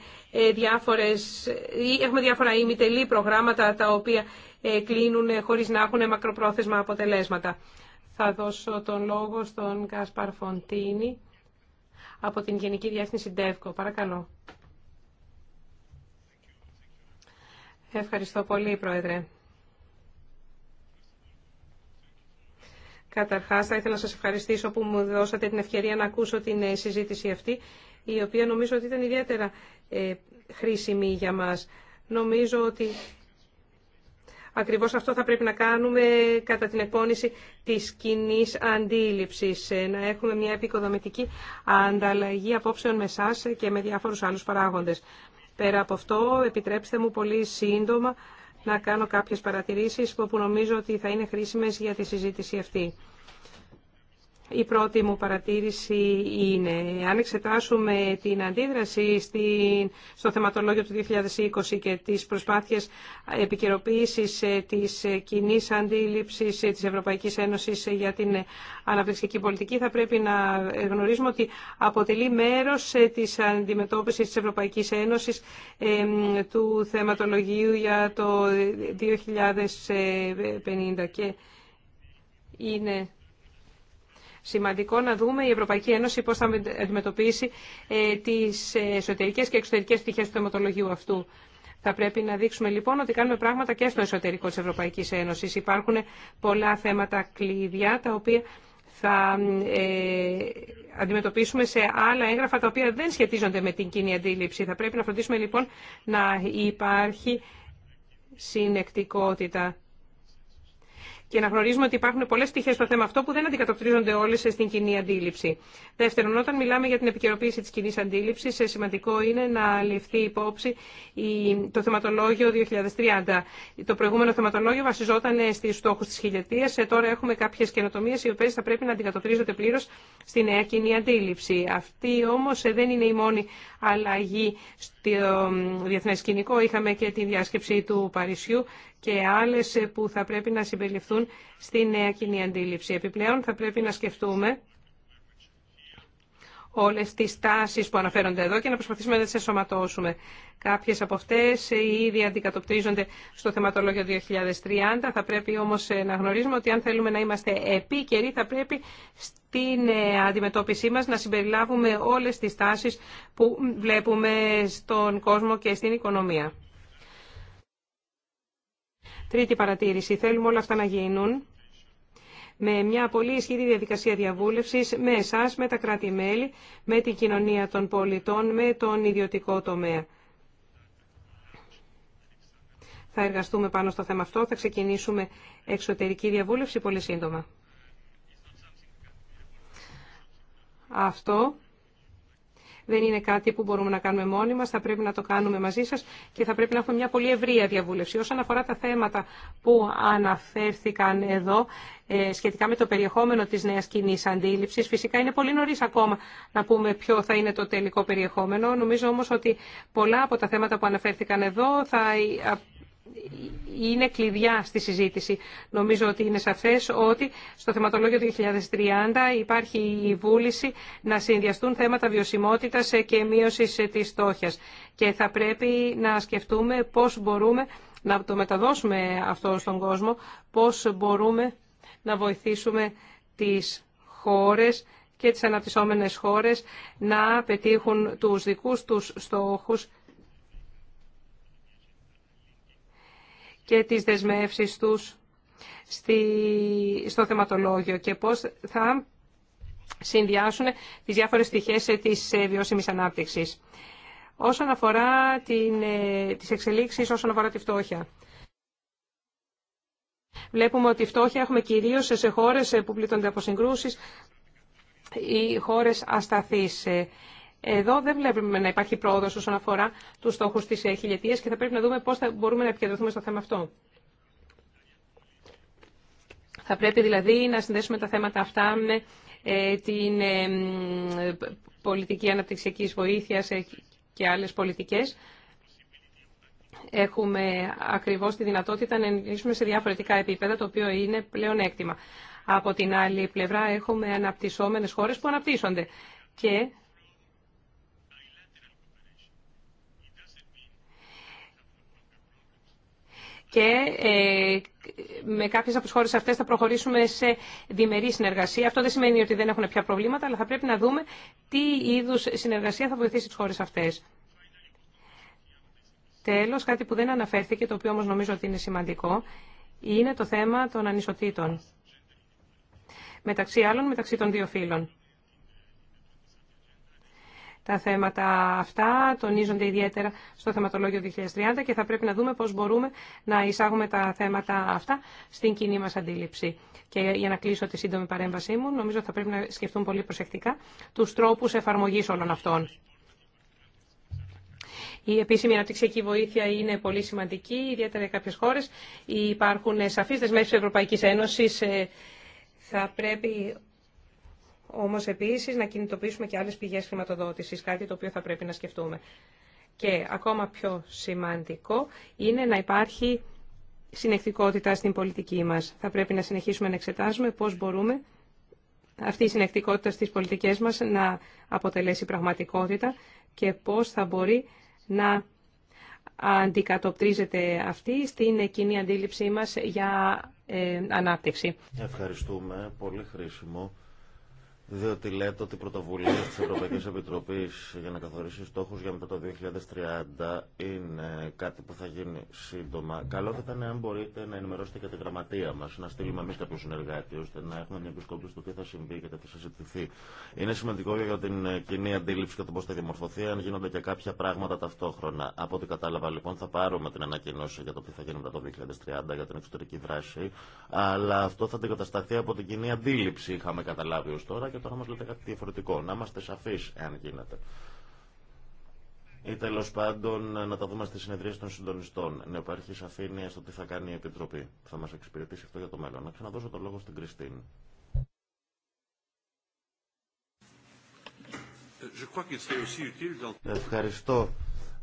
διάφορες, ή έχουμε διάφορα ημιτελή προγράμματα τα οποία ε, κλείνουν ε, χωρίς να έχουν μακροπρόθεσμα αποτελέσματα. Θα δώσω τον λόγο στον Κάσπαρ Φοντίνη από την Γενική Διεύθυνση Ντεύκο. Παρακαλώ. Ευχαριστώ πολύ, Πρόεδρε. Καταρχάς, θα ήθελα να σας ευχαριστήσω που μου δώσατε την ευκαιρία να ακούσω την ε, συζήτηση αυτή, η οποία νομίζω ότι ήταν ιδιαίτερα χρήσιμη για μας. Νομίζω ότι Ακριβώς αυτό θα πρέπει να κάνουμε κατά την εκπόνηση της κοινή αντίληψης. Ε, να έχουμε μια επικοδομητική ανταλλαγή απόψεων με εσά και με διάφορους άλλους παράγοντες. Πέρα από αυτό, επιτρέψτε μου πολύ σύντομα να κάνω κάποιες παρατηρήσεις που νομίζω ότι θα είναι χρήσιμες για τη συζήτηση αυτή. Η πρώτη μου παρατήρηση είναι, αν εξετάσουμε την αντίδραση στην, στο θεματολόγιο του 2020 και τις προσπάθειες επικαιροποίησης ε, της ε, κοινή αντίληψης ε, της Ευρωπαϊκής Ένωσης για την αναπτυξιακή πολιτική, θα πρέπει να γνωρίζουμε ότι αποτελεί μέρος της αντιμετώπισης της Ευρωπαϊκής Ένωσης του θεματολογίου για το 2050 και είναι σημαντικό να δούμε η Ευρωπαϊκή Ένωση πώς θα αντιμετωπίσει ε, τις εσωτερικές και εξωτερικές πτυχές του θεματολογίου αυτού. Θα πρέπει να δείξουμε λοιπόν ότι κάνουμε πράγματα και στο εσωτερικό της Ευρωπαϊκής Ένωσης. Υπάρχουν πολλά θέματα κλειδιά τα οποία θα ε, αντιμετωπίσουμε σε άλλα έγγραφα τα οποία δεν σχετίζονται με την κοινή αντίληψη. Θα πρέπει να φροντίσουμε λοιπόν να υπάρχει συνεκτικότητα και να γνωρίζουμε ότι υπάρχουν πολλέ πτυχέ στο θέμα αυτό που δεν αντικατοπτρίζονται όλε στην κοινή αντίληψη. Δεύτερον, όταν μιλάμε για την επικαιροποίηση τη κοινή αντίληψη, ε, σημαντικό είναι να ληφθεί υπόψη το θεματολόγιο 2030. Το προηγούμενο θεματολόγιο βασιζόταν ε, στι στόχου τη χιλιετία. Ε, τώρα έχουμε κάποιε καινοτομίε οι οποίε θα πρέπει να αντικατοπτρίζονται πλήρω στη νέα κοινή αντίληψη. Αυτή όμω δεν είναι η μόνη αλλαγή στο διεθνέ σκηνικό. Είχαμε και τη διάσκεψη του Παρισιού και άλλες ε, που θα πρέπει να συμπεριληφθούν στη νέα κοινή αντίληψη. Επιπλέον θα πρέπει να σκεφτούμε όλες τις τάσεις που αναφέρονται εδώ και να προσπαθήσουμε να τις εσωματώσουμε. Κάποιες από αυτές ε, ήδη αντικατοπτρίζονται στο θεματολόγιο 2030. Θα πρέπει όμως ε, να γνωρίζουμε ότι αν θέλουμε να είμαστε επίκαιροι θα πρέπει στην αντιμετώπιση μας να συμπεριλάβουμε όλες τις τάσεις που βλέπουμε στον κόσμο και στην οικονομία. Τρίτη παρατήρηση. Θέλουμε όλα αυτά να γίνουν με μια πολύ ισχυρή διαδικασία διαβούλευσης με εσάς, με τα κράτη-μέλη, με την κοινωνία των πολιτών, με τον ιδιωτικό τομέα. Θα εργαστούμε πάνω στο θέμα αυτό, θα ξεκινήσουμε εξωτερική διαβούλευση πολύ σύντομα. Αυτό δεν είναι κάτι που μπορούμε να κάνουμε μόνοι μα, θα πρέπει να το κάνουμε μαζί σα και θα πρέπει να έχουμε μια πολύ ευρία διαβούλευση. Όσον αφορά τα θέματα που αναφέρθηκαν εδώ, ε, σχετικά με το περιεχόμενο τη νέα κοινή αντίληψη, Φυσικά είναι πολύ νωρί ακόμα να πούμε ποιο θα είναι το τελικό περιεχόμενο. Νομίζω όμω ότι πολλά από τα θέματα που αναφέρθηκαν εδώ θα είναι κλειδιά στη συζήτηση. Νομίζω ότι είναι σαφές ότι στο θεματολόγιο του 2030 υπάρχει η βούληση να συνδυαστούν θέματα βιωσιμότητας και μείωσης της στόχιας. Και θα πρέπει να σκεφτούμε πώς μπορούμε να το μεταδώσουμε αυτό στον κόσμο, πώς μπορούμε να βοηθήσουμε τις χώρες και τις αναπτυσσόμενες χώρες να πετύχουν τους δικούς τους στόχους και τις δεσμεύσεις τους στη, στο θεματολόγιο και πώς θα συνδυάσουν τις διάφορες στοιχές της βιώσιμης ανάπτυξης. Όσον αφορά την, ε, τις εξελίξεις, όσον αφορά τη φτώχεια. Βλέπουμε ότι η φτώχεια έχουμε κυρίως σε χώρες που πλήττονται από συγκρούσεις ή χώρες ασταθείς. Ε, εδώ δεν βλέπουμε να υπάρχει πρόοδο όσον αφορά του στόχου τη ε, χιλιετία και θα πρέπει να δούμε πώ θα μπορούμε να επικεντρωθούμε στο θέμα αυτό. Θα πρέπει δηλαδή να συνδέσουμε τα θέματα αυτά με ε, την ε, πολιτική αναπτυξιακής βοήθειας και άλλε πολιτικέ. Έχουμε ακριβώ τη δυνατότητα να ενισχύσουμε σε διαφορετικά επίπεδα, το οποίο είναι πλέον έκτημα. Από την άλλη πλευρά έχουμε αναπτυσσόμενες χώρες που αναπτύσσονται και και ε, με κάποιες από τις χώρες αυτές θα προχωρήσουμε σε διμερή συνεργασία. Αυτό δεν σημαίνει ότι δεν έχουν πια προβλήματα, αλλά θα πρέπει να δούμε τι είδους συνεργασία θα βοηθήσει τις χώρες αυτές. Τέλος, κάτι που δεν αναφέρθηκε, το οποίο όμως νομίζω ότι είναι σημαντικό, είναι το θέμα των ανισοτήτων. Μεταξύ άλλων, μεταξύ των δύο φύλων. Τα θέματα αυτά τονίζονται ιδιαίτερα στο θεματολόγιο 2030 και θα πρέπει να δούμε πώς μπορούμε να εισάγουμε τα θέματα αυτά στην κοινή μας αντίληψη. Και για να κλείσω τη σύντομη παρέμβασή μου, νομίζω θα πρέπει να σκεφτούμε πολύ προσεκτικά τους τρόπους εφαρμογής όλων αυτών. Η επίσημη αναπτυξιακή βοήθεια είναι πολύ σημαντική, ιδιαίτερα για κάποιε χώρε Υπάρχουν σαφείς τη Ευρωπαϊκής Ένωσης. Ε, θα πρέπει Όμω επίσης να κινητοποιήσουμε και άλλες πηγές χρηματοδότηση, κάτι το οποίο θα πρέπει να σκεφτούμε. Και ακόμα πιο σημαντικό είναι να υπάρχει συνεκτικότητα στην πολιτική μας. Θα πρέπει να συνεχίσουμε να εξετάζουμε πώς μπορούμε αυτή η συνεκτικότητα στις πολιτικές μας να αποτελέσει πραγματικότητα και πώς θα μπορεί να αντικατοπτρίζεται αυτή στην κοινή αντίληψή μας για ε, ανάπτυξη. Ευχαριστούμε. Πολύ χρήσιμο διότι λέτε ότι η πρωτοβουλία τη Ευρωπαϊκή Επιτροπή για να καθορίσει στόχους για μετά το 2030 είναι κάτι που θα γίνει σύντομα. Καλό θα ήταν αν μπορείτε να ενημερώσετε και τη γραμματεία μα, να στείλουμε εμεί κάποιο συνεργάτη, ώστε να έχουμε μια επισκόπηση του τι θα συμβεί και τι θα συζητηθεί. Είναι σημαντικό για την κοινή αντίληψη και το πώ θα δημορφωθεί, αν γίνονται και κάποια πράγματα ταυτόχρονα. Από ό,τι κατάλαβα, λοιπόν, θα πάρουμε την ανακοίνωση για το τι θα γίνει μετά το 2030 για την εξωτερική δράση, αλλά αυτό θα αντικατασταθεί από την κοινή αντίληψη, είχαμε καταλάβει ω τώρα, τώρα μα λέτε κάτι διαφορετικό. Να είμαστε σαφεί, εάν γίνεται. Ή τέλο πάντων να τα δούμε στη συνεδρίε των συντονιστών. Να υπάρχει σαφήνεια στο τι θα κάνει η Επιτροπή. Θα μα εξυπηρετήσει αυτό για το μέλλον. Να ξαναδώσω το λόγο στην Κριστίν. Ευχαριστώ.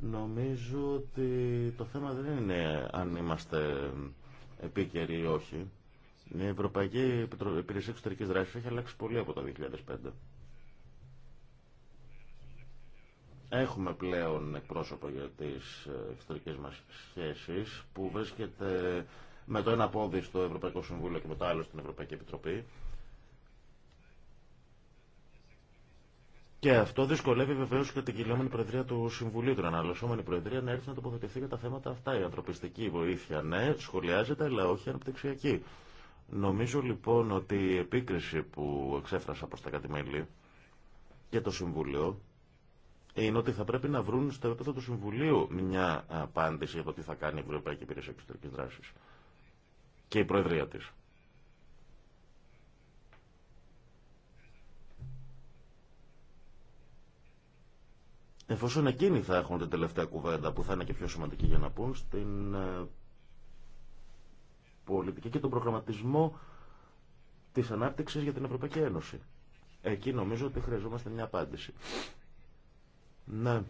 Νομίζω ότι το θέμα δεν είναι αν είμαστε επίκαιροι ή όχι. Η Ευρωπαϊκή Υπηρεσία Εξωτερική Δράση έχει αλλάξει πολύ από το 2005. Έχουμε πλέον εκπρόσωπο για τι ε, εξωτερικέ μα σχέσει που βρίσκεται με το ένα πόδι στο Ευρωπαϊκό Συμβούλιο και με το άλλο στην Ευρωπαϊκή Επιτροπή. Και αυτό δυσκολεύει βεβαίω και την κυλιόμενη Προεδρία του Συμβουλίου, την αναλωσόμενη Προεδρία, να έρθει να τοποθετηθεί για τα θέματα αυτά. Η ανθρωπιστική βοήθεια, ναι, σχολιάζεται, αλλά όχι αναπτυξιακή. Νομίζω λοιπόν ότι η επίκριση που εξέφρασα προς τα κατημέλη και το Συμβουλίο είναι ότι θα πρέπει να βρουν στο επίπεδο του Συμβουλίου μια απάντηση για το τι θα κάνει η Ευρωπαϊκή Υπηρεσία Εξωτερικής Δράσης και η Προεδρία της. Εφόσον εκείνοι θα έχουν την τελευταία κουβέντα που θα είναι και πιο σημαντική για να πούν στην ε, πολιτική και τον προγραμματισμό της ανάπτυξης για την Ευρωπαϊκή Ένωση. Εκεί νομίζω ότι χρειαζόμαστε μια απάντηση. Ναι.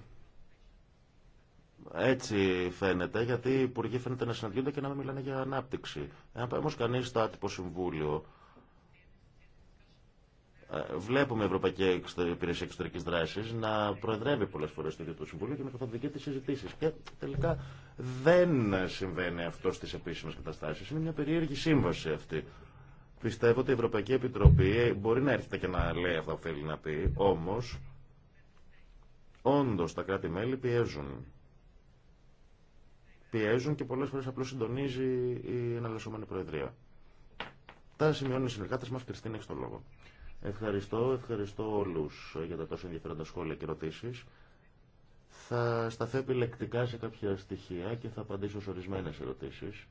Έτσι φαίνεται, γιατί οι υπουργοί φαίνεται να συναντιούνται και να μην μιλάνε για ανάπτυξη. Αν πάει όμω κανεί στο άτυπο συμβούλιο, βλέπουμε Ευρωπαϊκή Υπηρεσία Εξωτερική Δράση να προεδρεύει πολλέ φορέ το ίδιο το Συμβούλιο και να καθοδηγεί τι συζητήσει. Και τελικά δεν συμβαίνει αυτό στι επίσημε καταστάσει. Είναι μια περίεργη σύμβαση αυτή. Πιστεύω ότι η Ευρωπαϊκή Επιτροπή μπορεί να έρχεται και να λέει αυτά που θέλει να πει, όμω όντω τα κράτη-μέλη πιέζουν. Πιέζουν και πολλέ φορέ απλώ συντονίζει η εναλλασσόμενη Προεδρία. Τα σημειώνουν οι συνεργάτε μα Κριστίνα, λόγο. Ευχαριστώ, ευχαριστώ όλους για τα τόσο ενδιαφέροντα σχόλια και ερωτήσεις. Θα σταθώ επιλεκτικά σε κάποια στοιχεία και θα απαντήσω σε ορισμένες ερωτήσεις.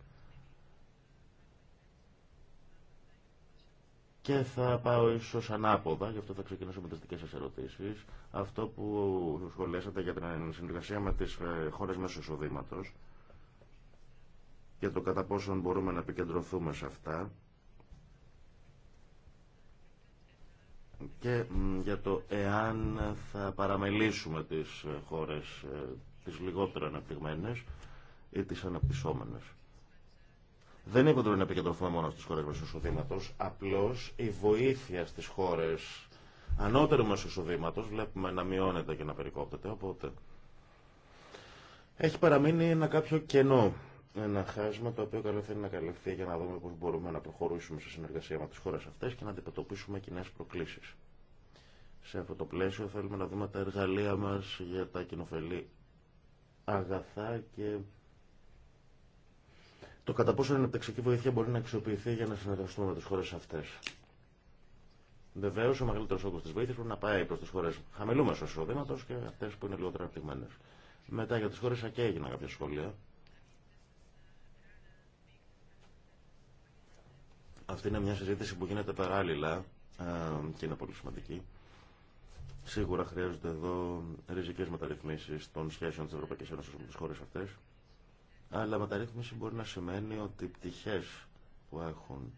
Και θα πάω ίσως ανάποδα, γι' αυτό θα ξεκινήσω με τις δικές σας ερωτήσεις. Αυτό που σχολιάσατε για την συνεργασία με τις ε, χώρες μέσω εισοδήματο και το κατά πόσον μπορούμε να επικεντρωθούμε σε αυτά και για το εάν θα παραμελήσουμε τις χώρες ε, τις λιγότερο αναπτυγμένες ή τις αναπτυσσόμενες. Δεν είναι κοντρό να επικεντρωθούμε μόνο στις χώρες μέσω εισοδήματος, απλώς η βοήθεια στις χώρες ανώτερου μέσω εισοδήματος βλέπουμε να επικεντρωθουμε μονο στις χωρες μεσω απλως η βοηθεια στις χωρες ανωτερου μεσοσοδηματος βλεπουμε να μειωνεται και να περικόπτεται, οπότε έχει παραμείνει ένα κάποιο κενό ένα χάσμα το οποίο καλό θέλει να καλυφθεί για να δούμε πώς μπορούμε να προχωρήσουμε σε συνεργασία με τις χώρες αυτές και να αντιμετωπίσουμε κοινέ προκλήσεις. Σε αυτό το πλαίσιο θέλουμε να δούμε τα εργαλεία μας για τα κοινοφελή αγαθά και το κατά πόσο η ανεπτυξιακή βοήθεια μπορεί να αξιοποιηθεί για να συνεργαστούμε με τι χώρε αυτέ. Βεβαίω, ο μεγαλύτερο όγκο τη βοήθεια πρέπει να πάει προ τι χώρε χαμηλού εισόδηματο και αυτέ που είναι λιγότερο αναπτυγμένε. Μετά για τι χώρε ΑΚΕ έγιναν κάποια σχόλια. Αυτή είναι μια συζήτηση που γίνεται παράλληλα ε, και είναι πολύ σημαντική. Σίγουρα χρειάζονται εδώ ριζικέ μεταρρυθμίσει των σχέσεων τη Ευρωπαϊκή Ένωση με τι χώρε αυτέ. Αλλά μεταρρύθμιση μπορεί να σημαίνει ότι πτυχέ που έχουν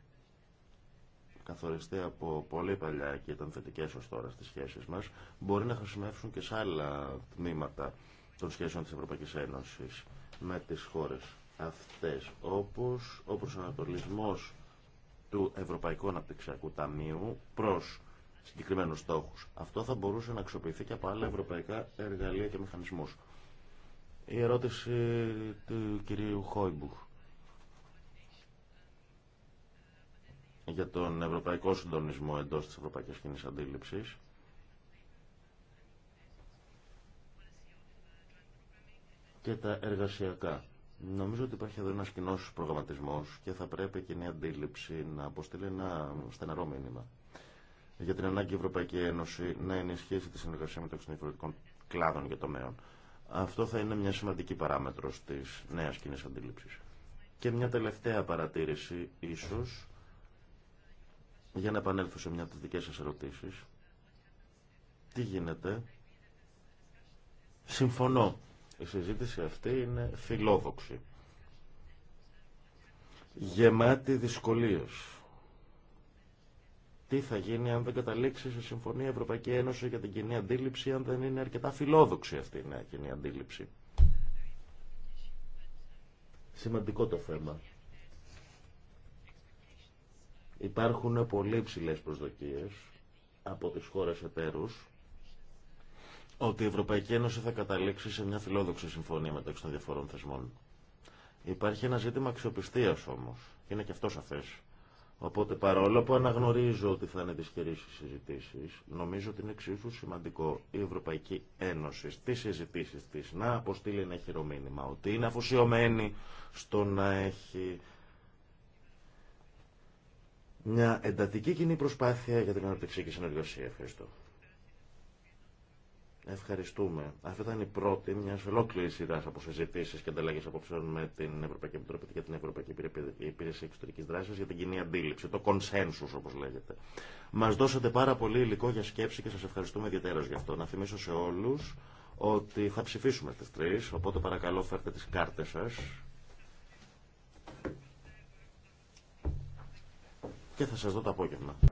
καθοριστεί από πολύ παλιά και ήταν θετικέ ω τώρα στι σχέσει μα, μπορεί να χρησιμεύσουν και σε άλλα τμήματα των σχέσεων τη Ευρωπαϊκή Ένωση με τι χώρε αυτέ. Όπω ο προσανατολισμό του Ευρωπαϊκού Αναπτυξιακού Ταμείου προς συγκεκριμένους στόχους. Αυτό θα μπορούσε να αξιοποιηθεί και από άλλα ευρωπαϊκά εργαλεία και μηχανισμούς. Η ερώτηση του κυρίου Χόιμπουχ για τον ευρωπαϊκό συντονισμό εντός της Ευρωπαϊκής Κοινής Αντίληψης. και τα εργασιακά Νομίζω ότι υπάρχει εδώ ένα κοινό προγραμματισμό και θα πρέπει και μια αντίληψη να αποστείλει ένα στεναρό μήνυμα για την ανάγκη η Ευρωπαϊκή Ένωση να ενισχύσει τη συνεργασία μεταξύ των διαφορετικών κλάδων και τομέων. Αυτό θα είναι μια σημαντική παράμετρο τη νέα κοινή αντίληψη. Και μια τελευταία παρατήρηση, ίσω, για να επανέλθω σε μια από τι δικέ σα ερωτήσει. Τι γίνεται. Συμφωνώ η συζήτηση αυτή είναι φιλόδοξη. Γεμάτη δυσκολίες. Τι θα γίνει αν δεν καταλήξει σε συμφωνία Ευρωπαϊκή Ένωση για την κοινή αντίληψη, αν δεν είναι αρκετά φιλόδοξη αυτή η νέα κοινή αντίληψη. Σημαντικό το θέμα. Υπάρχουν πολύ ψηλές προσδοκίες από τις χώρες εταίρους ότι η Ευρωπαϊκή Ένωση θα καταλήξει σε μια φιλόδοξη συμφωνία μεταξύ των διαφορών θεσμών. Υπάρχει ένα ζήτημα αξιοπιστία όμω. Είναι και αυτό σαφέ. Οπότε παρόλο που αναγνωρίζω ότι θα είναι δυσκερή οι συζητήσει, νομίζω ότι είναι εξίσου σημαντικό η Ευρωπαϊκή Ένωση στι συζητήσει τη να αποστείλει ένα χειρομήνυμα Ότι είναι αφοσιωμένη στο να έχει μια εντατική κοινή προσπάθεια για την αναπτυξιακή συνεργασία. Ευχαριστώ. Ευχαριστούμε. Αυτή ήταν η πρώτη μια ολόκληρη σειρά από συζητήσει και ανταλλαγέ απόψεων με την Ευρωπαϊκή Επιτροπή και την Ευρωπαϊκή Υπηρεσία Εξωτερική Δράση για την κοινή αντίληψη, το consensus όπω λέγεται. Μα δώσατε πάρα πολύ υλικό για σκέψη και σα ευχαριστούμε ιδιαίτερα γι' αυτό. Να θυμίσω σε όλου ότι θα ψηφίσουμε στι τρει οπότε παρακαλώ φέρτε τι κάρτε σα. Και θα σα δω το απόγευμα.